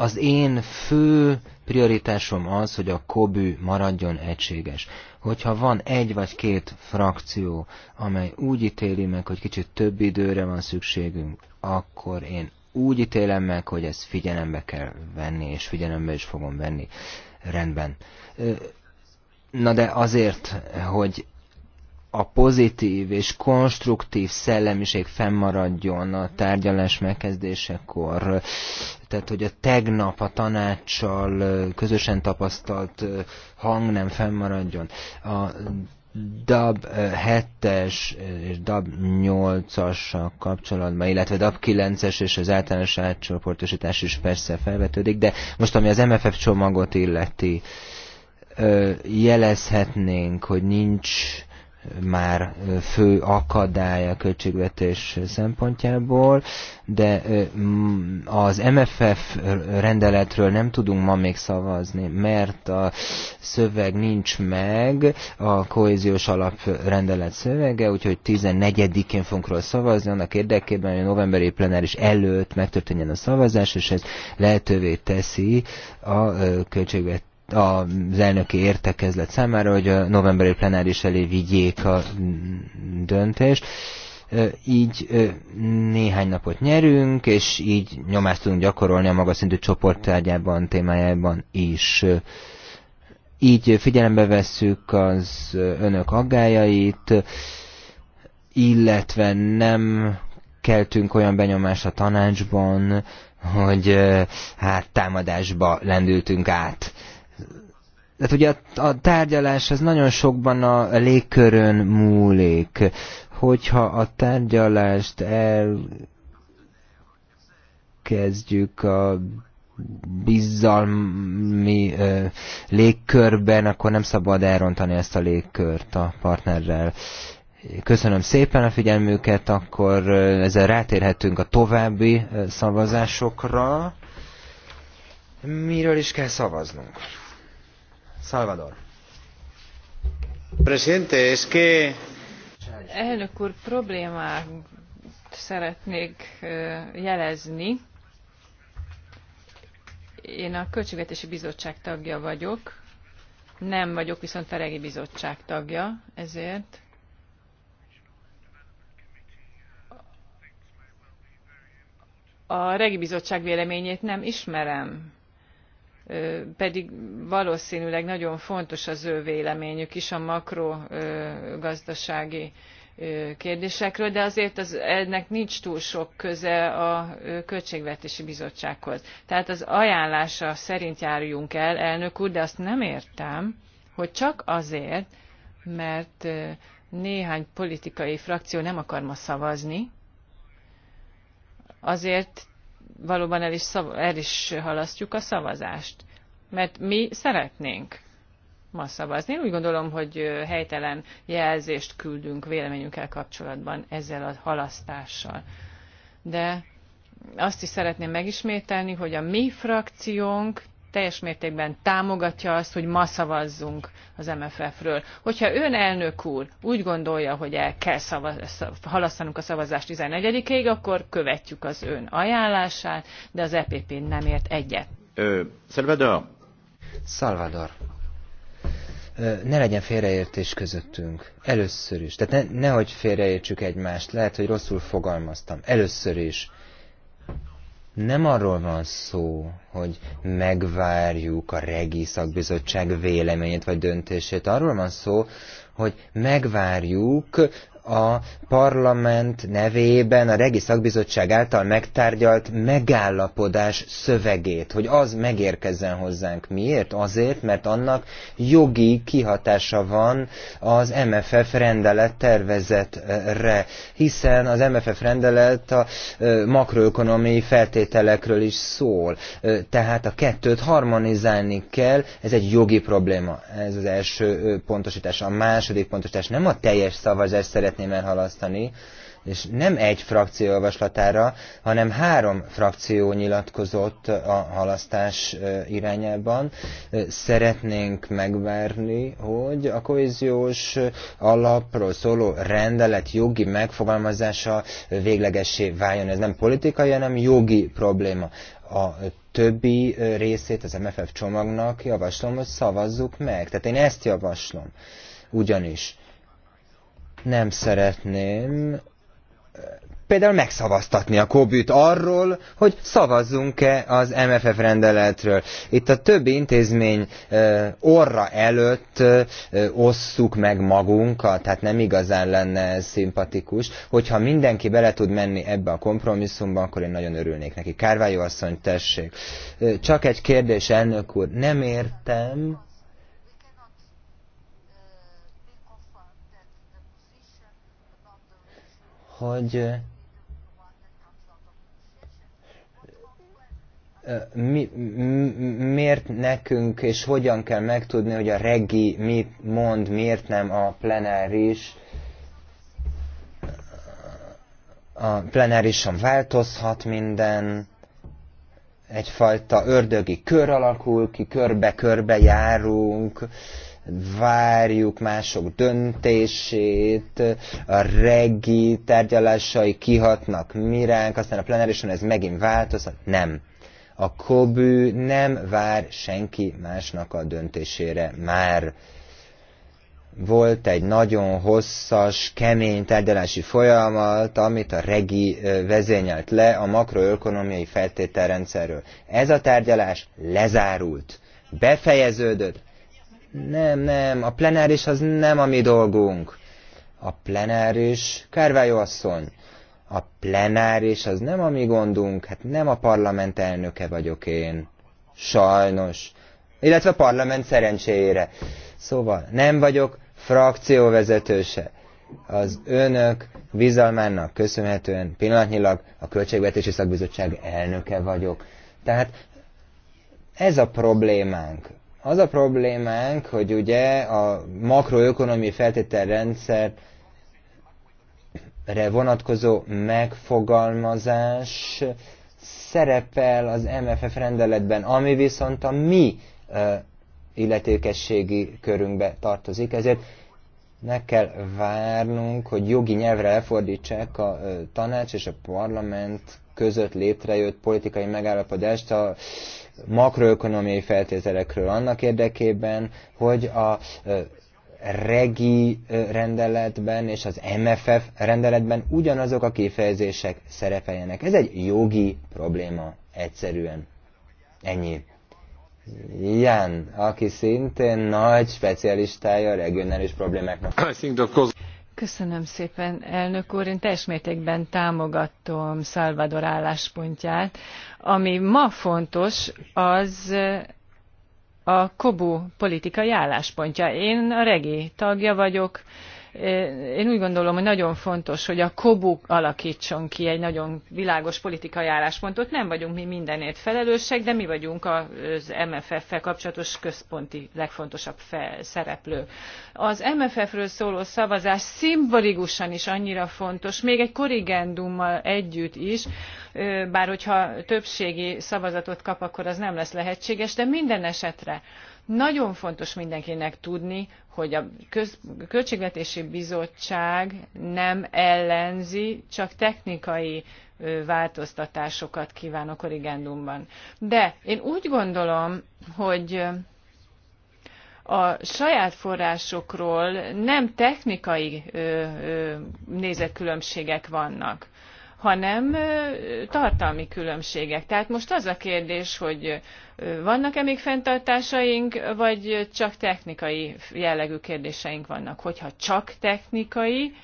az én fő prioritásom az, hogy a kobű maradjon egységes. Hogyha van egy vagy két frakció, amely úgy ítéli meg, hogy kicsit több időre van szükségünk, akkor én úgy ítélem meg, hogy ezt figyelembe kell venni, és figyelembe is fogom venni. Rendben. Na de azért, hogy a pozitív és konstruktív szellemiség fennmaradjon a tárgyalás megkezdésekor, tehát hogy a tegnap a tanácssal közösen tapasztalt hang nem fennmaradjon. A DAB 7-es és DAB 8-assal kapcsolatban, illetve DAB 9-es és az általános átcsoportosítás is persze felvetődik, de most ami az MFF csomagot illeti, jelezhetnénk, hogy nincs már fő akadály a költségvetés szempontjából, de az MFF rendeletről nem tudunk ma még szavazni, mert a szöveg nincs meg, a kohéziós alaprendelet szövege, úgyhogy 14-én fogunk róla szavazni, annak érdekében, hogy a novemberi plenáris előtt megtörténjen a szavazás, és ez lehetővé teszi a költségvetés az elnöki értekezlet számára, hogy a novemberi plenáris elé vigyék a döntést. Így néhány napot nyerünk, és így nyomást tudunk gyakorolni a magas szintű csoporttárgyában, témájában is. Így figyelembe vesszük az önök aggájait, illetve nem keltünk olyan benyomást a tanácsban, hogy hát támadásba lendültünk át tehát ugye a, a tárgyalás ez nagyon sokban a légkörön múlik. Hogyha a tárgyalást elkezdjük a bizalmi ö, légkörben, akkor nem szabad elrontani ezt a légkört a partnerrel. Köszönöm szépen a figyelmüket, akkor ezzel rátérhetünk a további szavazásokra. Miről is kell szavaznunk? Elnök úr, problémát szeretnék jelezni. Én a Költségvetési Bizottság tagja vagyok, nem vagyok viszont a Regi Bizottság tagja, ezért a Regi Bizottság véleményét nem ismerem pedig valószínűleg nagyon fontos az ő véleményük is a makrogazdasági kérdésekről, de azért az, ennek nincs túl sok köze a Költségvetési Bizottsághoz. Tehát az ajánlása szerint járjunk el, elnök úr, de azt nem értem, hogy csak azért, mert néhány politikai frakció nem akar ma szavazni, azért valóban el is, szav, el is halasztjuk a szavazást. Mert mi szeretnénk ma szavazni. Úgy gondolom, hogy helytelen jelzést küldünk véleményünkkel kapcsolatban ezzel a halasztással. De azt is szeretném megismételni, hogy a mi frakciónk teljes mértékben támogatja azt, hogy ma szavazzunk az MFF-ről. Hogyha ön elnök úr úgy gondolja, hogy el kell szavaz, halasztanunk a szavazást 14-ig, akkor követjük az ön ajánlását, de az EPP nem ért egyet. Ö, Salvador. Salvador ne legyen félreértés közöttünk. Először is. Tehát ne, nehogy félreértsük egymást. Lehet, hogy rosszul fogalmaztam. Először is nem arról van szó, hogy megvárjuk a regi szakbizottság véleményét vagy döntését. Arról van szó, hogy megvárjuk a parlament nevében a Regi Szakbizottság által megtárgyalt megállapodás szövegét, hogy az megérkezzen hozzánk. Miért? Azért, mert annak jogi kihatása van az MFF rendelet tervezetre, hiszen az MFF rendelet a makroökonomiai feltételekről is szól. Tehát a kettőt harmonizálni kell, ez egy jogi probléma. Ez az első pontosítás. A második pontosítás nem a teljes szavazás szeret szeretném elhalasztani, és nem egy frakció javaslatára, hanem három frakció nyilatkozott a halasztás irányában. Szeretnénk megvárni, hogy a kohéziós alapról szóló rendelet jogi megfogalmazása véglegessé váljon. Ez nem politikai, hanem jogi probléma. A többi részét az MFF csomagnak javaslom, hogy szavazzuk meg. Tehát én ezt javaslom. Ugyanis nem szeretném például megszavaztatni a kobűt arról, hogy szavazzunk-e az MFF rendeletről. Itt a többi intézmény orra előtt osszuk meg magunkat, tehát nem igazán lenne ez szimpatikus. Hogyha mindenki bele tud menni ebbe a kompromisszumba, akkor én nagyon örülnék neki. Kárvályó asszony, tessék. Csak egy kérdés, elnök úr. Nem értem, hogy mi, miért nekünk és hogyan kell megtudni, hogy a regi mit mond, miért nem a plenáris. A plenárison változhat minden, egyfajta ördögi kör alakul ki, körbe-körbe járunk, várjuk mások döntését, a regi tárgyalásai kihatnak miránk, aztán a plenárison ez megint változhat. Nem. A kobű nem vár senki másnak a döntésére már volt egy nagyon hosszas, kemény tárgyalási folyamat, amit a regi vezényelt le a makroökonomiai feltételrendszerről. Ez a tárgyalás lezárult, befejeződött, nem, nem, a plenáris az nem a mi dolgunk. A plenáris, Kárvályó asszony, a plenáris az nem a mi gondunk, hát nem a parlament elnöke vagyok én. Sajnos. Illetve a parlament szerencséjére. Szóval nem vagyok frakcióvezetőse. Az önök bizalmának köszönhetően pillanatnyilag a Költségvetési Szakbizottság elnöke vagyok. Tehát ez a problémánk. Az a problémánk, hogy ugye a makroökonomiai feltételrendszer re vonatkozó megfogalmazás szerepel az MFF rendeletben, ami viszont a mi illetékességi körünkbe tartozik, ezért meg kell várnunk, hogy jogi nyelvre lefordítsák a tanács és a parlament között létrejött politikai megállapodást a makroökonomiai feltételekről annak érdekében, hogy a regi rendeletben és az MFF rendeletben ugyanazok a kifejezések szerepeljenek. Ez egy jogi probléma egyszerűen. Ennyi. Jan, aki szintén nagy specialistája a regionális problémáknak. Köszönöm szépen, elnök úr. Én teljes mértékben támogatom Salvador álláspontját. Ami ma fontos, az a Kobu politikai álláspontja. Én a regi tagja vagyok, én úgy gondolom, hogy nagyon fontos, hogy a kobu alakítson ki egy nagyon világos politikai álláspontot. Nem vagyunk mi mindenért felelősek, de mi vagyunk az MFF-fel kapcsolatos központi legfontosabb szereplő. Az MFF-ről szóló szavazás szimbolikusan is annyira fontos, még egy korrigendummal együtt is, bár hogyha többségi szavazatot kap, akkor az nem lesz lehetséges, de minden esetre nagyon fontos mindenkinek tudni, hogy a köz, Költségvetési Bizottság nem ellenzi, csak technikai változtatásokat kíván a korrigendumban. De én úgy gondolom, hogy a saját forrásokról nem technikai nézetkülönbségek vannak hanem tartalmi különbségek. Tehát most az a kérdés, hogy vannak-e még fenntartásaink, vagy csak technikai jellegű kérdéseink vannak. Hogyha csak technikai,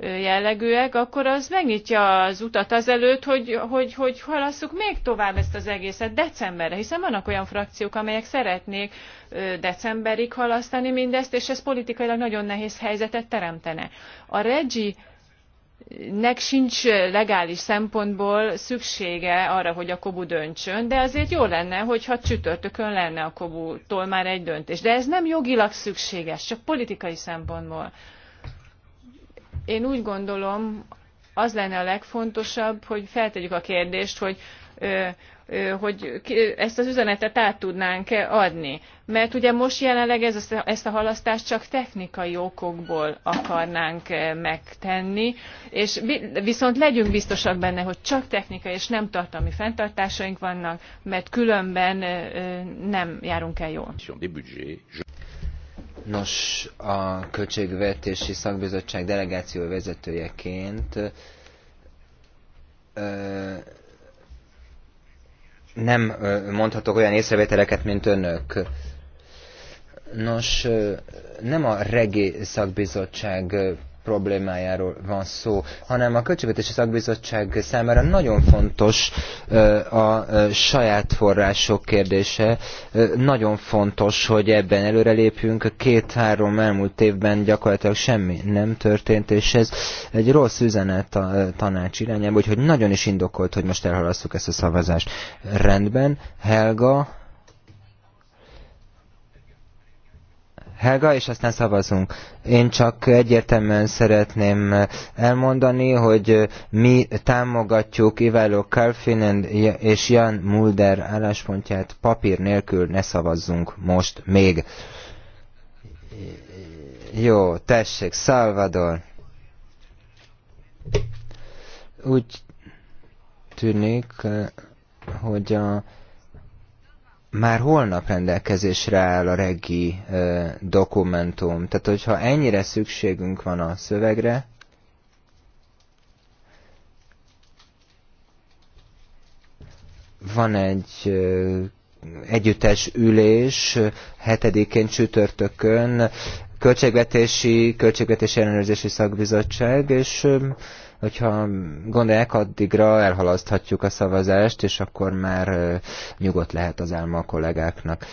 jellegűek, akkor az megnyitja az utat azelőtt, hogy, hogy, hogy halasszuk még tovább ezt az egészet decemberre, hiszen vannak olyan frakciók, amelyek szeretnék decemberig halasztani mindezt, és ez politikailag nagyon nehéz helyzetet teremtene. A Regi nek sincs legális szempontból szüksége arra, hogy a Kobu döntsön, de azért jó lenne, hogyha csütörtökön lenne a Kobutól már egy döntés. De ez nem jogilag szükséges, csak politikai szempontból. Én úgy gondolom, az lenne a legfontosabb, hogy feltegyük a kérdést, hogy hogy ezt az üzenetet át tudnánk -e adni. Mert ugye most jelenleg ez, ezt a halasztást csak technikai okokból akarnánk megtenni, és viszont legyünk biztosak benne, hogy csak technikai és nem tartalmi fenntartásaink vannak, mert különben nem járunk el jól. Nos, a Költségvetési Szakbizottság delegáció vezetőjeként ö nem mondhatok olyan észrevételeket, mint önök. Nos, nem a regi szakbizottság problémájáról van szó, hanem a Költségvetési Szakbizottság számára nagyon fontos a saját források kérdése. Nagyon fontos, hogy ebben előrelépjünk. két-három elmúlt évben gyakorlatilag semmi nem történt, és ez egy rossz üzenet a tanács irányába, úgyhogy nagyon is indokolt, hogy most elhalasztjuk ezt a szavazást. Rendben, Helga, Helga, és aztán szavazunk. Én csak egyértelműen szeretném elmondani, hogy mi támogatjuk Iváló Kalfin és Jan Mulder álláspontját papír nélkül ne szavazzunk most még. Jó, tessék, Salvador. Úgy tűnik, hogy a már holnap rendelkezésre áll a reggi ö, dokumentum. Tehát, hogyha ennyire szükségünk van a szövegre, van egy ö, együttes ülés, hetedikén csütörtökön, költségvetési, költségvetési ellenőrzési szakbizottság, és hogyha gondolják, addigra elhalaszthatjuk a szavazást, és akkor már nyugodt lehet az álma a kollégáknak.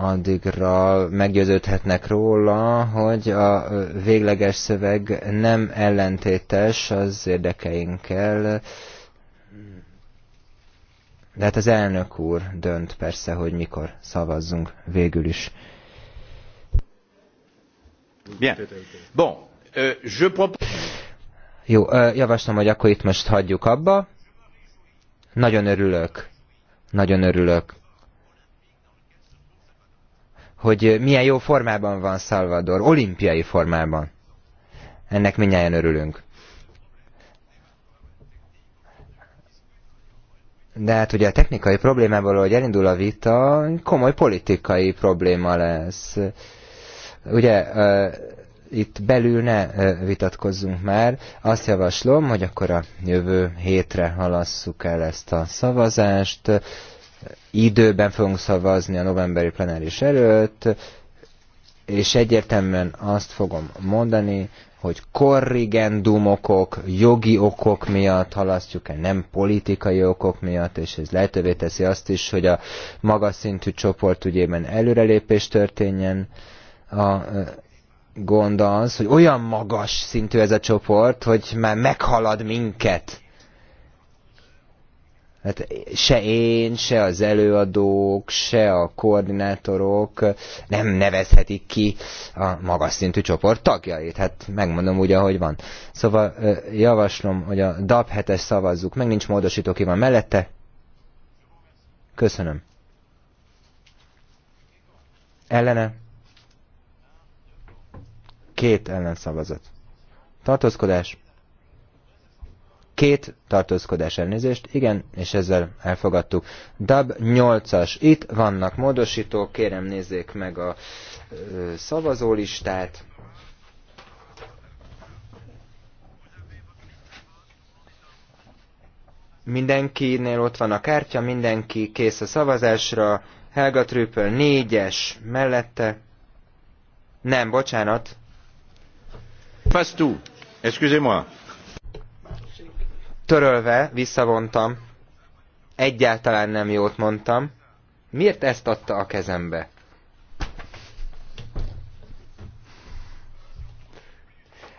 Addigra meggyőződhetnek róla, hogy a végleges szöveg nem ellentétes az érdekeinkkel, de hát az elnök úr dönt persze, hogy mikor szavazzunk végül is. Bien. Bon, Je Jó, javaslom, hogy akkor itt most hagyjuk abba. Nagyon örülök. Nagyon örülök. Hogy milyen jó formában van Salvador, olimpiai formában. Ennek minnyáján örülünk. De hát ugye a technikai problémából, hogy elindul a vita, komoly politikai probléma lesz. Ugye itt belül ne vitatkozzunk már. Azt javaslom, hogy akkor a jövő hétre halasszuk el ezt a szavazást. Időben fogunk szavazni a novemberi plenáris előtt, és egyértelműen azt fogom mondani, hogy korrigendumokok, jogi okok miatt halasztjuk el, nem politikai okok miatt, és ez lehetővé teszi azt is, hogy a magas szintű csoport ügyében előrelépés történjen. A gond az, hogy olyan magas szintű ez a csoport, hogy már meghalad minket. Hát se én, se az előadók, se a koordinátorok nem nevezhetik ki a magas szintű csoport tagjait. Hát megmondom úgy, ahogy van. Szóval javaslom, hogy a DAP 7 szavazzuk. Meg nincs módosító, ki van mellette. Köszönöm. Ellene? két ellenszavazat. Tartózkodás. Két tartózkodás elnézést, igen, és ezzel elfogadtuk. DAB 8-as, itt vannak módosítók, kérem nézzék meg a ö, szavazólistát. Mindenkinél ott van a kártya, mindenki kész a szavazásra. Helga Trüppel négyes mellette. Nem, bocsánat, Törölve visszavontam. Egyáltalán nem jót mondtam. Miért ezt adta a kezembe?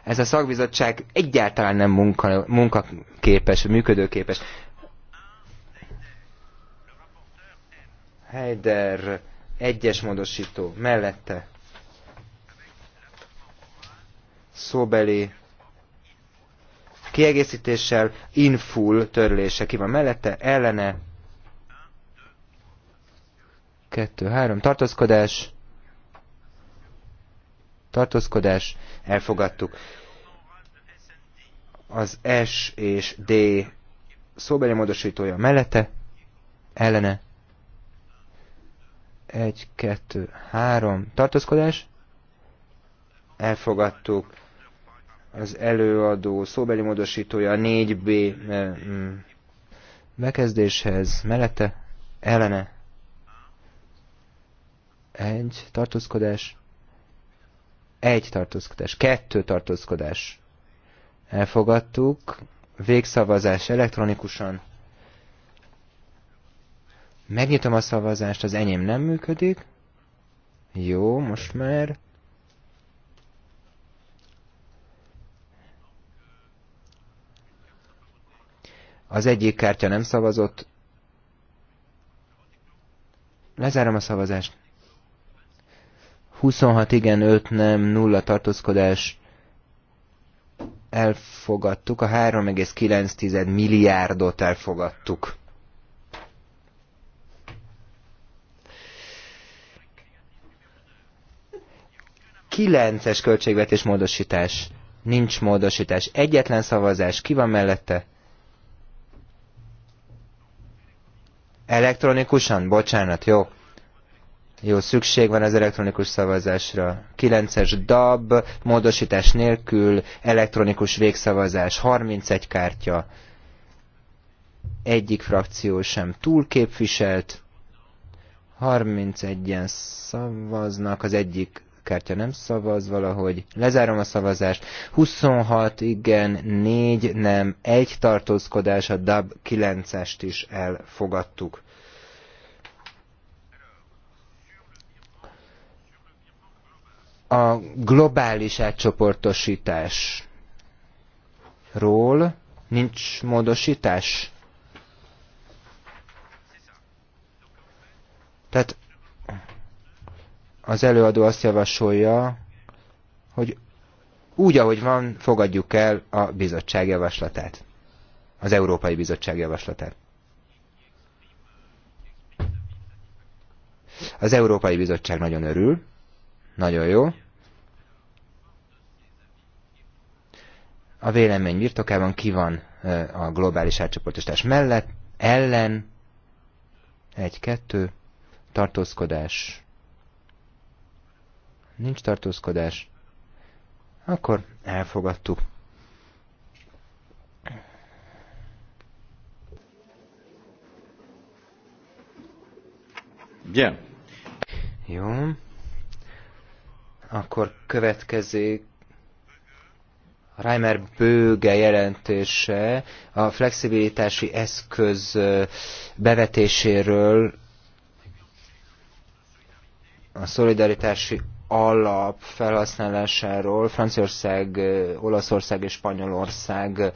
Ez a szakbizottság egyáltalán nem munka, munkaképes, működőképes. Heider, egyes módosító, mellette szóbeli kiegészítéssel in full törlése ki van mellette, ellene kettő három tartózkodás tartózkodás elfogadtuk az S és D szóbeli módosítója mellette ellene egy kettő három tartózkodás elfogadtuk az előadó szóbeli módosítója a 4B eh, mm, bekezdéshez mellette ellene egy tartózkodás, egy tartózkodás, kettő tartózkodás. Elfogadtuk, végszavazás elektronikusan. Megnyitom a szavazást, az enyém nem működik. Jó, most már Az egyik kártya nem szavazott. Lezárom a szavazást. 26 igen, 5 nem, 0 tartózkodás. Elfogadtuk, a 3,9 milliárdot elfogadtuk. Kilences költségvetés módosítás. Nincs módosítás. Egyetlen szavazás. Ki van mellette? Elektronikusan? Bocsánat, jó. Jó, szükség van az elektronikus szavazásra. 9-es DAB, módosítás nélkül, elektronikus végszavazás, 31 kártya. Egyik frakció sem túlképviselt. 31-en szavaznak, az egyik kártya nem szavaz valahogy. Lezárom a szavazást. 26 igen, 4 nem, egy tartózkodás, a DAB 9-est is elfogadtuk. A globális átcsoportosításról nincs módosítás? Tehát az előadó azt javasolja, hogy úgy, ahogy van, fogadjuk el a bizottság javaslatát. Az Európai Bizottság javaslatát. Az Európai Bizottság nagyon örül, nagyon jó. A vélemény birtokában ki van a globális átcsoportosítás mellett, ellen, egy-kettő, tartózkodás, Nincs tartózkodás? Akkor elfogadtuk. Bien. Jó. Akkor következik Reimer bőge jelentése a flexibilitási eszköz bevetéséről a szolidaritási alap felhasználásáról Franciaország, Olaszország és Spanyolország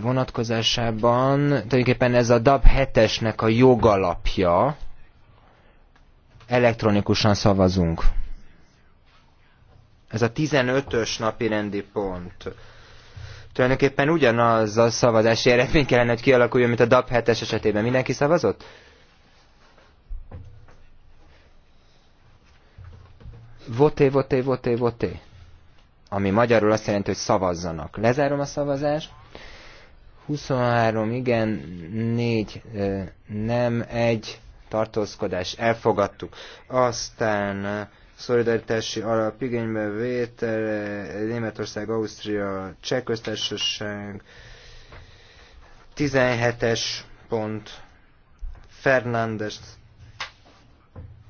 vonatkozásában tulajdonképpen ez a DAB 7-esnek a jogalapja, elektronikusan szavazunk. Ez a 15-ös napi rendi pont. Tulajdonképpen ugyanaz a szavazási eredmény kellene, hogy kialakuljon, mint a DAB 7-es esetében. Mindenki szavazott? voté, voté, voté, voté. Ami magyarul azt jelenti, hogy szavazzanak. Lezárom a szavazást. 23 igen, 4 nem, 1 tartózkodás, elfogadtuk. Aztán szolidaritási alap igénybe vétele, Németország, Ausztria, köztársaság, 17-es pont, Fernándes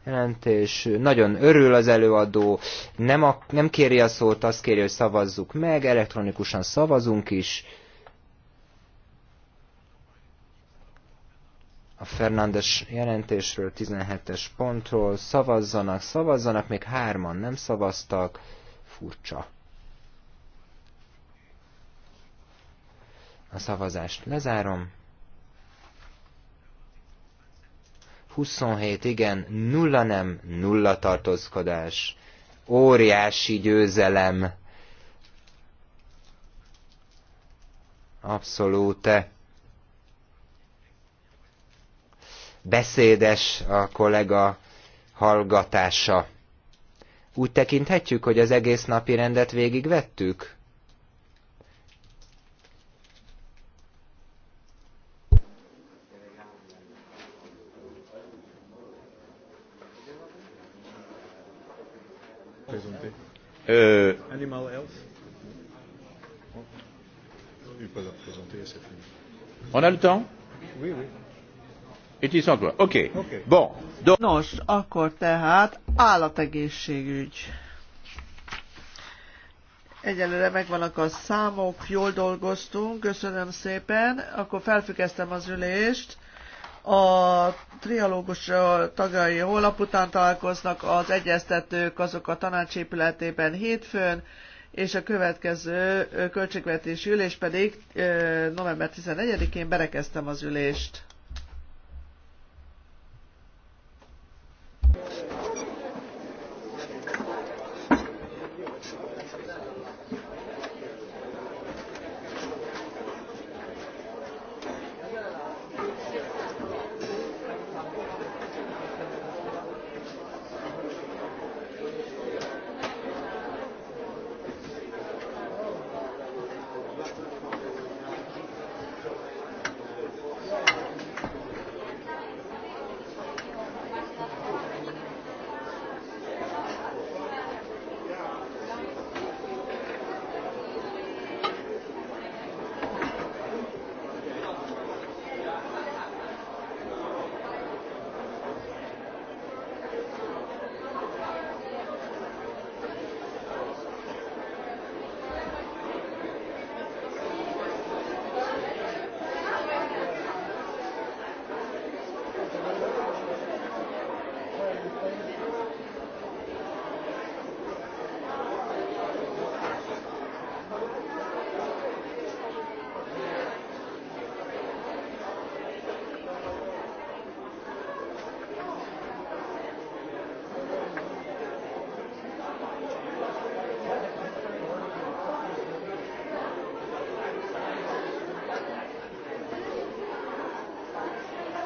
jelentés. Nagyon örül az előadó, nem, a, nem kéri a szót, azt kéri, hogy szavazzuk meg, elektronikusan szavazunk is. A Fernandes jelentésről, 17-es pontról szavazzanak, szavazzanak, még hárman nem szavaztak. Furcsa. A szavazást lezárom. 27 igen, nulla nem, nulla tartózkodás. Óriási győzelem. Abszolút. Beszédes a kollega hallgatása. Úgy tekinthetjük, hogy az egész napi rendet végigvettük? On a le temps Oui, oui. Itt is Oké. Bon. Do- Nos, akkor tehát állategészségügy. Egyelőre megvannak a számok, jól dolgoztunk, köszönöm szépen. Akkor felfüggesztem az ülést a trialógus tagjai holnap után találkoznak, az egyeztetők azok a tanácsépületében hétfőn, és a következő költségvetési ülés pedig november 14-én berekeztem az ülést.